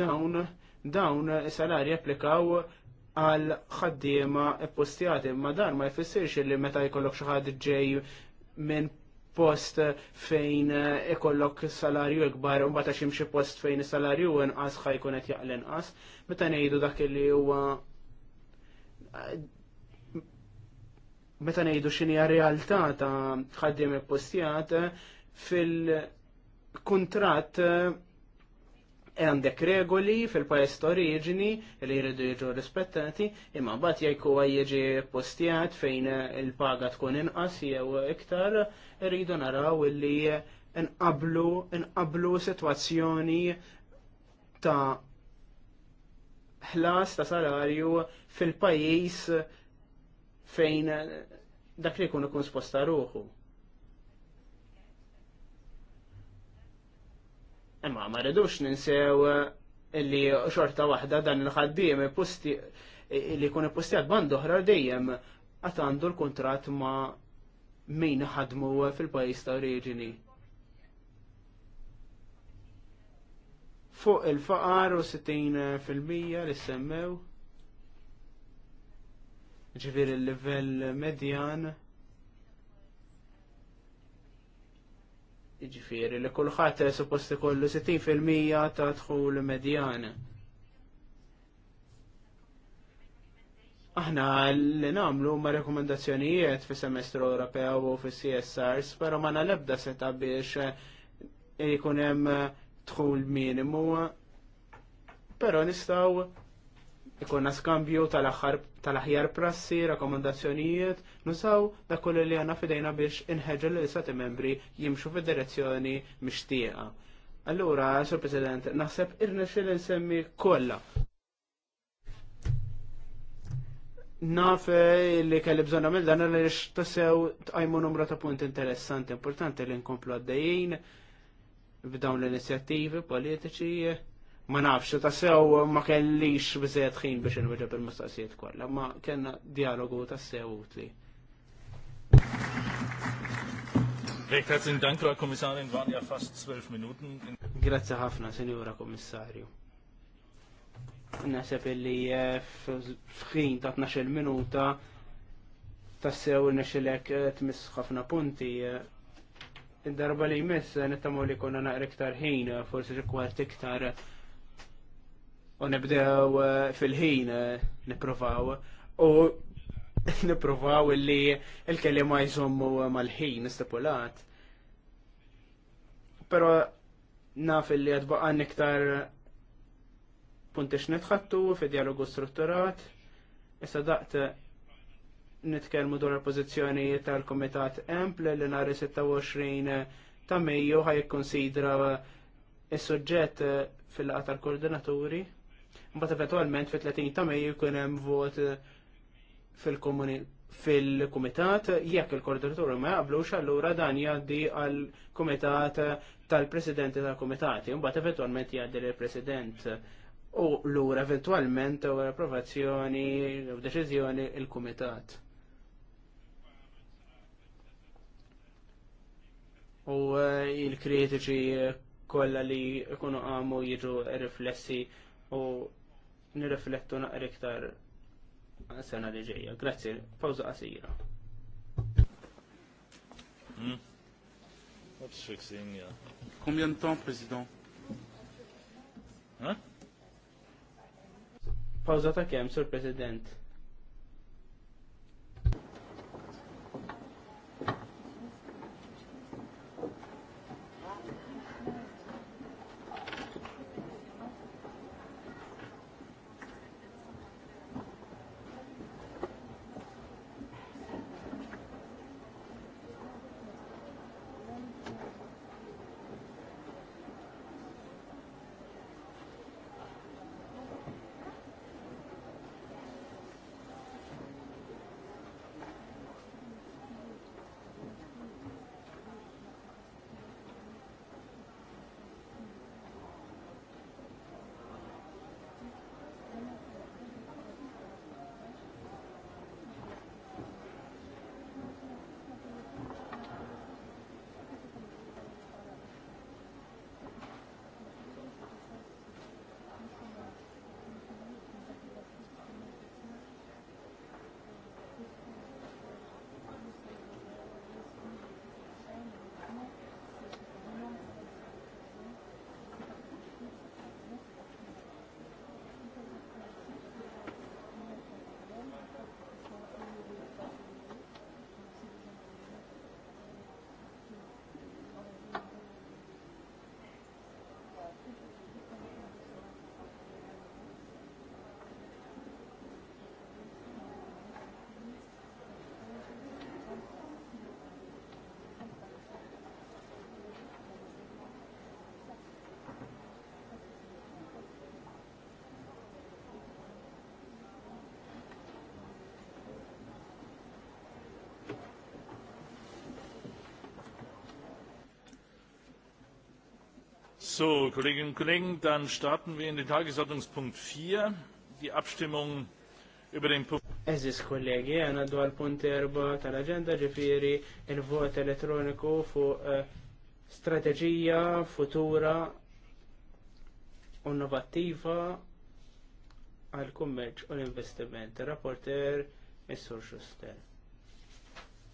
Dawn, dawn salari applikaw għal ħaddiema postjati, ma dan ma jfissirx li meta jkollok xi ħadd ġej minn post fejn ikollok salarju ikbar u mbagħad xi post fejn is-salarju inqas ħajkun qed jaqlenqas. Meta ngħidu dak li huwa meta ngħidu x'inhi realtà ta' ħaddiem ippostjat fil-kuntratt eh, għandek regoli fil-pajis t-oriġini li jridu jiġu rispettati, imma bat jajku għajġi postjat fejn il-paga tkun inqas jew iktar, jridu naraw li nqablu, nqablu situazzjoni ta' ħlas ta' salarju fil-pajis fejn dak li jkun ikun sposta ruħu. Imma ma rridux ninsew li xorta waħda dan il-ħaddiem posti li jkun ippostjat band oħra dejjem għat għandu l-kontrat ma' min ħadmu fil-pajis ta' oriġini. Fuq il-faqar u 60% li semmew ġifir il-level medjan ġifiri li kullħat suppost ikollu 60% ta' dħul medjan. Aħna li namlu ma' rekomendazzjonijiet fi semestru Ewropew u fi CSRs, pero ma' nalebda seta' biex jikunem hemm dħul minimu. Pero nistaw ikonna skambju tal-aħjar prassi, rakomandazzjonijiet, nusaw da kollu li għanna fidejna biex inħeġu li l-istati membri jimxu fid-direzzjoni mixtieqa. Allura, Sir President, naħseb irnexi li nsemmi kolla. Naf li kelli bżonna mill dan li x-tasew tqajmu numru ta' punti interessanti, importanti li nkomplu għaddejjien b'dawn l-inizjattivi politiċi ma nafx, ta' sew ma kellix bizzejt ħin biex nweġeb il-mistoqsijiet kollha, ma kellna dialogu ta' sew utli. Grazie herzlichen Dank, Frau Kommissarin, waren ja fast 12 Minuten. Grazie ħafna, Senjora Kommissarju. Naseb illi eh, f'ħin ta' 12 minuta tassew nexilek eh, tmiss ħafna punti. Id-darba eh. li jmiss nittamu li konna naqra iktar ħin, forsi kwart iktar u nibdew eh, fil-ħin eh, niprovaw u niprovaw li il-kelima jżommu eh, mal-ħin stipulat. Pero naf li għadbaqa niktar punti x'nitħattu fi dialogu strutturat, issa daqt nitkellmu dwar il pozizjoni tal-Kumitat Empl li nhar 26 ta' Mejju ħaj jikkonsidra is-suġġett fil-laqa tal-koordinaturi. Mbagħad eventualment fit-30 ta' Mejju jkun hemm vot eh, fil-kumitat jekk il-koordinatur ma jaqblux allura dan jgħaddi għal kumitat tal-presidenti tal-kumitati. Mbagħad eventualment jgħaddi lill-president u lura eventualment u approvazzjoni u deċiżjoni il-kumitat. U eh, il-kritiċi kolla li kunu għamu jiġu riflessi u nirriflettu naqra iktar sena li ġejja. Grazzi, pawza qasira. Hmm? Combien de temps, Président Pawza ta' kemm, Sur President? So, Kolleginnen und Kollegen, dann starten wir in den Tagesordnungspunkt 4, die Abstimmung über den Punkt. ist Kollege, għana dwar Punkt erba tal-agenda ġifiri il-vot elettroniku fuq uh, eh, futura Innovativa, al Commerce u l-investiment. Rapporter Messur Schuster.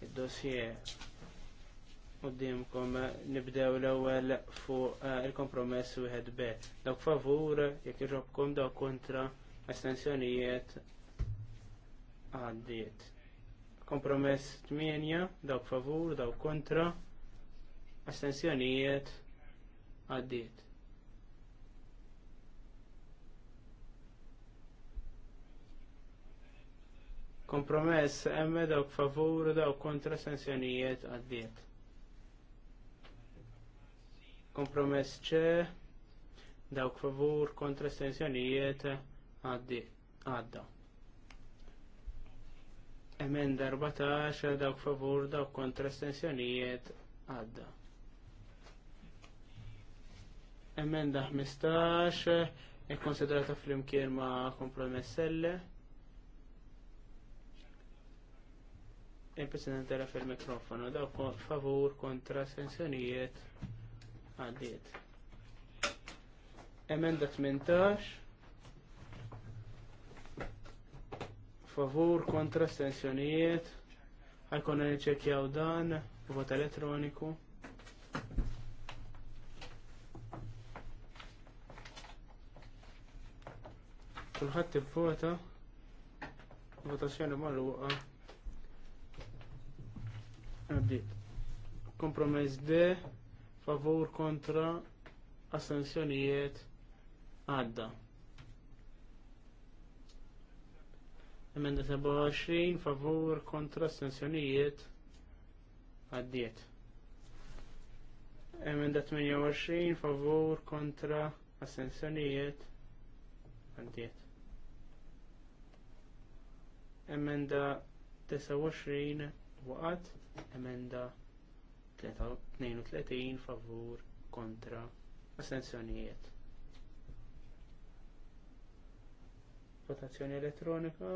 Id-dossier Qoddimkom nibdew l-ewwel fuq eh, il-kompromess wieħed B. Dawk favur jekk irrobkom dawk kontra estensjonijiet għaddiet. Kompromess 8, dawk favur, daw kontra, astensjonijiet għaddiet. Kompromess emme dawk favur, dawk kontra, astensjonijiet għaddiet. Kompromess ċe, dawk favur kontra estensjonijiet għaddi għadda. Emenda 14 dawk favur dawk kontra estensjonijiet għadda. Emenda 15 ikkonsidrata fl-imkien ma' kompromesselle. Il-President era fil-mikrofonu, dawk favur kontra estensjonijiet għaddiet. Emenda 18. Favur kontra stensjonijiet. Għajkonna nċekjaw dan. Vot elettroniku. Kulħadd Vota Votazzjoni magħluqa. Għaddiet. Kompromess D favur kontra astensjonijiet għadda. Emenda 27 favur kontra astensjonijiet għaddiet. Emenda 28 favur kontra astensjonijiet għaddiet. Emenda 29 waqat, emenda 28 32 favur kontra astensjonijiet. Votazzjoni elettronika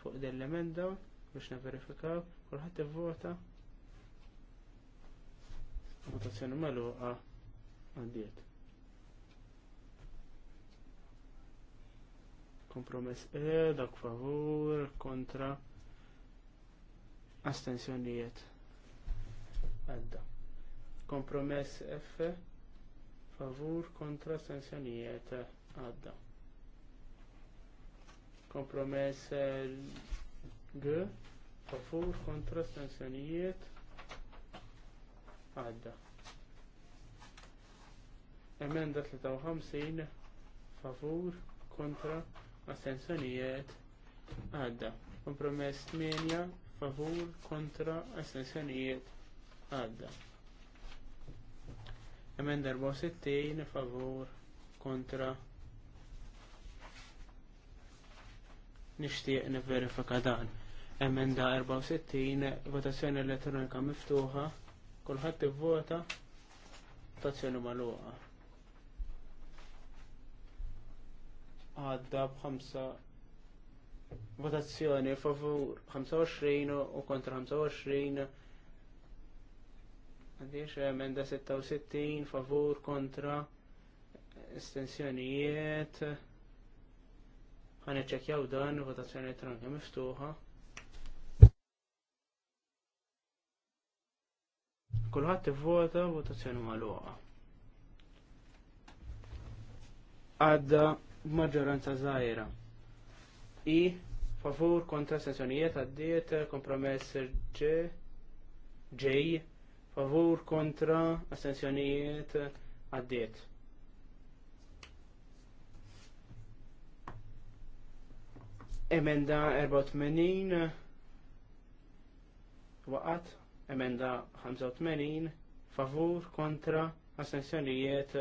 fuq dell-emenda biex neverifikaw kulħadd ivvota. Votazzjoni magħluqa għandiet. Kompromess E, dak favur, kontra astensjonijiet għadda. Kompromess F favur kontra sanzjonijiet għadda. Kompromess G favur kontra sanzjonijiet għadda. Emenda 53 favur kontra astensjonijiet għadda. Kompromess 8 favur kontra astensjonijiet għadda. Emenda sittin favur kontra nixtieq nivverifika dan. Emenda 64 votazzjoni elettronika miftuħa, kulħadd ivvota votazzjoni magħluqa. Għadda b'ħamsa votazzjoni favur 25 u kontra 25 Għandix eh, emenda 66 favur kontra estensjonijiet. Għan iċċekjaw dan votazzjoni elettronika miftuħa. Kulħadd ivvota votazzjoni magħluqa. Għadda b'maġġoranza żgħira. I favur kontra estensjonijiet għaddiet kompromess J J favur kontra astensjonijiet għaddiet. Emenda 84 waqat, emenda 85 favur kontra astensjonijiet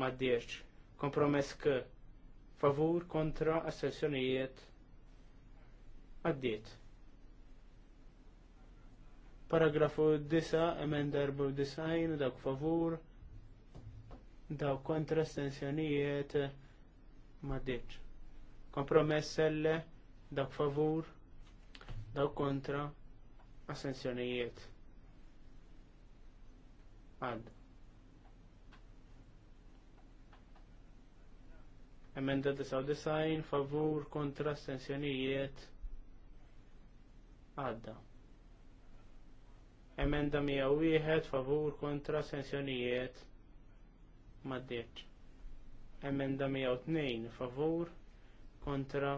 maddieċ. Kompromess k favur kontra astensjonijiet għaddiet. Paragrafu 9, emenda 94, dak favur, dak kontra stensjonijiet ma ditx. Kompromesselle, dak favur, dak kontra assenzjonijiet. Għad. Emenda 99, favur kontra stensjonijiet. Għadda. Emenda 101 favur kontra sensjonijiet maddeċ. Emenda 102 favur kontra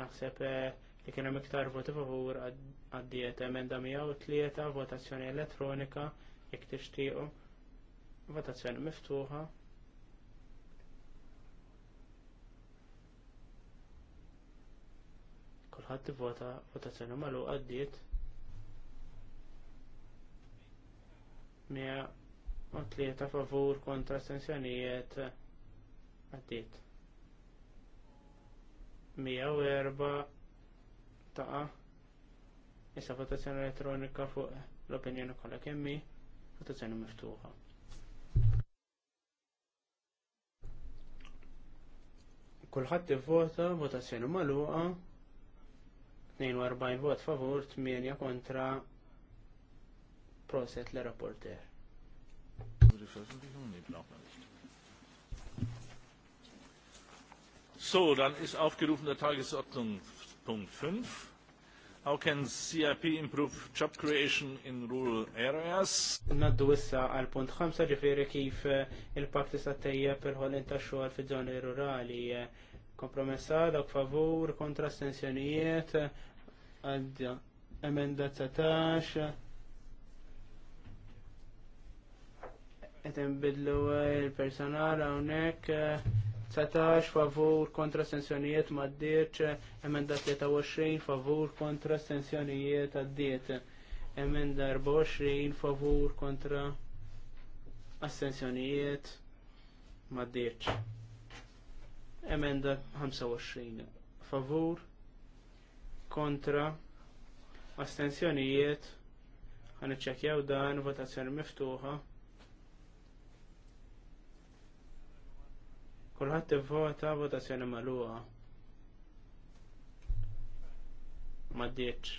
naħseb eh, li kien hemm iktar voti favur għaddiet emenda 103 votazzjoni elettronika jekk tixtiequ votazzjoni miftuħa. kulħadd tivvota votazzjoni magħluqa għaddiet 103 favur kontra astensjonijiet għaddiet. 104 taqa issa votazzjoni elettronika fuq l-opinjoni kollha kemmi votazzjoni miftuħa. kulħadd ivvota votazzjoni magħluqa 42 vot favur, 8 kontra proset l-rapporter. So, dann ist aufgerufen der punkt 5. How can CIP improve job creation in rural areas? Naddu issa għal punt 5 ġifiri kif eh, il-pakti sattajja per ħolin ta' xogħol fi żoni rurali. Eh, kompromessa dak favur kontra stensjonijiet għaddja emenda 19 qed inbidlu eh, il personal hawnhekk 19 favur kontra sensjonijiet maddiet emenda 23 favur kontra sensjonijiet għaddiet emenda 24 favur kontra assenzjonijiet maddiet emenda 25 favur kontra astensjonijiet għan iċċekjaw dan votazzjoni miftuħa kulħadd ivvota votazzjoni magħluqa maddieċ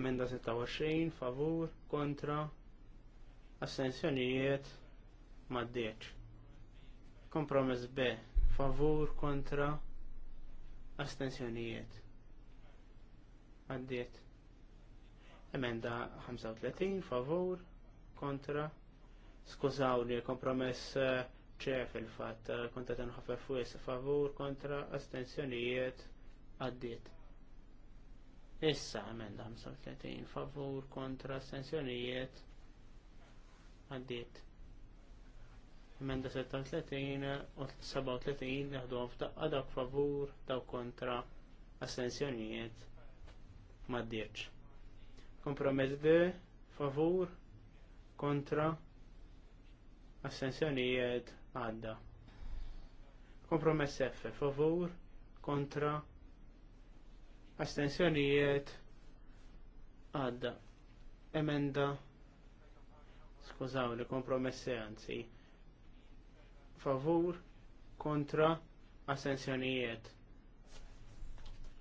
emenda 26 favur kontra astensjonijiet maddieċ kompromess B favur kontra astensjonijiet għaddiet. Emenda 35 favur kontra skużawni kompromess eh, ċef il fat eh, konta tenħafef wis favur kontra astensjonijiet għaddiet. Issa emenda 35 favur kontra astensjonijiet għaddiet. Emenda 36 u 37 naħdu għafta, għadak favur daw kontra astensjonijiet maddieċ. Kompromess D, favur, kontra, assenzjonijiet għadda. Kompromess F, favur, kontra, astensjonijiet għadda. Emenda, skużawni, kompromessi għanzi, e, favur, kontra, astensjonijiet.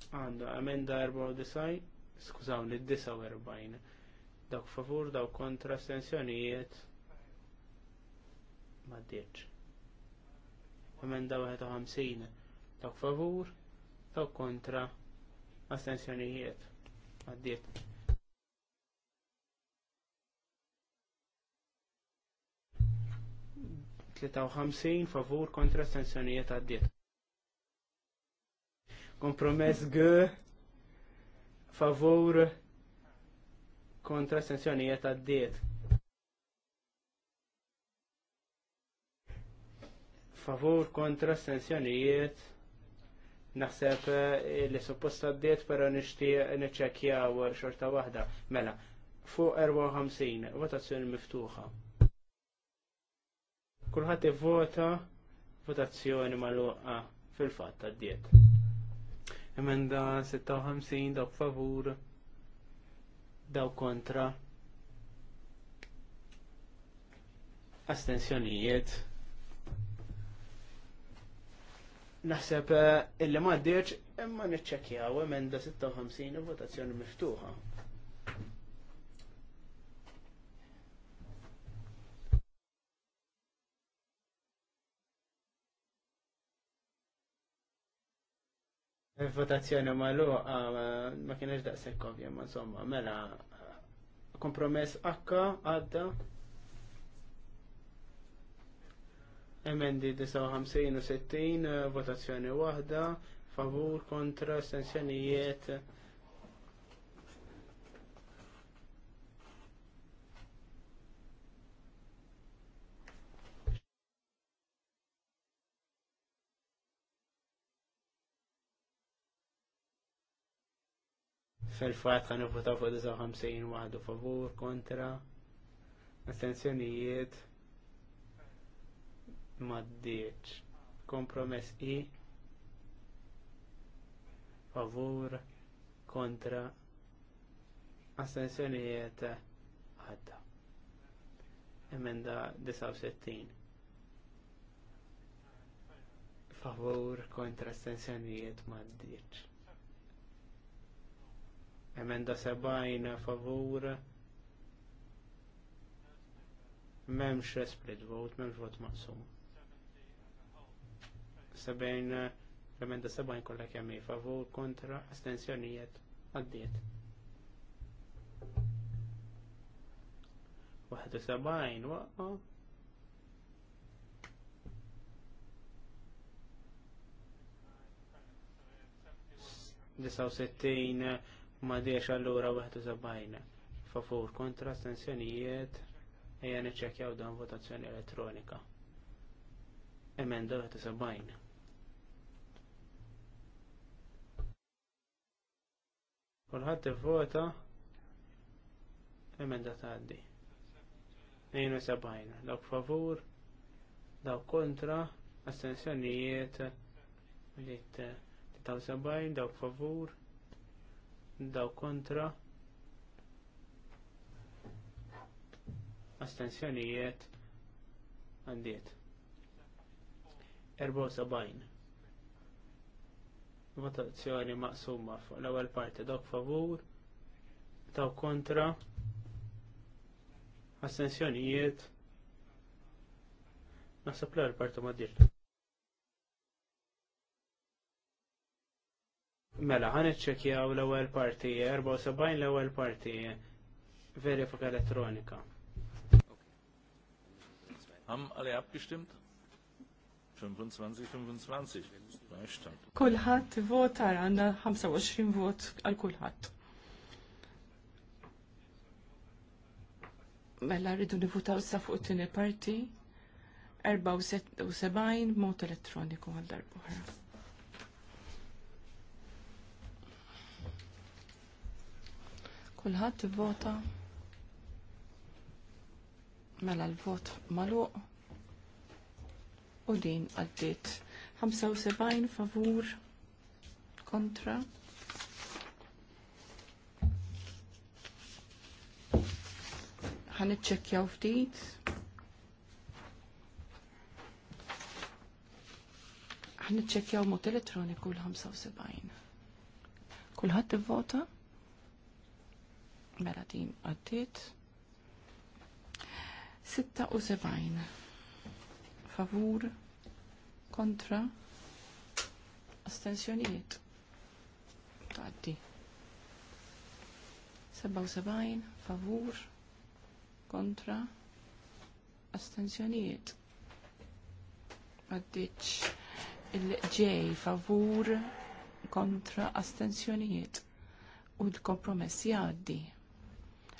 Għanda, emenda 94, skużawni, 49. Dawk favur, dawk kontra stensjonijiet. ma ddirċ. Emenda 51. Dawk favur, dawk kontra astensjonijiet ma ddirċ. ħamsin favur kontra stensjonijiet għaddiet. Kompromess G favur kontra sensjonijiet għaddiet. Favur kontra sensjonijiet naħseb eh, li supposta għaddiet pero nixtieq niċċekkjaw xorta waħda. Mela, fuq 54, votazzjoni miftuħa. Kulħadd ivvota votazzjoni magħluqa fil-fatt għaddiet. Emenda 56 dawk favur dawk kontra astensjonijiet. Naħseb eh, illi ma ddirċ imma niċċekkjaw emenda 56 votazzjoni miftuħa. Votazzjoni maluqa ma kienx daqshekk ovvja, ma insomma, mela kompromess akka għadda emendi 59 u 60 votazzjoni waħda favur kontra stenzjonijiet fil-fat għan votaw fuq 59 waħdu favur kontra astensjonijiet maddiċ kompromess i favur kontra attenzjonijiet għadda emenda 69 favur kontra astensjonijiet maddiċ Emenda sebajna favur. Memx split vote, memx vot maqsum. 70 emenda 70 kollha kemm favur kontra astensjonijiet għaddiet. 71 waqqa Disaw 69 ma diex allura zabajna. favur kontra astensjonijiet ejja niċċekjaw dan votazzjoni elettronika. Emenda 71. Kulħadd ivvota emenda tgħaddi. 72 dawk favur, dawk kontra, astensjonijiet li 73 dawk favur, daw kontra astensjonijiet għandiet 74 votazzjoni maqsuma fuq l-ewwel parti dawk favur daw kontra astensjonijiet naħseb l-ewwel parti ma' Mela, ħan iċċekjaw l-ewwel parti, 74 l-ewwel parti, verifika elettronika. Ham għab abgestimmt? 25, 25. Kulħadd vota għandna 25 vot għal kulħadd. Mela rridu nivutaw sa fuq it parti 74 mot elettroniku għal darbuħra. Kulħadd ivvota. Mela l-vot magħluq. U din għaddiet 75 favur kontra. ħaniċċekkjaw ftit. ħaniċċekkjaw mod elettroniku l-75. Kulħadd ivvota? Mela din għaddit. 76 favur kontra astensjonijiet Għaddi. 77 favur kontra astensjonijiet għaddiċ il-ġej favur kontra astensjonijiet u l-kompromessi għaddi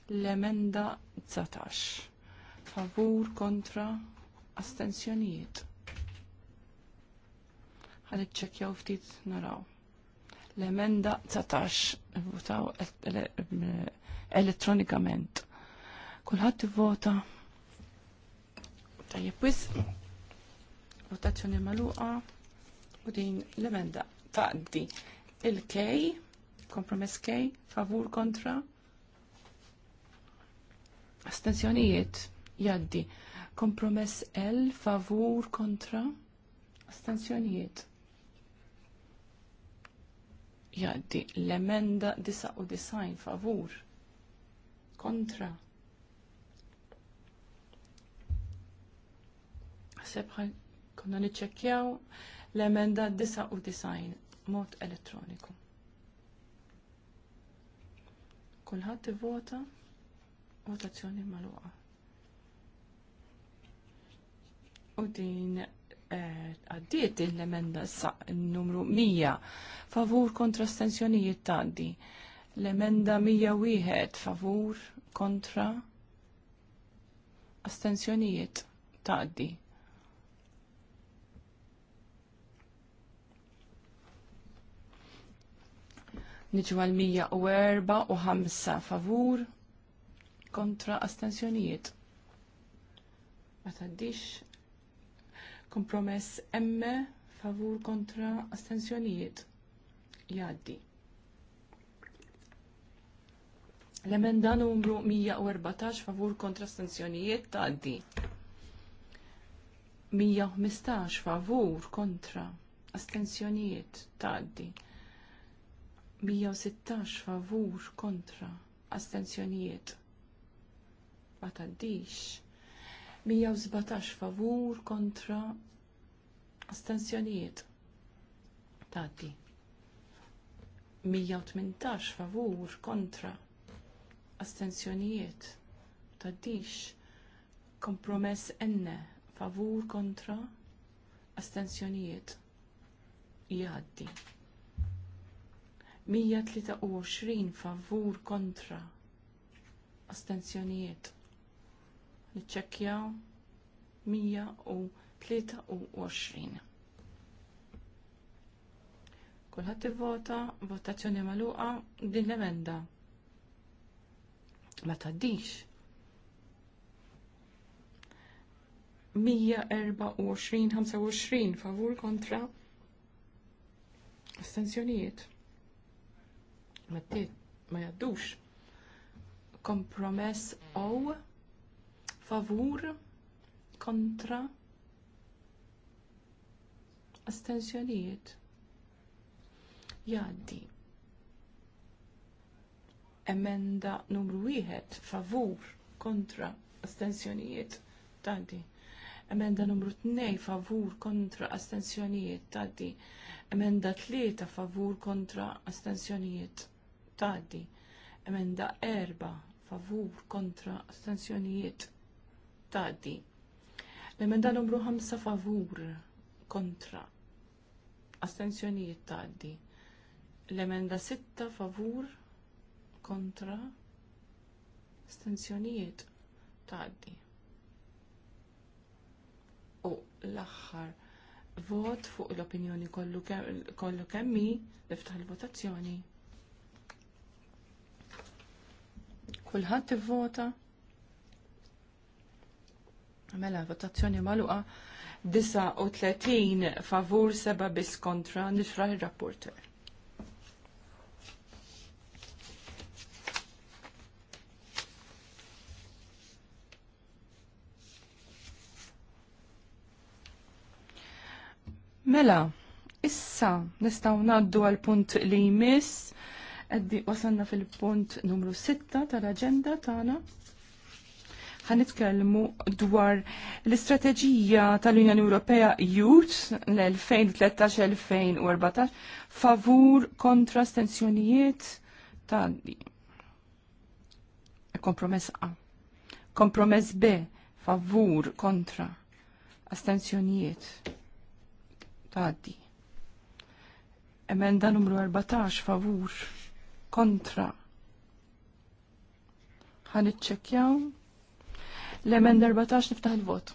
l-emenda 19. Favur kontra astensjonijiet. Għan iċċekjaw ftit naraw. L-emenda 19 votaw elettronikament. Kulħadd ivvota tajjeb wis votazzjoni magħluqa u din l-emenda taqdi il-K, kompromess K, favur kontra astenzjonijiet jaddi kompromess L favur kontra astenzjonijiet jaddi l-emenda 99 favur kontra Sebħan, konna niċċekkjaw l-emenda 99 mod elettroniku. Kulħadd vota votazzjoni maluqa. U din eh, għaddiet din l-emenda numru 100 favur kontra stensjonijiet taddi. L-emenda 101 favur kontra astensjonijiet taddi. Niġu għal 104 u 5 favur kontra astensjonijiet. Ma taddix kompromess emme favur kontra astensjonijiet. Jaddi. L-emenda numru 114 favur kontra astensjonijiet taddi. 115 favur kontra astensjonijiet taddi. 116 favur kontra astensjonijiet ma taddix. 117 favur kontra astensjonijiet taddi. 118 favur kontra astensjonijiet taddix. Kompromess enne favur kontra astensjonijiet jgħaddi. 123 favur kontra astensjonijiet niċċekkjaw 123. Kulħadd ivvota, votazzjoni magħluqa din l-emenda. Ma tgħaddix. 124-25 favur kontra astensjonijiet. Ma ma jaddux. Kompromess O favur kontra astensjonijiet jaddi emenda numru wieħed favur kontra astensjonijiet taddi emenda numru tnej favur kontra astensjonijiet taddi emenda tlieta favur kontra astensjonijiet taddi emenda erba favur kontra astensjonijiet tgħaddi. L-emenda numru 5 favur kontra. Astenzjonijiet tgħaddi. L-emenda 6 favur kontra. Astenzjonijiet tgħaddi. U l-aħħar vot fuq l-opinjoni kollu kemmi niftaħ il-votazzjoni. Kulħadd ivvota. vota Mela, votazzjoni maluqa 39 favur 7 bis kontra nisra il-rapporter. Mela, issa nistaw naddu għal punt li jmiss, għaddi wasanna fil-punt numru 6 tal-agenda tagħna ħanitkellmu dwar l-istrateġija tal-Unjoni Ewropea Youth l-2013-2014 favur kontra stenzjonijiet ta' kompromess A. Kompromess B favur kontra astenzjonijiet taddi. Emenda numru 14 favur kontra ħan L-emend 14 niftaħ il-vot.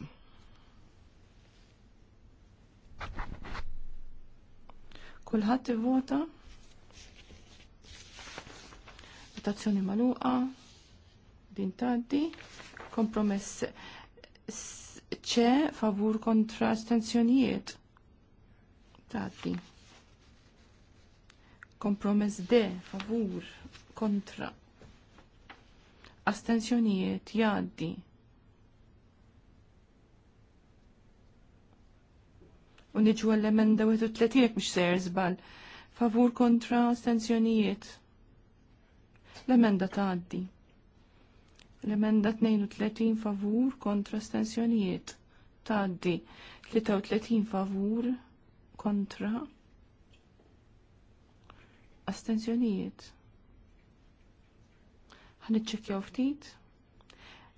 Kulħadd ivvota. Votazzjoni magħluqa. Din tgħaddi. Kompromess ċe favur kontra astenzjonijiet. Tgħaddi. Kompromess D favur kontra astenzjonijiet jgħaddi. u niġu għall-emenda 31 jekk mhux sejr zbal. Favur kontra stenzjonijiet. L-emenda tgħaddi. L-emenda 32 favur kontra astensjonijiet. Tgħaddi. 33 favur kontra astensjonijiet. Ħanitċekjaw ftit.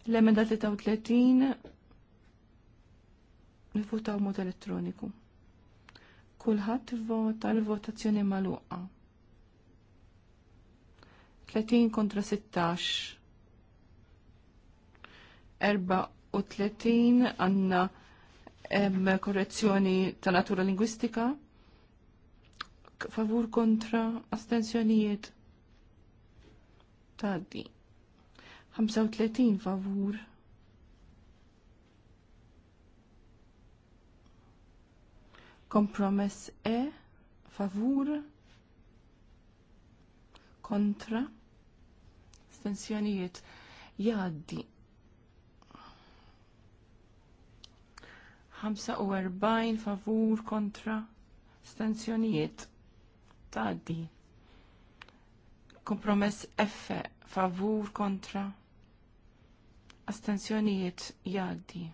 L-emenda 33 nifutaw mod elettroniku. Kulħadd vota l-votazzjoni magħluqa. 30 kontra 16. 34 għanna korrezzjoni ta' natura lingwistika. Favur kontra astensjonijiet. Taddi. 35 favur Kompromess E, favur, kontra, stenzjonijiet jaddi. 45 favur kontra stenzjonijiet taddi. Kompromess F favur kontra astenzjonijiet jaddi.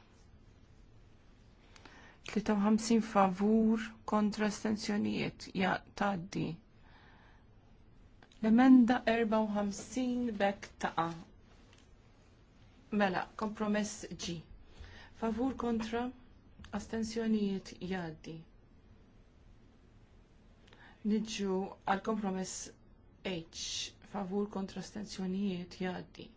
53 favur kontra stenzjonijiet ja taddi. L-emenda 54 bek taqa. Mela, kompromess ġi. Favur kontra astensjonijiet jaddi. Nidġu għal kompromess H. Favur kontra astensjonijiet jaddi.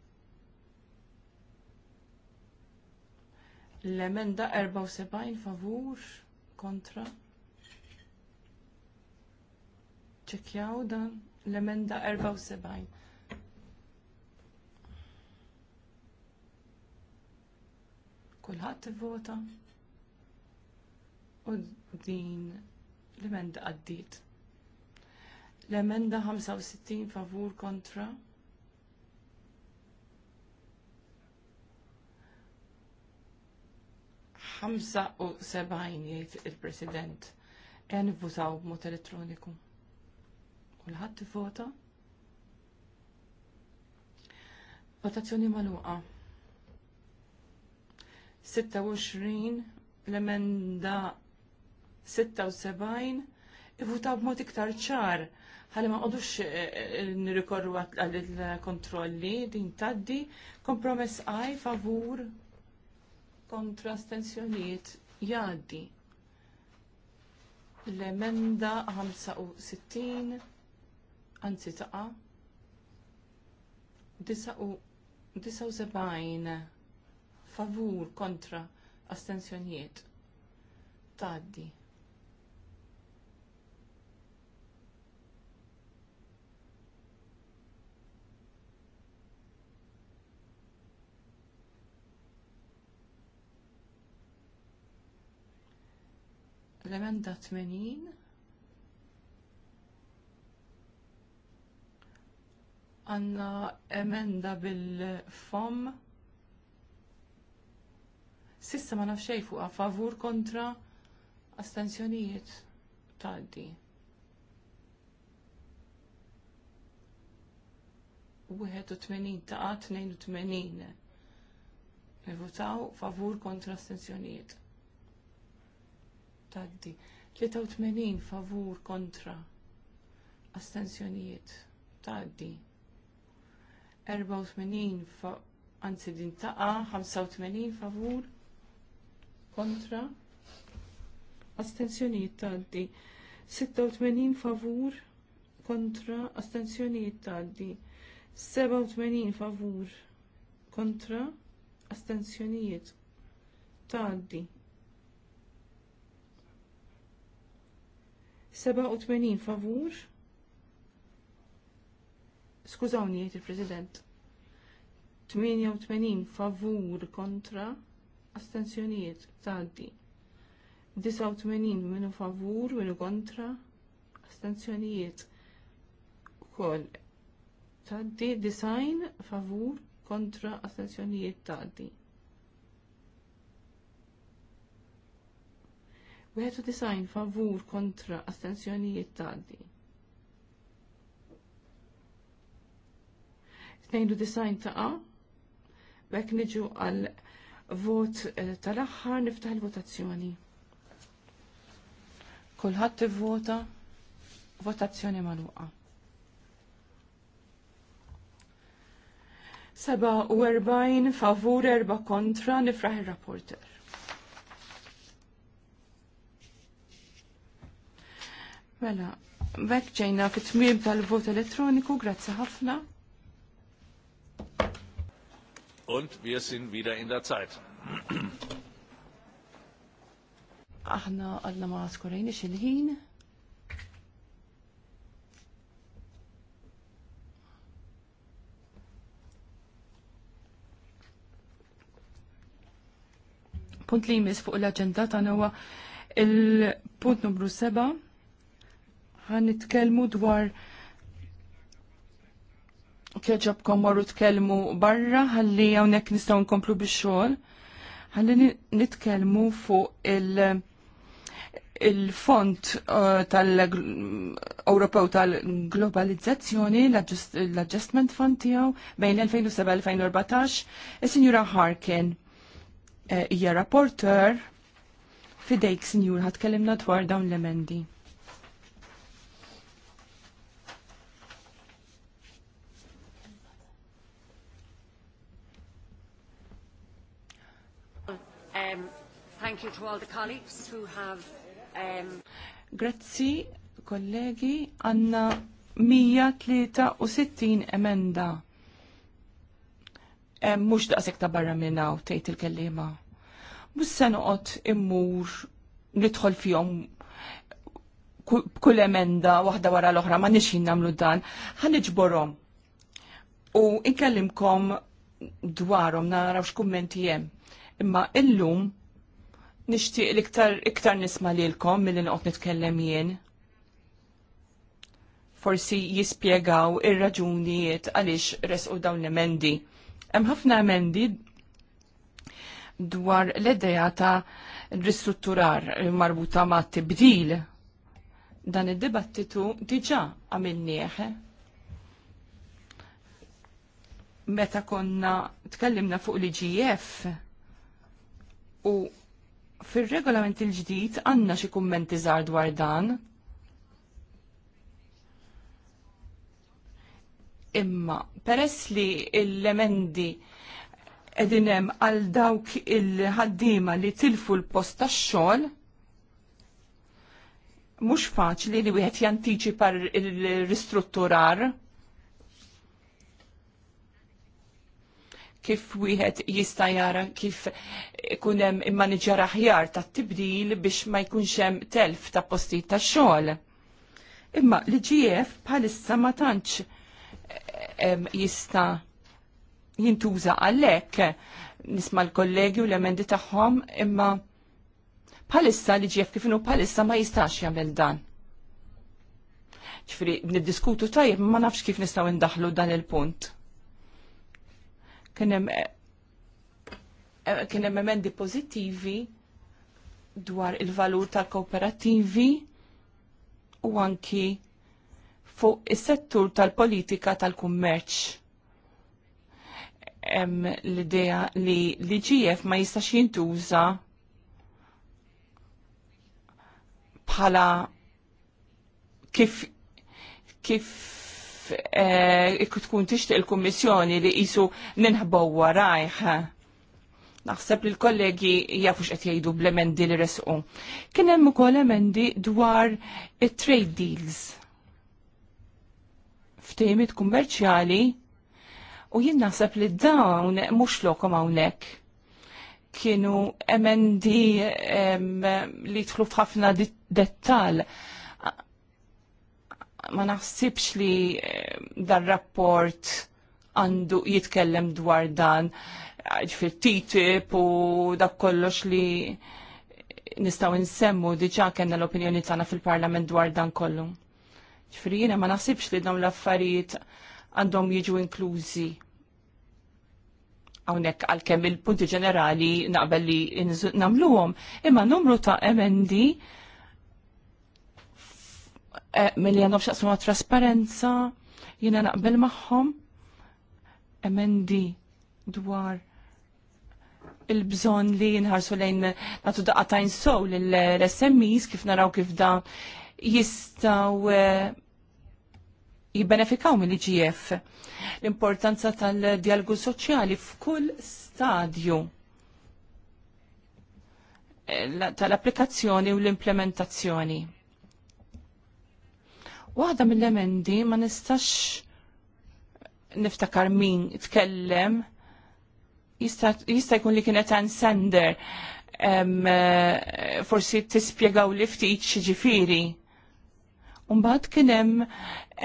L-emenda 74 favur kontra. Ċekjaw dan l-emenda 74. Kulħadd ivvota u din l-emenda għaddiet. L-emenda 65 favur kontra. 75 jgħid il-President en votaw b'mod elettroniku. Kulħadd vota? Votazzjoni maluqa. 26 l-emenda 76 ivutaw b'mod iktar ċar ħalli ma qodux eh, eh, nirikorru għal kontrolli din taddi kompromess għaj favur kontra stensjonijiet jgħaddi. L-emenda 65 anzi taqa 79 favur kontra astensjonijiet tgħaddi. l-emenda 80 għanna emenda bil-fom sissa ma nafxej fuqa favur kontra astensjonijiet taldi. Wieħed u tmenin taqa' tnejn u tmenin. Nivutaw favur kontra astensjonijiet tgħaddi. 83 favur kontra astensjonijiet tgħaddi. 84 fa anzi din taqa 85 favur kontra astensjonijiet tgħaddi. 86 favur kontra astensjonijiet tgħaddi. 87 favur kontra astensjonijiet tgħaddi. 87 favur. Skużawni, jgħid il-President. 88 favur kontra astensjonijiet tgħaddi. 89 minu favur, minu kontra astensjonijiet ukoll tgħaddi. Design favur kontra astensjonijiet tgħaddi. disajn favur kontra astensjonijiet tgħaddi. disajn taqa' bekk niġu għal vot eh, tal-aħħar niftaħ il-votazzjoni. Kulħadd ivvota votazzjoni magħluqa. Seba' u erbajn favur erba' kontra nifraħ ir-rapporter. Mela, bekk ġejna fit-tmiem tal-vot elettroniku, grazzi ħafna. Und wir sind wieder in der Zeit. Aħna għalla ma skorajni xil-ħin. Punt li jmiss fuq l-agenda ta' il-punt numru 7 ħan nitkellmu dwar keġabkom marru tkellmu barra ħalli hawnhekk nistgħu nkomplu bix-xogħol. Ħalli nitkellmu fuq il- il-font uh, tal-Ewropew tal-globalizzazzjoni, l-adjustment fund tiegħu bejn 2007-2014, il sinjura Harkin uh, hija rapporter fidejk Sinjur ħatkellimna dwar dawn l-emendi. Thank you to all the colleagues who have... Um... Grazzi, kollegi, għanna 163 emenda. E, mux daqsek ta' barra minnaw, tejt il-kellima. Mux senuqot immur nidħol fjom kull emenda waħda wara l-oħra ma nix namlu dan, ħanġborom. U inkellimkom dwarhom narawx kummenti hemm. Imma illum nixtieq l-iktar iktar nisma' lilkom milli qot nitkellem jien. Forsi jispjegaw ir-raġunijiet għaliex resqu dawn l-emendi. Hemm ħafna emendi dwar l-idea ta' ristrutturar marbuta ma' tibdil dan id-dibattitu diġa għamilnieħ. Meta konna tkellimna fuq l-IGF u Fil-regolament il-ġdid għanna xi kummenti żgħar dwar dan. Imma peress li l-emendi edinem għal dawk il-ħaddima li tilfu l-post tax-xogħol, mhux faċli li wieħed jantiċipa il ristrutturar kif wieħed jista' jara kif ikun hemm immaniġġar aħjar tat-tibdil biex ma jkunx hemm telf ta' postijiet ta' xogħol. Imma li GF bħalissa ma tantx eh, jista' jintuża għalhekk nisma' l-kollegi u l-emendi tagħhom imma bħalissa li GF kif inhu bħalissa ma jistax jagħmel dan. Ġifieri niddiskutu tajjeb ma nafx kif nistgħu ndaħlu dan il-punt kienem eh, eh, emendi pozittivi dwar il-valur tal-kooperativi u anki fuq is-settur tal-politika tal-kummerċ. L-idea li l-IGF ma jistax jintuża bħala kif kif Eh, kif tkun tixtieq il-Kummissjoni li qisu ninħbow warajħ. Naħseb li l-kollegi jafu x'qed jgħidu bl-emendi li resqu. Kien hemm ukoll emendi dwar it-trade deals ftejmit kummerċjali u jien naħseb li dawn mhux lokom hawnhekk kienu emendi em, li tħlu f'ħafna dettal. Det ma naħsibx li eh, dar-rapport għandu jitkellem dwar dan ġifir TTIP u dak kollox li nistaw nsemmu diġa kena l-opinjoni tagħna fil-Parlament dwar dan kollu. Ġifir jiena ma naħsibx li dawn l-affarijiet għandhom jiġu inklużi għawnek għal-kem il-punti ġenerali naqbel li namluwom, imma numru ta' emendi Eh, milli għandhom xaqsmu ma' trasparenza, jiena naqbel magħhom emendi dwar il-bżon li nħarsu lejn natu daqatajn sow l-SMEs kif naraw kif da jistaw eh, jibbenefikaw mill-IGF. L-importanza tal-dialogu soċjali f'kull stadju eh, tal-applikazzjoni u l-implementazzjoni. Waħda mill-emendi ma nistax niftakar min tkellem jista' jkun li kienet għan sender eh, forsi tispjegaw li ftit xiġifieri. Umbagħad kien hemm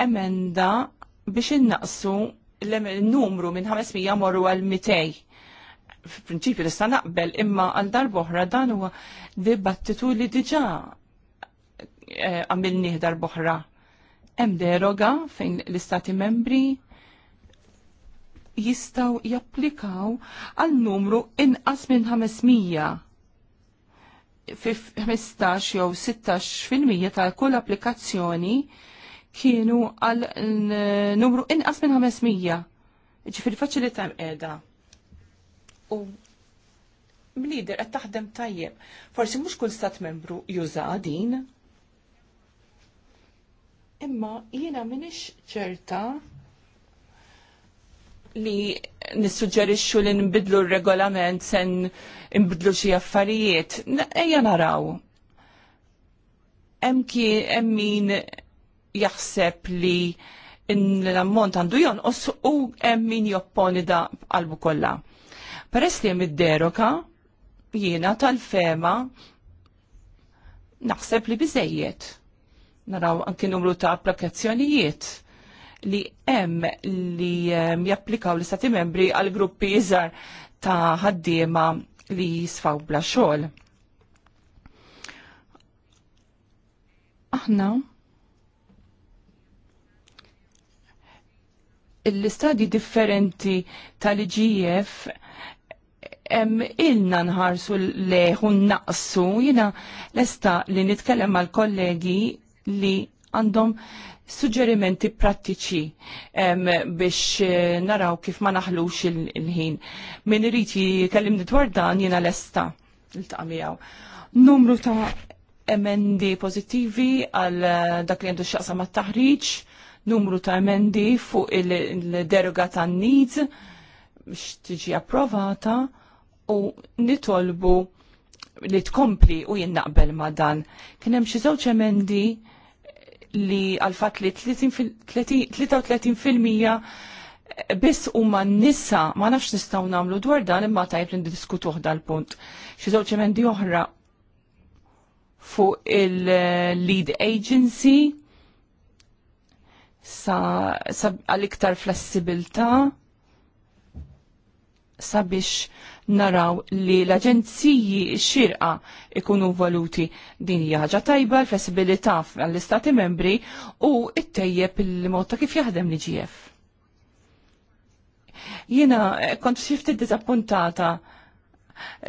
emenda biex innaqsu l-numru minn 500 morru għal 200. F'prinċipju nista' naqbel imma għal darboħra dan huwa dibattitu li diġà eh, għamilnih darboħra hemm deroga fejn l-istati membri jistaw japplikaw għal numru inqas minn 500 fi 15 jew 16% ta' kull applikazzjoni kienu għal numru inqas minn 500. li faċilita edha. U blider qed taħdem tajjeb. Forsi mhux kull stat membru juża din imma jiena minix ċerta li nissuġġerixxu li nbidlu r-regolament sen nbidlu xi affarijiet. Ejja naraw. Hemm hemm min jaħseb li l-ammont għandu jonqos u hemm min jopponi da qalbu kollha. Peress li hemm id-deroka jiena tal-fema naħseb li biżejjed naraw anki numru ta' applikazzjonijiet li hemm li ehm, japplikaw l-istati membri għal gruppi iżar ta' ħaddiema li jisfaw bla xogħol. Aħna l istadi differenti tal-IGF em ilna nħarsu leħu naqsu jina lesta li nitkellem mal kollegi li għandhom suġġerimenti prattiċi biex eh, naraw kif ma naħlux il-ħin. Min irid jikellimni dwar dan l lesta l-taqmijaw. Numru ta' emendi pozittivi għal eh, dak li għandu xaqsa ma' taħriġ, numru ta' emendi fuq il-deroga ta' nid biex tiġi approvata u nitolbu li tkompli u jinnaqbel ma' dan. Kien hemm xi żewġ emendi li għal-fat li 33% eh, biss huma nisa ma nafx nistgħu nagħmlu dwar dan imma tajb li ndiskutuh dal-punt. Xi żewġ emendi oħra fuq il-lead agency sa għal-iktar flessibilta sabiex naraw li l-aġenziji xirqa ikunu valuti din hija ħaġa tajba l-flessibilità għall-istati membri u it-tejjeb il-mod ta' kif jaħdem li ġief. Jiena eh, kont xifti disappuntata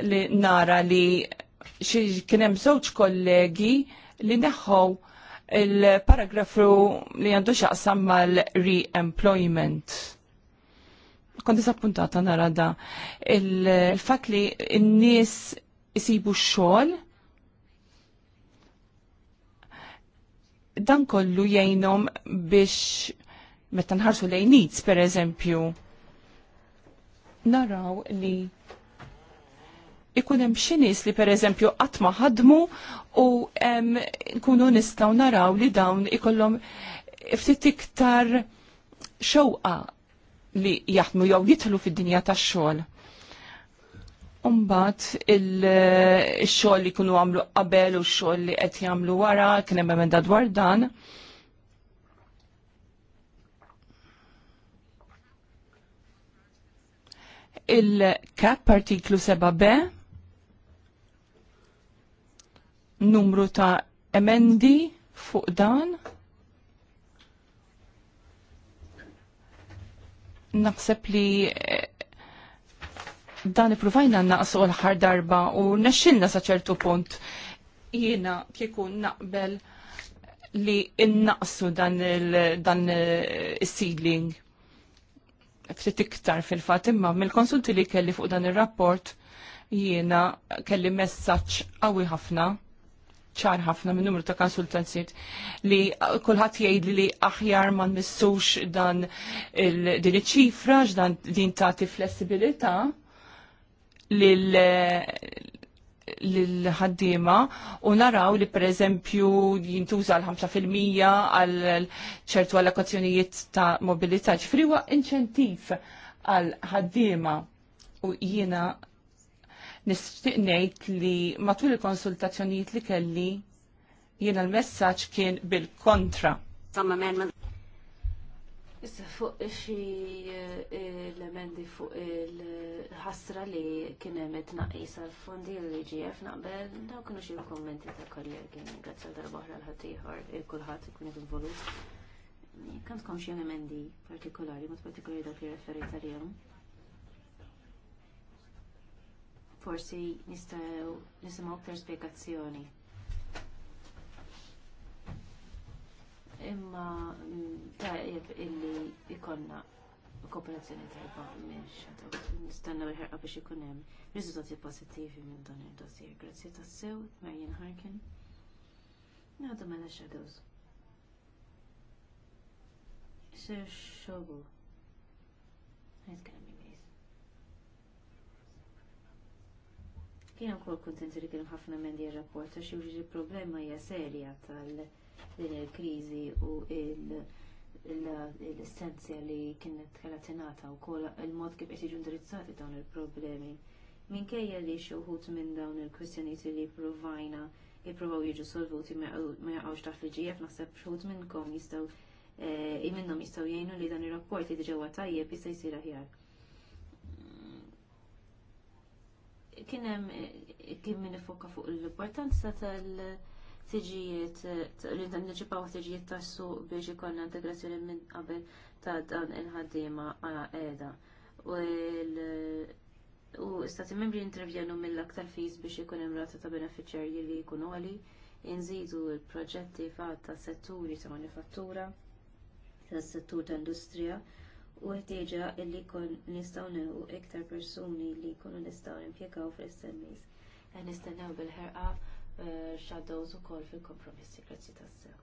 li nara li kien hemm żewġ kollegi li neħħu il-paragrafu li għandu xaqsam mal-re-employment kon disappuntata nara da il-fat li n-nies isibu x-xogħol dan kollu jgħinhom biex meta nħarsu lejnits per eżempju naraw li ikun hemm xi nies li pereżempju qatt ma ħadmu u nkunu nistgħu naraw li dawn ikollhom ftit iktar xewqa li jaħdmu jew jitħlu fid-dinja tax-xogħol. Umbat il-xogħol li kunu għamlu qabel u x-xogħol li qed jagħmlu wara kien hemm emenda dwar dan. Il-kap artiklu 7b numru ta' emendi fuq dan. naħseb li eh, dan ipruvajna naqsu l-ħar darba u nexxinna sa ċertu punt jiena kikun naqbel li innaqsu dan il-seedling eh, ftit iktar fil-fat imma mill-konsulti li kelli fuq dan ir rapport jiena kelli messaġġ qawwi ħafna ċar ħafna minn numru ta' konsultanzit li kulħadd jgħid li aħjar ma nmissux dan din iċ-ċifra x'dan din tagħti flessibilità lil l-ħaddima u naraw li per eżempju jintuża l-5% għal ċertu allokazzjonijiet ta' mobilità ġifriwa inċentiv għal ħaddima u jiena Nixtieq ngħid li matul il-konsultazzjonijiet li kelli jiena l-messaġġ kien bil-kontra. Issa fuq xi eh, l-emendi fuq il-ħasra li kien hemm it-tnaqqis għall-fondi l-IGF naqbel daw kienu xi kummenti ta' kollegi grazzi darba oħra l-ħadd il-kulħadd ikun involut. Kemm tkom xi emendi partikolari, mod partikolari dak li referejt għalihom? forsi nistaw nisimgħu aktar spjegazzjoni. Imma mm, tajjeb illi ikonna kooperazzjoni tajba miex nistanna bil-ħarqa biex ikun hemm riżultati pożittivi minn dan il-dossier. Grazzi tassew, Marian Harkin. Nħadu mela xadows. Sir Shogu. Għajt Jien kol kontent li kien ħafna mendi rapport għax juġi problema hija serja tal din il-krizi u l-istenzja li kienet relatinata u kol il-mod kif qed jiġu indirizzati dawn il-problemi. Minkejja li xi wħud minn dawn il-kwistjonijiet li provajna jippruvaw jiġu solvuti ma jaqgħux taħt liġijef naħseb xħut minnkom jistgħu eh, minnhom jistgħu jgħinu li dan ir-rapport li diġewwa tajjeb jista' jsir aħjar kienem kien min ifoka fuq l-importanza tal-tiġijiet, l-intanġipaw tiġijiet tassu biex ikonna integrazzjoni minn qabel ta' dan il-ħaddima għala qiegħda. U stati membri intervjenu mill-aktar fiz biex ikun imrata ta' beneficjarji li jkunu għali, inżidu l-proġetti fatta setturi ta' manifattura, ta' settur ta' industrija, u ħtieġa illi kon nistgħu nilqu iktar persuni li jkunu nistgħu nimpjegaw fl-SMEs. Qed nistennew bil-ħerqa e, shadows ukoll fil-kompromissi. Grazzi tassew.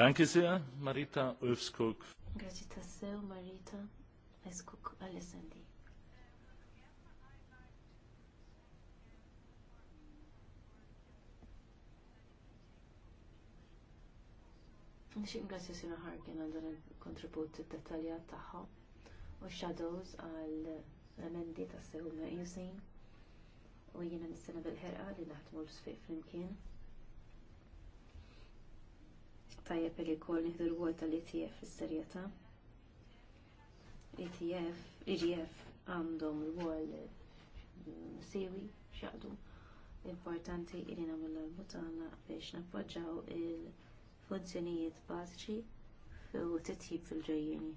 Danke sehr, Marita Ulfskog. Grazzi tassew, Marita Ulfskog, Alessandri. Nixin grazzi sinu ħarkin għal dan il-kontribut dettaljat tagħha u shadows għal l emendi ta' sew meqjusin u jiena nistenna bil-ħerqa li naħdmu l-sfiq flimkien. Tajjeb li kol nieħdu l-wol tal-ETF s-serjeta. ETF, IGF e għandhom l-wol siwi x'jaqdu. Importanti il li nagħmlu l mutana biex nappoġġaw il- funzjonijiet bażiċi u titjib fil-ġejjeni.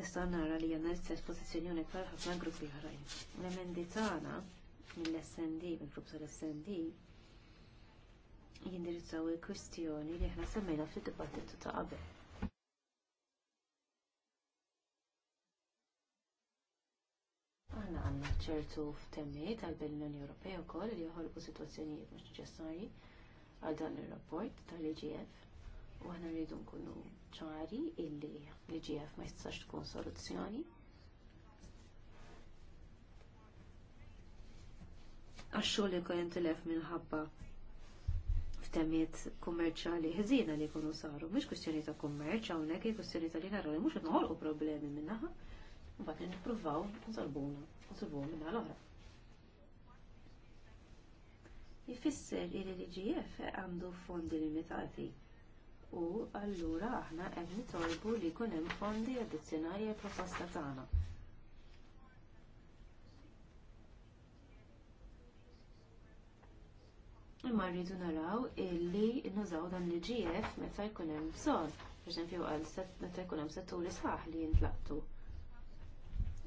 Nista' nara li għandna l-istess pożizzjoni unika ħafna gruppi oħrajn. L-emendi tagħna mill-SND, mill-grupp tal-SND, jindirizzaw il-kwistjoni li aħna semmejna fid-dibattitu ta' qabel aħna għandna ċertu f'temmijiet għal bejn l-Unjoni Ewropea wkoll li joħolqu sitwazzjonijiet mhux neċessarji għal dan ir-rapport tal-IGF u aħna rridu nkunu ċari illi l-IGF e ma jistax tkun soluzzjoni. Għax-xogħol li jkun jintilef minħabba f'temiet kummerċali ħżina li jkunu saru, mhux kwistjoni ta' kummerċ hawnhekk, hija kwistjoni ta' li naraw li mhux qed noħolqu problemi minnaħa, mbagħad nippruvaw nsolbuna subu minn għal oħra Jifisser li l-IGF għandu fondi limitati u allura aħna qed nitolbu li jkun hemm fondi addizzjonali għall proposta tagħna. Imma rridu naraw illi nużaw dan l-IGF meta jkun hemm bżonn, pereżempju għal meta jkun hemm setturi sħaħ li jintlaqtu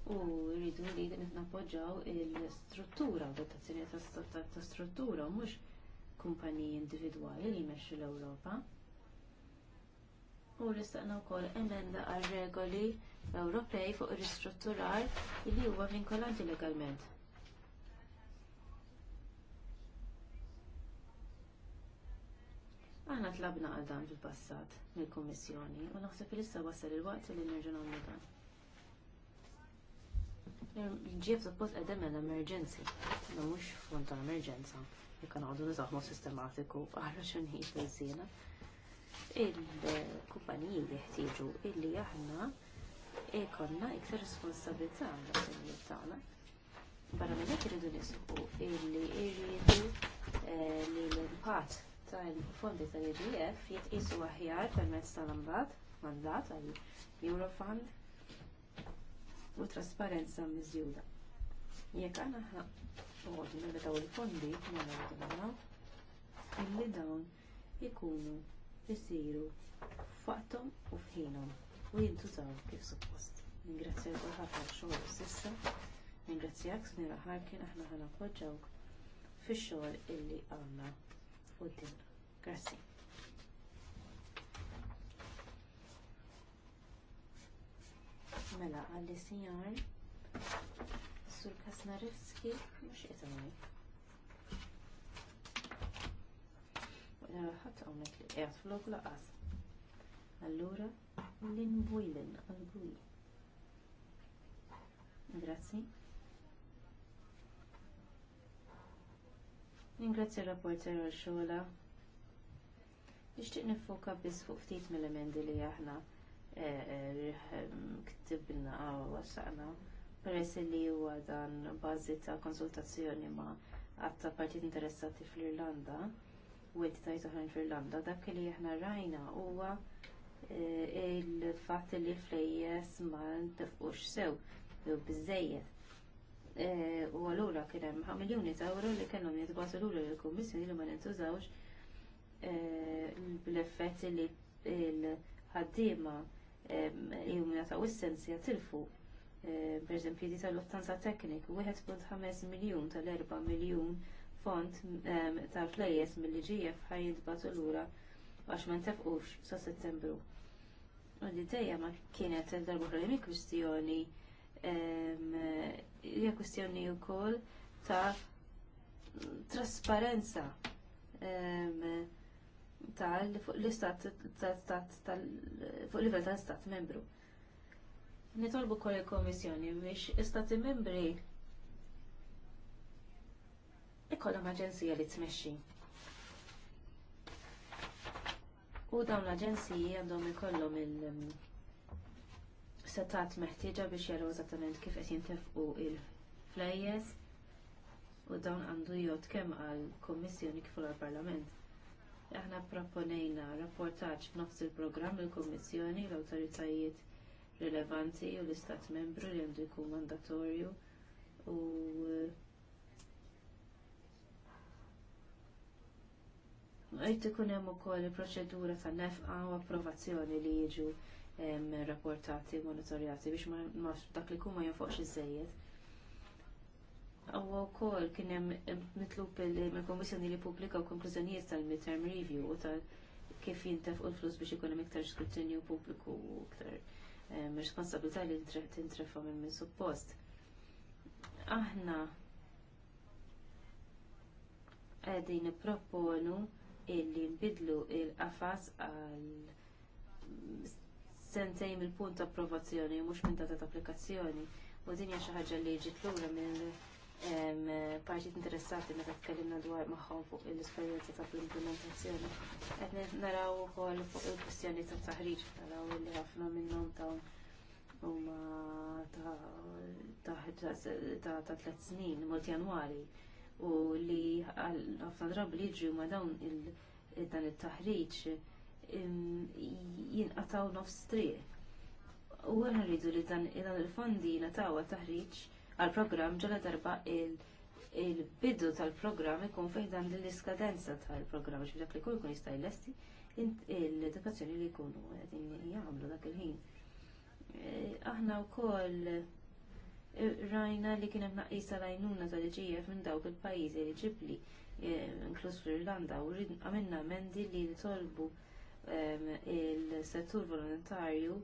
u rridu li nitnappoġġaw il-struttura, dotazzjoni ta' struttura, mhux kumpaniji individwali li jmexxu l-Ewropa. U ristaqna wkoll emenda għal regoli Ewropej fuq ristrutturar li huwa vinkolanti legalment. Aħna tlabna għal dan fil-passat mill-Kummissjoni u naħseb li issa wasal il-waqt li nerġa' nagħmlu dan. Ġieb suppost għedem l-emerġenzi, ma mux fond tal-emerġenza, jekk għadu nizaħmu sistematiku, għarra xinħit l-żina. Il-kumpaniji jeħtieġu illi aħna ikonna iktar responsabilità għal tagħna. Barra minn hekk iridu nisqu illi jridu eh, li l-impatt tal-fondi tal-IGF jitqisu aħjar permezz tal-ambat, mandat għal Eurofund, u trasparenza miżjuda. Jekk aħna għodu nibetaw il-fondi, illi dawn ikunu jisiru faqtom u fħinom u jintużaw kif suppost. Ningrazzjak kulħadd għax-xogħol sissa, ningrazzjak snira ħarkin aħna ħana poġġawk fix-xogħol illi għanna u Grazzi. Mela, għalli sinjar, sur Kasnarevski, mux jitamaj. Ħat għonek li għat laqas. Allura, l-inbujlin, għal-buj. Grazzi. Ingrazzi il-rapporter għal-xola. Nishtiq nifoka bis fuq ftit mill-emendi li aħna Eh, eh, ktibna u ah, wasaqna. Peress li huwa dan bażi ta' konsultazzjoni ma' għatta partit interessati fl-Irlanda u entitajt oħrajn fl-Irlanda, dak li aħna rajna huwa eh, il-fatt li l-flejjes ma ntefqux sew jew biżżejjed. U allura kien hemm miljoni ta' euro li kellhom jitbatu lura lill-Kummissjoni li ma nintużawx bl-effett li l-ħaddiema li jum ta' is-sens jatilfu. Per eżempju, di tal-Lufthansa Teknik, 1.5 miljun tal-4 miljun font tal-flejes mill-IGF ħajjidbatu lura għax ma ntefqux sa settembru. U L-ideja ma kienet darbuħra li kwistjoni hija kwistjoni wkoll ta' trasparenza. Um, tal fuq istat livell tal istat membru. Nitolbu kol il-Komissjoni biex istati membri ikollhom aġenzija li tmexxi. U dawn l-aġenziji għandhom ikollhom il-setat meħtieġa biex jaraw eżattament kif qed jintefqu il-flejjes u dawn għandu jgħod kemm għall kummissjoni kif għall-Parlament Aħna proponejna rapportaġġ f'nofs il-programm il-Kummissjoni l-awtoritajiet rilevanti u l-Istat membru li għandu jkun mandatorju u Għajt eh, ikun hemm ukoll il-proċedura ta' nefqa u approvazzjoni li jiġu rapportati, monitorjati biex ma dak li kuma jonfoqx iż U wkoll kien hemm mitlub il-Komissjoni li pubblika u konklużjonijiet tal-midterm review u tal kif jintaf u l-flus biex ikun hemm iktar skrutinju pubbliku u iktar responsabilità li tintrefa minn minn suppost. Aħna qegħdin nipproponu illi nbidlu l qafas għal sentejn il-punt approvazzjoni mhux minn data ta' applikazzjoni u din xaħġa xi ħaġa li ġiet lura mill parti interessati meta tkellimna dwar magħhom fuq l-esperjenza ta' l-implementazzjoni. Qed naraw ukoll fuq il-kwistjoni ta' taħriġ, naraw li ħafna minnhom ta' huma ta' tliet snin Janwari u li ħafna drabi li jiġri ma' dawn dan it-taħriġ jinqataw nofs triq. U għan rridu li dan il-fondi natawa taħriġ għal programm ġala darba il-bidu tal-programm ikun fejdan l-iskadenza tal-programm biex dak li kun jistaj jista' jlesti l-edukazzjoni li jkunu għedin jagħmlu dak il-ħin. E, aħna wkoll e, rajna li kien hemm naqqisa l-għajnuna tal-ġiev minn dawk il-pajjiżi li ġibli, e, inkluż fl-Irlanda, u għamilna mendi li nitolbu il-settur volontarju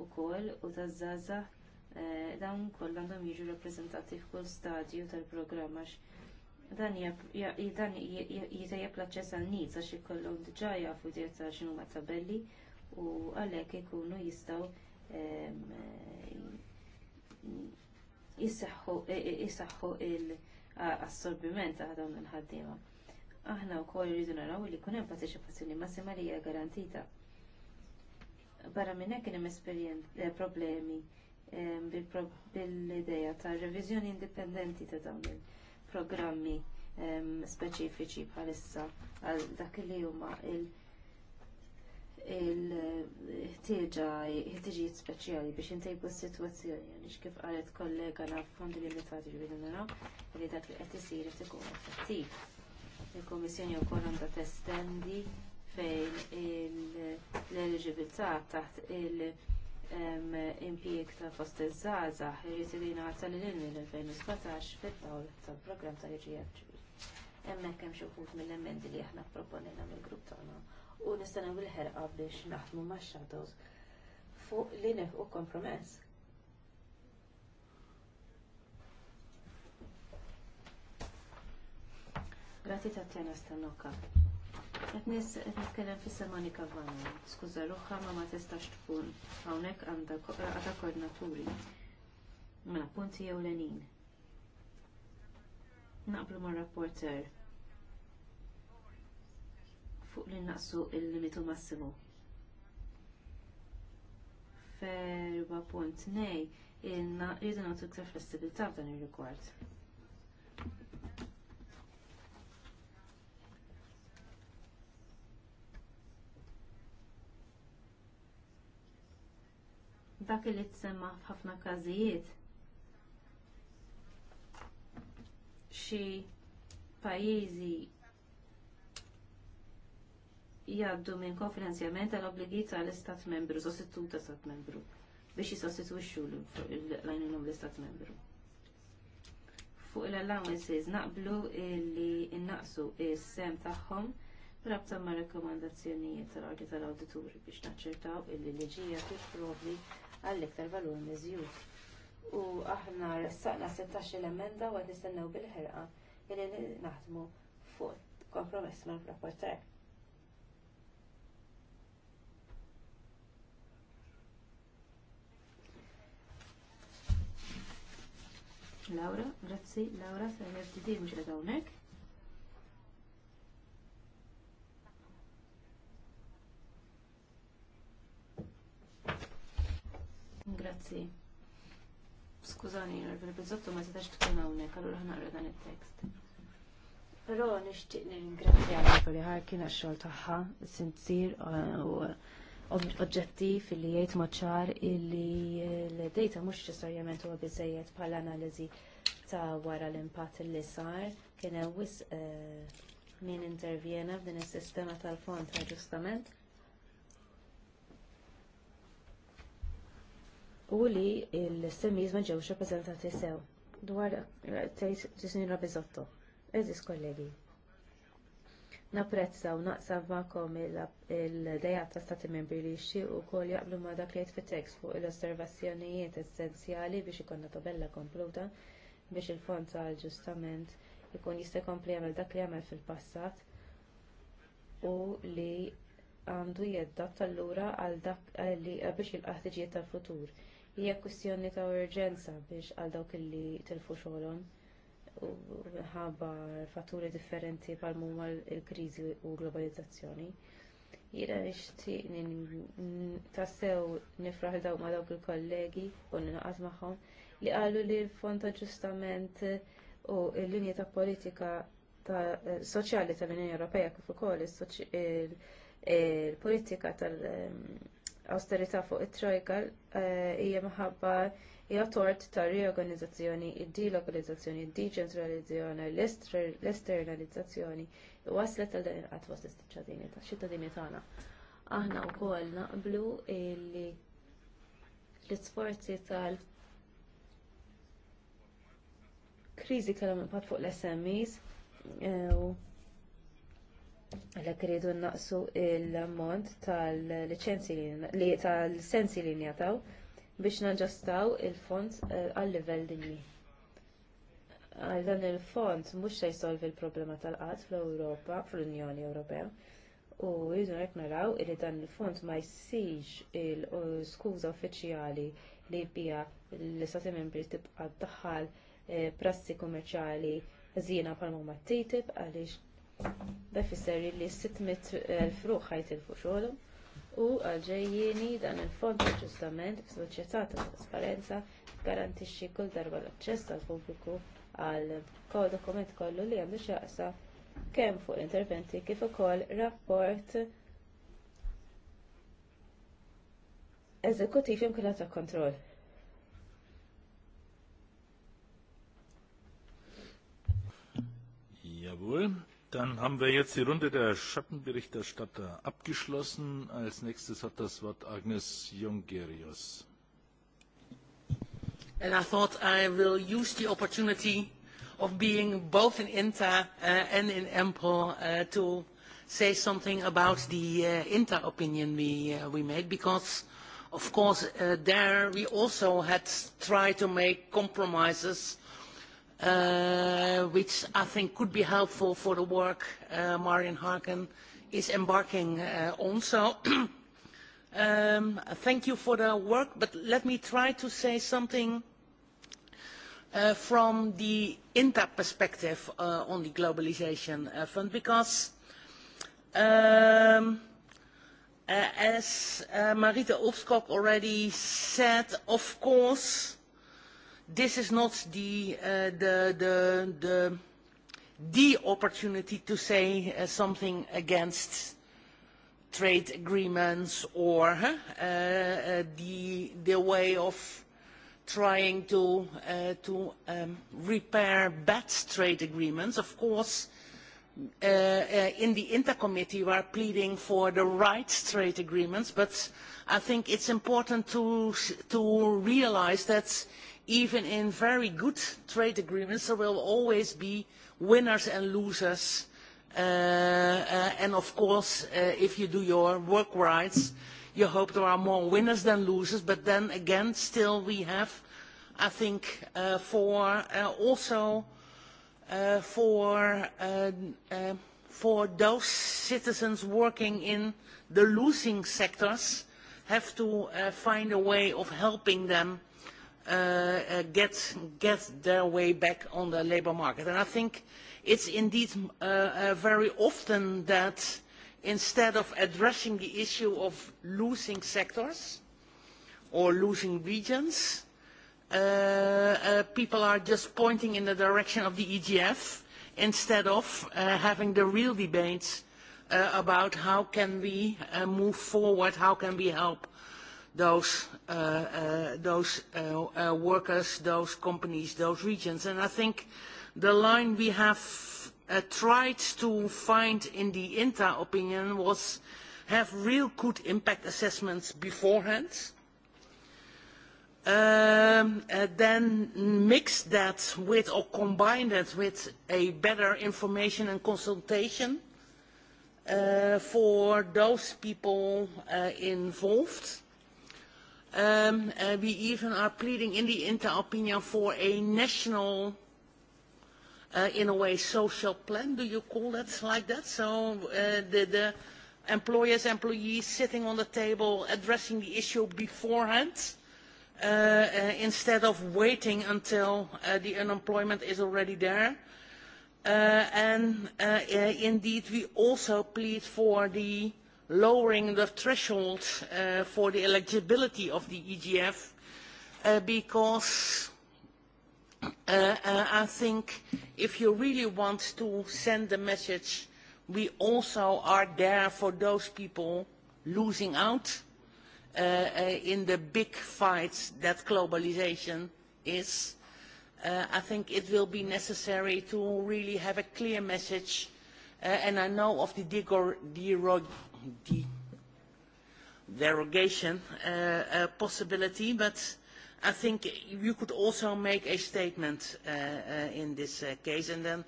wkoll u taż Eh, dawn koll għandhom jiġu rappreżentati f'kull stadju tal-programm għax dan jitajab l-aċċess għal nizz għax ikollhom diġà jafu dieta x'inhu ma' tabelli u għalhekk ikunu jistgħu ehm, jissaħħu l assorbiment għadhom il ħaddiema. Aħna wkoll irridu naraw li jkun hemm parteċipazzjoni massima li hija garantita. Barra minn hekk hemm eh, problemi bil-ideja ta' reviżjoni indipendenti ta' dawn il-programmi speċifiċi bħalissa għal dak li huma il-ħtieġijiet speċjali biex intejbu s-sitwazzjoni għaliex kif qalet kollega na fondi limitati li bidu naraw li dak li qed isir qed ikun effettiv. Il-Kummissjoni wkoll għandha testendi fejn l-eliġibilità taħt il-, il impijek ta' fost iż-żaza irrid li ngħata lil ilmi l-2017 fid-dawl tal-programm ta' IGFG. Hemmhekk hemm xi wħud mill-emendi li aħna proponejna mill-grupp tagħna u nistennew il-ħerqa biex naħdmu max-shadows fuq li neħu kompromess. tat-tjena stanokka. Qed nitkellem fissa Monika Vanna, skuża ruħha ma ma tistax tkun hawnhekk għandha koordinaturi. Mela punti lenin. Naqblu ma' rapporter fuq li naqsu il-limitu massimu. Ferba punt nej, jidna jidna iktar flessibilità f'dan ir rekord dak li tsemma f'ħafna każijiet xi pajjiżi jgħaddu minn konfinanzjament għal obbligi tal-Istat Membru, sostitu ta' Stat Membru, biex jisostituxxu l-għajnunum l-Istat Membru. Fuq il-allowances naqblu li innaqsu il sem tagħhom rabta ma' rekomandazzjonijiet tal-Ordi tal-Awdituri biex naċċertaw il-liġija tipprovdi għall-iktar valur miżjud. U aħna ressaqna 16 emenda u għad nistennew bil-ħerqa illi naħdmu fuq kompromess mal-rapporter. Laura, grazzi, Laura, sa' nirtidi mux għadawnek. anzi. Skużani, nervil bizzottu ma setax tkun hawnhekk, allura ħnaqra dan it-text. Però nixtieq ningrazzja għal ħarkin għax-xogħol tagħha, sinzir uh, u uh, oġġettiv li jgħid maċar illi uh, l-data mhux ċessarjament huwa biżejjed bħala analiżi ta' wara l-impatt li sar kien hemm wisq min intervjena f'din is-sistema tal-fond ta' ġustament u li l-SMEs ma ġewx rappresentati sew dwar eh, tejt rabizotto. Eżis kollegi. Napprezza u naqsa il-dejat ta' stati membri li xi u kol jaqblu ma' dak li fit-tekst fuq il-osservazzjonijiet essenzjali biex ikonna tabella kompluta biex il-fond tal-ġustament ikun jista' jkompli jagħmel dak li jagħmel fil-passat u li għandu jedda tal-lura għal dak eh, li eh, biex il-qaħtiġijiet tal-futur hija kwistjoni ta' urġenza biex għal dawk illi tilfu xogħolhom u ħabba fatturi differenti bħal huma il kriżi u globalizzazzjoni. Jiena nixtieq tassew nifraħ dawk ma' dawk il-kollegi u ninqas magħhom li qalu li l-fond ta' ġustament u l-linja ta' politika ta' soċjali tal-Unjoni Ewropea kif ukoll il-politika tal- austerità fuq it-trojka eh, hija minħabba hija tort ta' riorganizzazzjoni, id-dilokalizzazzjoni, id-deċentralizzazzjoni, l-esternalizzazzjoni u waslet għal dan il-qatt fost iċ-ċittadini ta' ċittadini tagħna. Aħna wkoll naqblu li l-isforzi tal- kriżi kellhom impatt fuq l-SMEs eh, u Għalhekk iridu naqsu l-ammont tal-sensi li njataw biex naġġastaw il-fond eh, għal-livell dinji. Għal dan il-fond mhux se jsolvi l-problema tal-qatt fl-Ewropa, fl-Unjoni Ewropea, u jizun hekk naraw li dan il-fond ma jsirx il-skuża uffiċjali li bija l-istati membri tibqa' tħal eh, prassi zina żiena mumma t TTIP għaliex Da fisser li 600.000 eh, ruħ ħajtilfu xogħolhom u għalġejjieni dan il-fond ta' ġustament b'soċjetà ta' trasparenza garantixxi kull darba l-aċċess tal-pubbliku għal kol dokument kollu li għandu xaqsa kemm fuq interventi kif ukoll rapport eżekutiv imkien ta' kontroll. Dann haben wir jetzt die Runde der Schattenberichterstatter abgeschlossen. Als nächstes hat das Wort Agnes Jongerius. And I thought I will use the opportunity of being both in INTA uh, and in EMPO uh, to say something about the uh, INTA opinion we, uh, we made because of course uh, there we also had tried to make compromises uh, which I think could be helpful for the work uh, Marian Harkin is embarking uh, on. So um, thank you for the work, but let me try to say something uh, from the INTA perspective uh, on the Globalization uh, Fund, because um, uh, as uh, Marita Ulfskog already said, of course, this is not the, uh, the, the, the, the opportunity to say uh, something against trade agreements or uh, uh, the, the way of trying to, uh, to um, repair bad trade agreements. Of course, uh, uh, in the intercommittee Committee we are pleading for the right trade agreements, but I think it's important to, to realize that even in very good trade agreements, there will always be winners and losers. Uh, uh, and of course, uh, if you do your work rights, you hope there are more winners than losers. But then again, still we have, I think, uh, for uh, also uh, for uh, uh, for those citizens working in the losing sectors have to uh, find a way of helping them uh, uh, get, get their way back on the labor market. And I think it's indeed uh, uh, very often that instead of addressing the issue of losing sectors or losing regions, uh, uh, people are just pointing in the direction of the EGF instead of uh, having the real debates uh, about how can we uh, move forward, how can we help those, uh, uh, those uh, uh, workers, those companies, those regions. And I think the line we have uh, tried to find in the INTA opinion was have real good impact assessments beforehand, um, uh, then mix that with or combine that with a better information and consultation uh, for those people uh, involved Um, uh, we even are pleading in the inter opinion for a national, uh, in a way, social plan. Do you call that like that? So uh, the, the employers, employees sitting on the table, addressing the issue beforehand, uh, uh, instead of waiting until uh, the unemployment is already there. Uh, and uh, uh, indeed, we also plead for the uh, lowering the threshold uh, for the eligibility of the EGF uh, because uh, uh, I think if you really want to send the message we also are there for those people losing out uh, uh, in the big fights that globalization is, uh, I think it will be necessary to really have a clear message. Uh, and I know of the the derogation uh, uh, possibility, but I think you could also make a statement uh, uh, in this uh, case. And then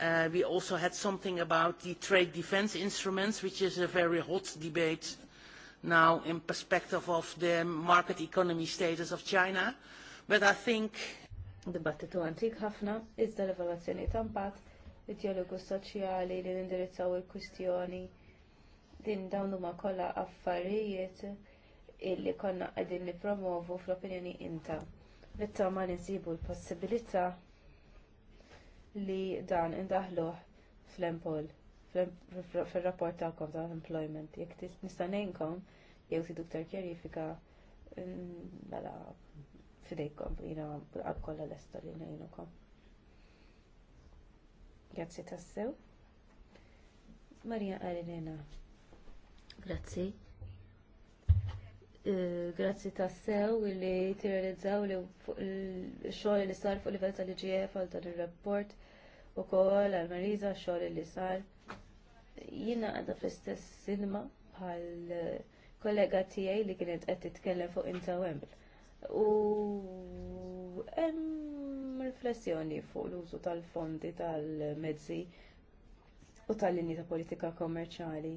uh, we also had something about the trade defense instruments, which is a very hot debate now in perspective of the market economy status of China. But I think... Dibattitu antik ħafna, iżda l-evaluazzjoni tampat, id-dialogu soċjali li nindirizzaw il-kustjoni din dawn huma kollha affarijiet illi konna qegħdin nippromovu fl-opinjoni inta. Nittama ma nsibu l-possibilità li dan indaħluh fl-empol fil-rapport tagħkom ta' employment. Jekk nista' ngħinkom jew tidu ktar kjerifika mm, mela fidejkom jiena għal kollha esta li ngħinukom. Grazzi tassew. Maria Arenena. Grazzi. Eh, grazzi tassew li t-realizzaw li xoħli li sar fuq livell tal-IGF għal ta' ir-rapport u kol għal Marisa xogħol li sar. Jiena għadha fl-istess sinma bħal eh, kollega tiegħi li kienet qed titkellem fuq inta għem. U hemm riflessjoni fuq l-użu tal-fondi tal-mezzi u tal-linji ta' politika kommerċali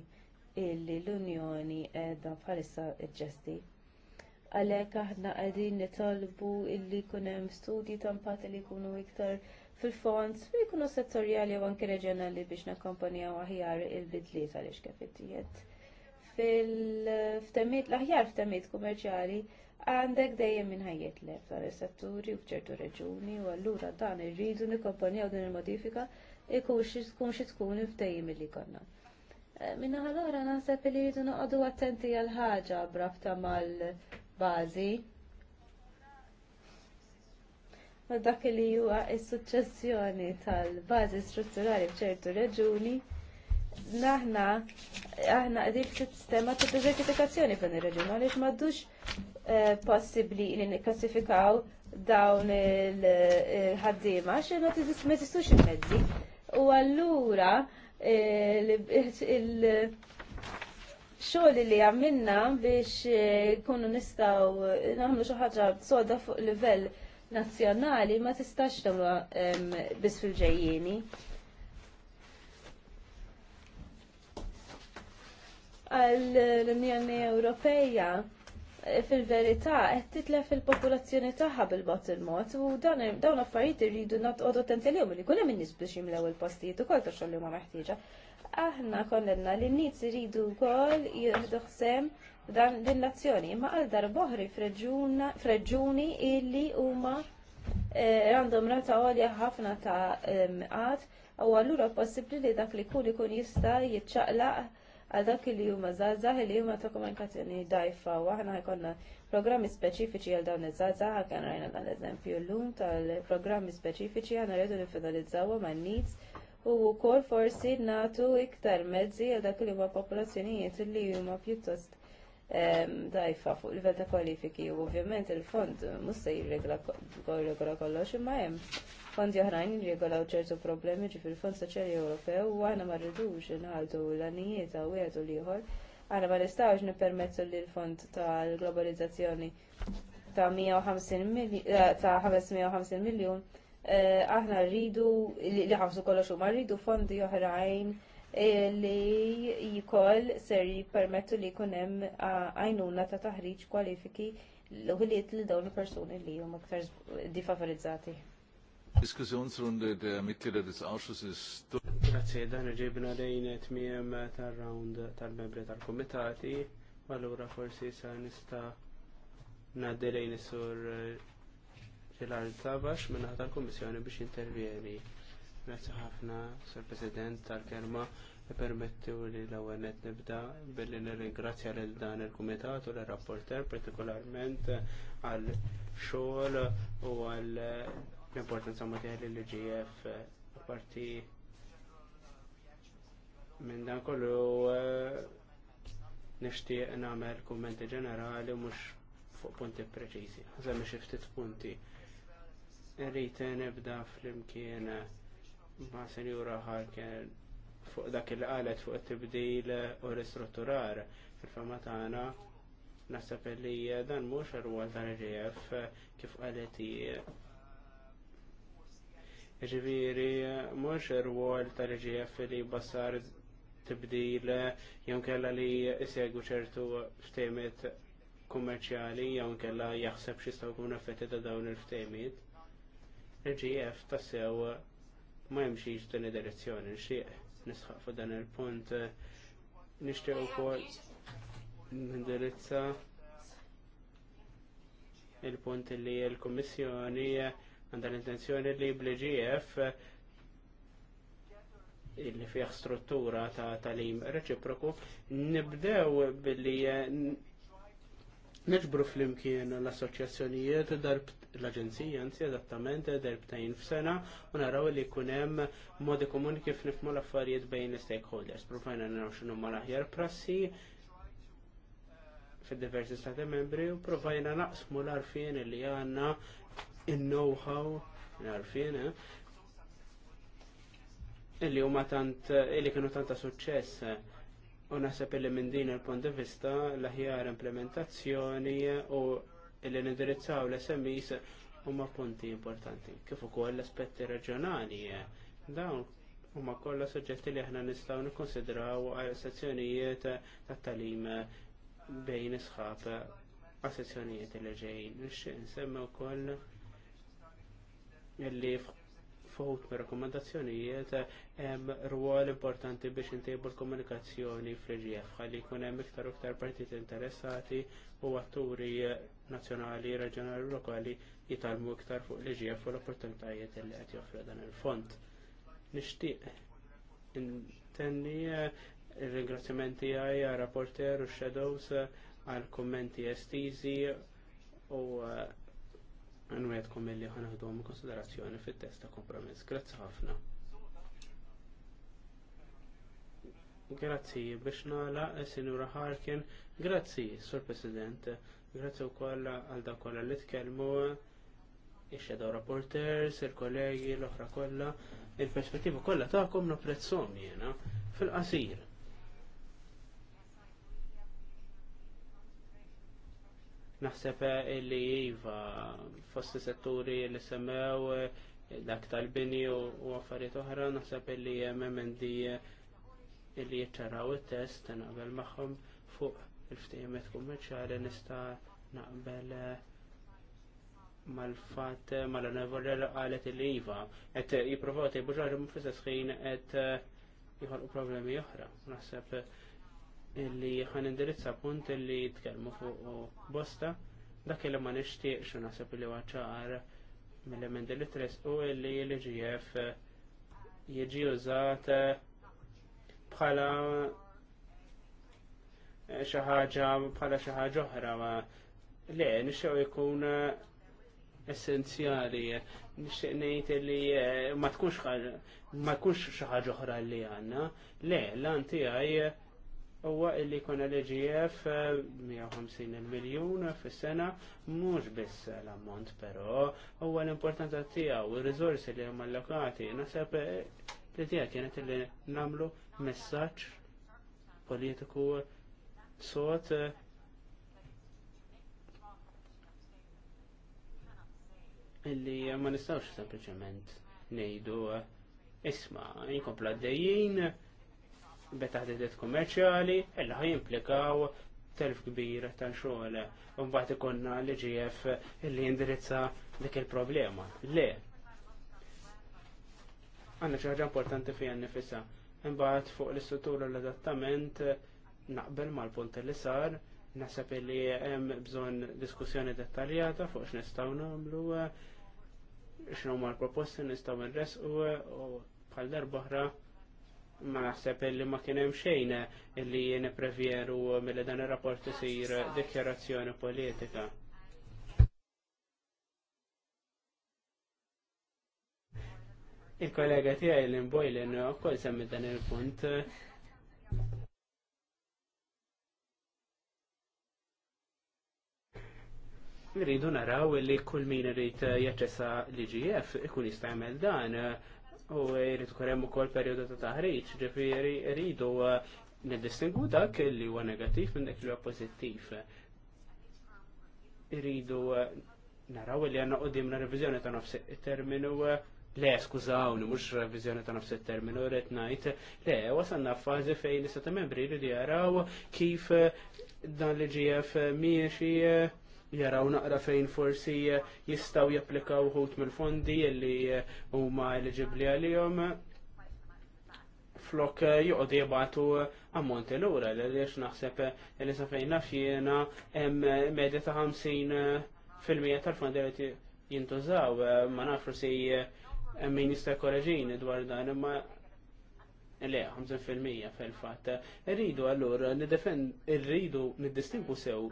illi l-Unjoni qiegħda bħalissa ġesti. Għalhekk aħna qegħdin nitolbu illi jkun hemm studji ta' impatt li jkunu iktar fil-fond li jkunu settorjali u anke reġjonali biex nakkompanjaw aħjar il-bidliet għaliex kif Fil-ftemiet l-aħjar ftemiet kummerċjali għandek dejjem minħajjet lef dan is-setturi u f'ċertu reġuni u allura dan irridu nikkompanjaw din il-modifika ikun xi tkun xi il li konna. Minna ħal naħseb li jridu noqogħdu attenti għal ħaġa brafta mal-bażi. Ma dak li huwa s-suċċessjoni tal-bażi strutturali f'ċertu reġuni naħna aħna qegħdin sistema ta' diversifikazzjoni f'dan ir-reġjun għaliex m'għadux eh, possibbli li nikkassifikaw dawn il-ħaddiema eh, xi ma tistux il U allura il-xogħol li għamilna biex eh, kunu nistgħu nagħmlu xi ħaġa soda fuq livell nazzjonali ma tistax tagħmlu biss fil-ġejjieni. Għal l-Unjoni Ewropeja fil-verità qed titlef il-popolazzjoni tagħha bil bott il-mod u dan dawn affarijiet irridu naqgħodu attenti li jkun hemm in-nies biex jimlew il-postijiet ukoll ta' xogħol li huma meħtieġa. Aħna konna li n-nies iridu wkoll jieħdu ħsem dan din l-azzjoni, imma għal darboħri f'reġuni illi huma eh, għandhom rata għolja ħafna ta' eh, qatt u allura possibbli li dak li jkun ikun jista' jiċċaqlaq għal dak li huma żgħażagħ li huma ta' komunikazzjoni dajfa u għahna għakonna programmi speċifiċi għal dawn il żgħażagħ ħakan rajna dan eżempju l-lum tal-programmi speċifiċi għana rridu nifinalizzawhom għan needs u kol forsi natu iktar mezzi għal dak li huma popolazzjonijiet li huma pjuttost ehm, dajfa fuq livell ta' kwalifiki u ovvjament il-fond mhux se jirregla kollox imma hemm fondi oħrajn jirregolaw ċertu problemi ġifir fond soċjali Ewropew u aħna ma rridux inħaltu l għanijiet ta' wieħed u ieħor. Aħna ma nistgħux nippermettu li l-fond tal-globalizzazzjoni ta' 550 eh, miljun eh, aħna rridu li ħafsu kollox huma rridu fondi oħrajn eh, li jkoll ser jippermettu li jkun hemm ah, għajnuna ta' taħriġ kwalifiki l-ħiliet li dawn il-persuni li huma aktar difavorizzati. Diskussionsrunde der Mitglieder des Ausschusses. Grazie, dan ġibna lejn miem tal-round tal-membri tal-komitati, allura forsi sa nista naddi lejn sur Ġilal eh, Tabax minna tal komissjoni biex intervjeni. Grazie ħafna, Sur President tal-Kerma, e permettu li l-għawenet nibda billi nir-ingrazja l dan il komitat u l-rapporter partikolarment għal xogħol u għal l-importanza ma li l-GF eh, parti minn dan kollu eh, nixtieq nagħmel kummenti ġenerali mhux fuq punti preċisi. Għazem xi ftit punti. Irrid nibda flimkien eh, ma' Senjura ħarken fuq dak il qalet fuq it-tibdil u ristrutturar fil-fama tagħna naħseb li dan mhux ar rwol tal-RGF kif għaleti Ġiviri, mux r-wol tal-ġieff li bassar tibdil jom kella li jisegu ċertu ftemiet kummerċjali jom kella jaħseb xistaw kuna effetti ta' dawn il-ftemiet. Il-GF tassew ma jimxiex din id-direzzjoni nxieq nisħaq fuq dan il-punt nixtieq ukoll nindirizza il-punt li l-Kummissjoni għandha l-intenzjoni li bl-GF illi fih struttura ta' talim reċiproku nibdew billi eh, neġbru fl-imkien l-assoċjazzjonijiet darb l-Aġenzija anzi eżattament darbtejn f'sena u naraw li jkun hemm modi komuni kif nifhmu l-affarijiet bejn stakeholders. Provajna naraw x'inhu l-aħjar prassi fid-diversi stati membri u profajna naqsmu l-arfien li għandna il-know-how, l eh? illi huma tant, eh, illi kienu tanta suċċess eh? u naħseb illi minn din il-punt di vista l-aħjar implementazzjoni u illi nindirizzaw l-SMIs huma punti importanti. Kif ukoll l-aspetti reġjonali dawn huma kollha suġġetti li aħna nistgħu nikkonsidraw għal sezzjonijiet tat-talim bejn isħab għal sezzjonijiet li ġejjin. Nixtieq nsemmi kolla illi fuq me rakkomandazzjonijiet hemm rwol importanti biex intejbu l-komunikazzjoni fl-IGF ħalli jkun hemm iktar u iktar partiti interessati u atturi nazzjonali, reġjonali u lokali jitalmu iktar fuq l-IGF u l-opportunitajiet li qed joffri dan il-fond. Nixtieq intenni il-ringrazzjamenti għaj rapporter u shadows għal kommenti estizi u nwedkom illi ħanaħduhom konsiderazzjoni fit testa kompromess. Grazzi ħafna. Grazzi, biex nala, eh, Sinura Harkin, grazzi, Sur President, grazzi wkoll għal dak kollha li tkellmu ix-shadow rapporters, il-kollegi, l-oħra kollha, il-perspettiva kollha tagħkom prezzom jiena fil-qasir. Naħseb eh, li jiva fost setturi li semmew eh, dak tal-bini u għaffariet uħra, naħseb li jemem endi eh, li jiċċaraw il-test naqbel maħħom fuq il ftijemet kummerċjali nista' naqbel mal-fat mal-onevorrel għalet il-IVA, et jiprofaw te buġar mufisa sħin et jħolqu problemi uħra. Naħseb illi ħan indirizza punt illi jitkellmu fuq bosta dak li ma nixtieq xo naħseb li waċar mill-emendi li tres u illi l-GF jiġi użat eh, bħala eh, xi ħaġa bħala xi ħaġa oħra le nixtieq jkun eh, essenzjali nixtieq ngħid li ma tkunx ma tkunx xi ħaġa oħra li għandna le l-an huwa illi jkun l gf 150 miljun fis-sena mhux biss l-ammont però huwa l-importanza tiegħu ir-riżorsi li huma allokati naħseb eh, li tiegħek kienet li nagħmlu messaġġ politiku sot eh, illi ma nistawx sempliċement ngħidu eh, isma' jinkomplu għaddejjin betaħdiet kummerċjali, illa ħaj implikaw telf kbir ta' xogħol. Mbagħad ikonna l-GF li jindirizza dik il-problema. Le. Għandna xi ħaġa importanti fija nifisa. Imbagħad fuq l-istruttura l-adattament naqbel mal-punt li sar, naħseb li hemm bżonn diskussjoni dettaljata fuq x'nistgħu nagħmlu, x'nhuma mal proposti nistgħu nresqu u bħal darba ma naħseb illi ma kien hemm xejn illi jien prevjeru milli dan ir-rapport isir dikjarazzjoni politika. Il-kollega tiegħi Lin Boylen ukoll semmi dan il-punt. Nridu naraw li kull min irid jaċċessa l-IGF ikun jista' jagħmel dan U jrid ukoll kol ukoll ta' taħriġ, ġifiri jridu uh, nedistingu dak li huwa negativ minn dak li huwa pozittiv. Iridu uh, naraw li għandna na revizjoni ta' nofs terminu uh, le skużawni mhux revizjoni ta' nofs terminu red night, le wasalna fazi fejn l-istati membri li jaraw kif dan li ġijaf miexie jaraw naqra fejn forsi eh, jistaw japplikaw ħut mill-fondi li eh, huma eligibli għalihom flok eh, joqod jibatu ammonti l-ura li għax naħseb li sa naf jiena hemm medja ta' 50 filmija tal-fondi li jintużaw ma naf forsi hemm min jista' korreġin dwar dan imma Le, 50% fil-fatt. Irridu allura, irridu niddistingu sew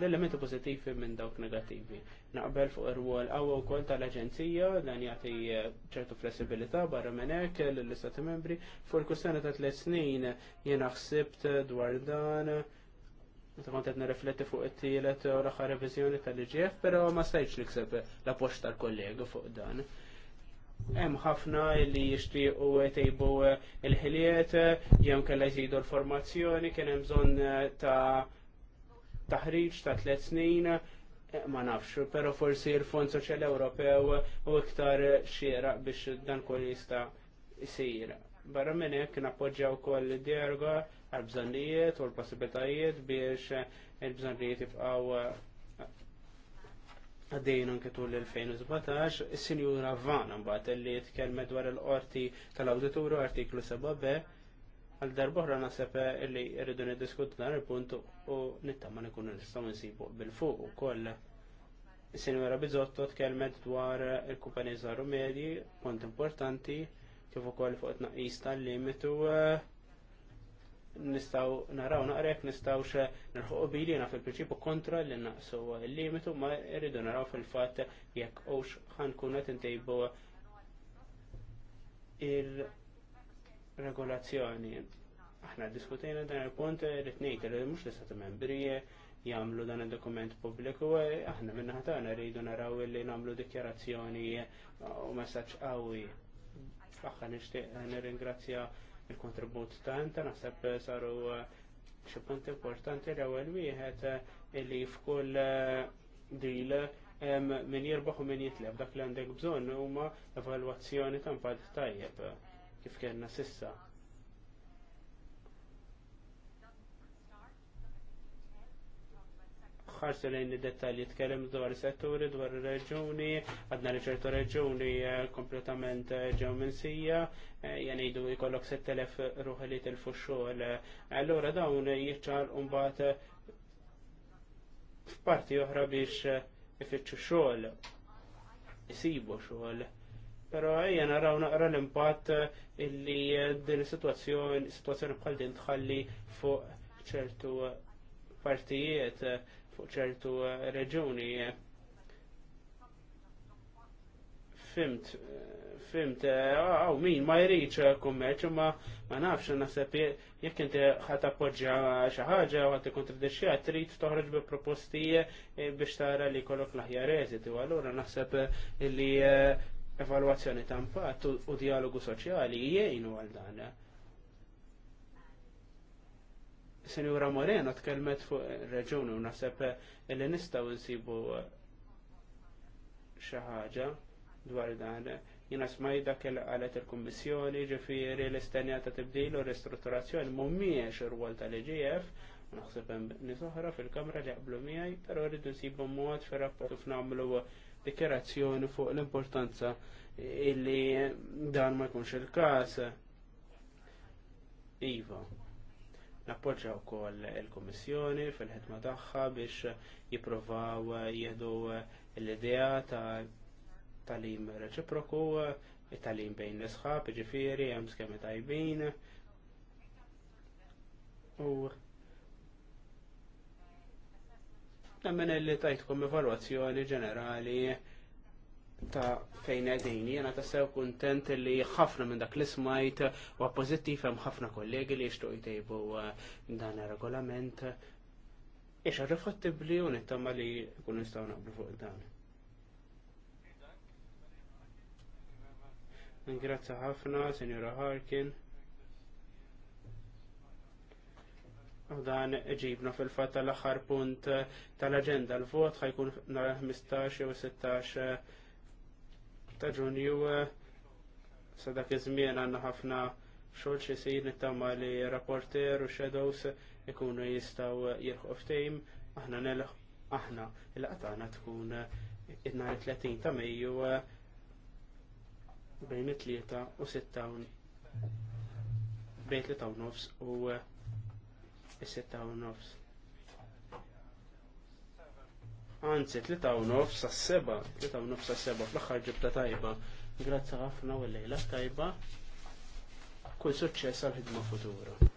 l-elementi pozitivi minn dawk negattivi. Naqbel fuq ir-rwol għawa wkoll tal-Aġenzija dan jagħti eh, ċertu flessibilità barra minn hekk lill-Istati Membri fuq il-kustjoni ta' tliet snin jiena ħsibt dwar dan Meta kont qed nirrifletti fuq it-tielet u l-aħħar reviżjoni tal-IGF, però ma stajtx nikseb la poċ tal-kollega fuq dan. Hemm ħafna li jixtiequ tejbu eh, il-ħiliet, jew kellha jżidu l-formazzjoni, kien hemm bżonn eh, ta' taħriġ ta' tliet snin eh, ma nafx, pero forsi il-Fond Soċjali Ewropew u iktar xiera biex dan kol jista' jsir. Barra minn hekk nappoġġjaw ukoll dialoga għal bżonnijiet u l-possibilitajiet biex il-bżonnijiet jibqgħu eh, għaddejn anke tul l-2017, is-Sinjura Vana mbagħad li tkellmet dwar il-qorti tal-Awdituru artiklu 7b għal darboħra naħseb eh, illi rridu niddiskutu dan il-punt u nittama nikunu nistgħu nsibu bil-fuq ukoll. Sinjora Bizotto tkellmet dwar il-kumpaniji żaru medji, punt importanti, kif ukoll fuq tnaqis tal-limitu eh, nistaw naraw naqrek nistaw xe nirħuq bili na fil-prinċipu kontra li naqsu il-limitu ma irridu naraw fil-fat jekk ux ħankunet qed intejbu il- regolazzjoni. Aħna diskutejna dan il-punt li tnejt li mhux li istat membri jagħmlu dan il dokument pubbliku aħna minna ħatana rridu naraw li nagħmlu dikjarazzjoni u messaġġ qawwi. Aħna nixtieq nirringrazzja il-kontribut tagħna naħseb saru xi punt importanti l-ewwel wieħed illi f'kull deal min jirbaħ u min jitleb dak li għandek bżonn huma evalwazzjoni ta' impatt tajjeb kif kellna sissa. ħarsu lejn id-dettalji tkellem dwar setturi, dwar reġuni, għadna li ċertu reġuni eh, kompletament eh, ġew minsija, eh, jgħidu jkollok 7000 ruħ li tilfu xogħol. Allura dawn jiċċar mbagħad f'parti oħra biex ifittxu xogħol, isibu xogħol. Pero ejja naraw naqra l-impatt eh, illi eh, din situazzjoni situazzjoni bħal din tħalli fuq ċertu eh, partijiet, fuq ċertu reġuni. Fimt, fimt, għaw min ma jriċ kummeċ, ma ma nafx nasab jekk inti ħat appoġġja xi ħaġa u ħadd ikkontribdixxija trid toħroġ bi proposti biex tara li jkollok l-aħjar eżitu. Allura naħseb li evalwazzjoni ta' impatt u dialogu soċjali jgħinu għal dan. Senjura Moreno tkellmet fuq reġuni u naħseb li nistgħu nsibu xi ħaġa dwar dan. Jiena smaj dak għalet qalet il-Kummissjoni, ġifieri l-istenja ta' tibdil u ristrutturazzjoni mhumiex ir-rwol tal-IGF, naħseb hemm nies fil-Kamra li jaqblu miegħi, però rridu nsibu mod fir-rapport u f'nagħmlu dikjerazzjoni fuq l-importanza illi dan ma jkunx il-każ. Iva, nappoġġa wkoll il-Kummissjoni fil ħedma tagħha biex jipprovaw jieħdu l-idea ta' talim reċiproku, talim bejn l-isħab, ġifiri, hemm skemi tajbin. U nemmen li tajtkom evalwazzjoni ġenerali ta' fejn għedin. Jena ta' sew kontent li ħafna minn dak li smajt u pozittiv hemm ħafna kollegi li jishtuq jtejbu eh, dan regolament. Ix rifattibli u nittama li kun nistaw naqblu fuq dan. Grazzi ħafna, Senjora Harkin. dan ġibna fil-fat tal-axar punt eh, tal-agenda. L-vot ħajkun nhar 15 u 16 ta' ġunju eh, Sadak dak iż-żmien għandna ħafna xogħol xi jsir nittama li rapporter u shadows ikunu jistgħu jirħu ftehim aħna nelħ aħna il-qatana tkun id nar 30 ta' Mejju eh, bejn it-tlieta u sitta bejn tlieta u nofs u is-sitta u nofs. Anzi, tlita u nofs sa' seba, tlita u nofs sa' seba, fl-axħar ġibta tajba. Grazzi ħafna u l-lejla tajba. Kull suċċess għal-ħidma futura.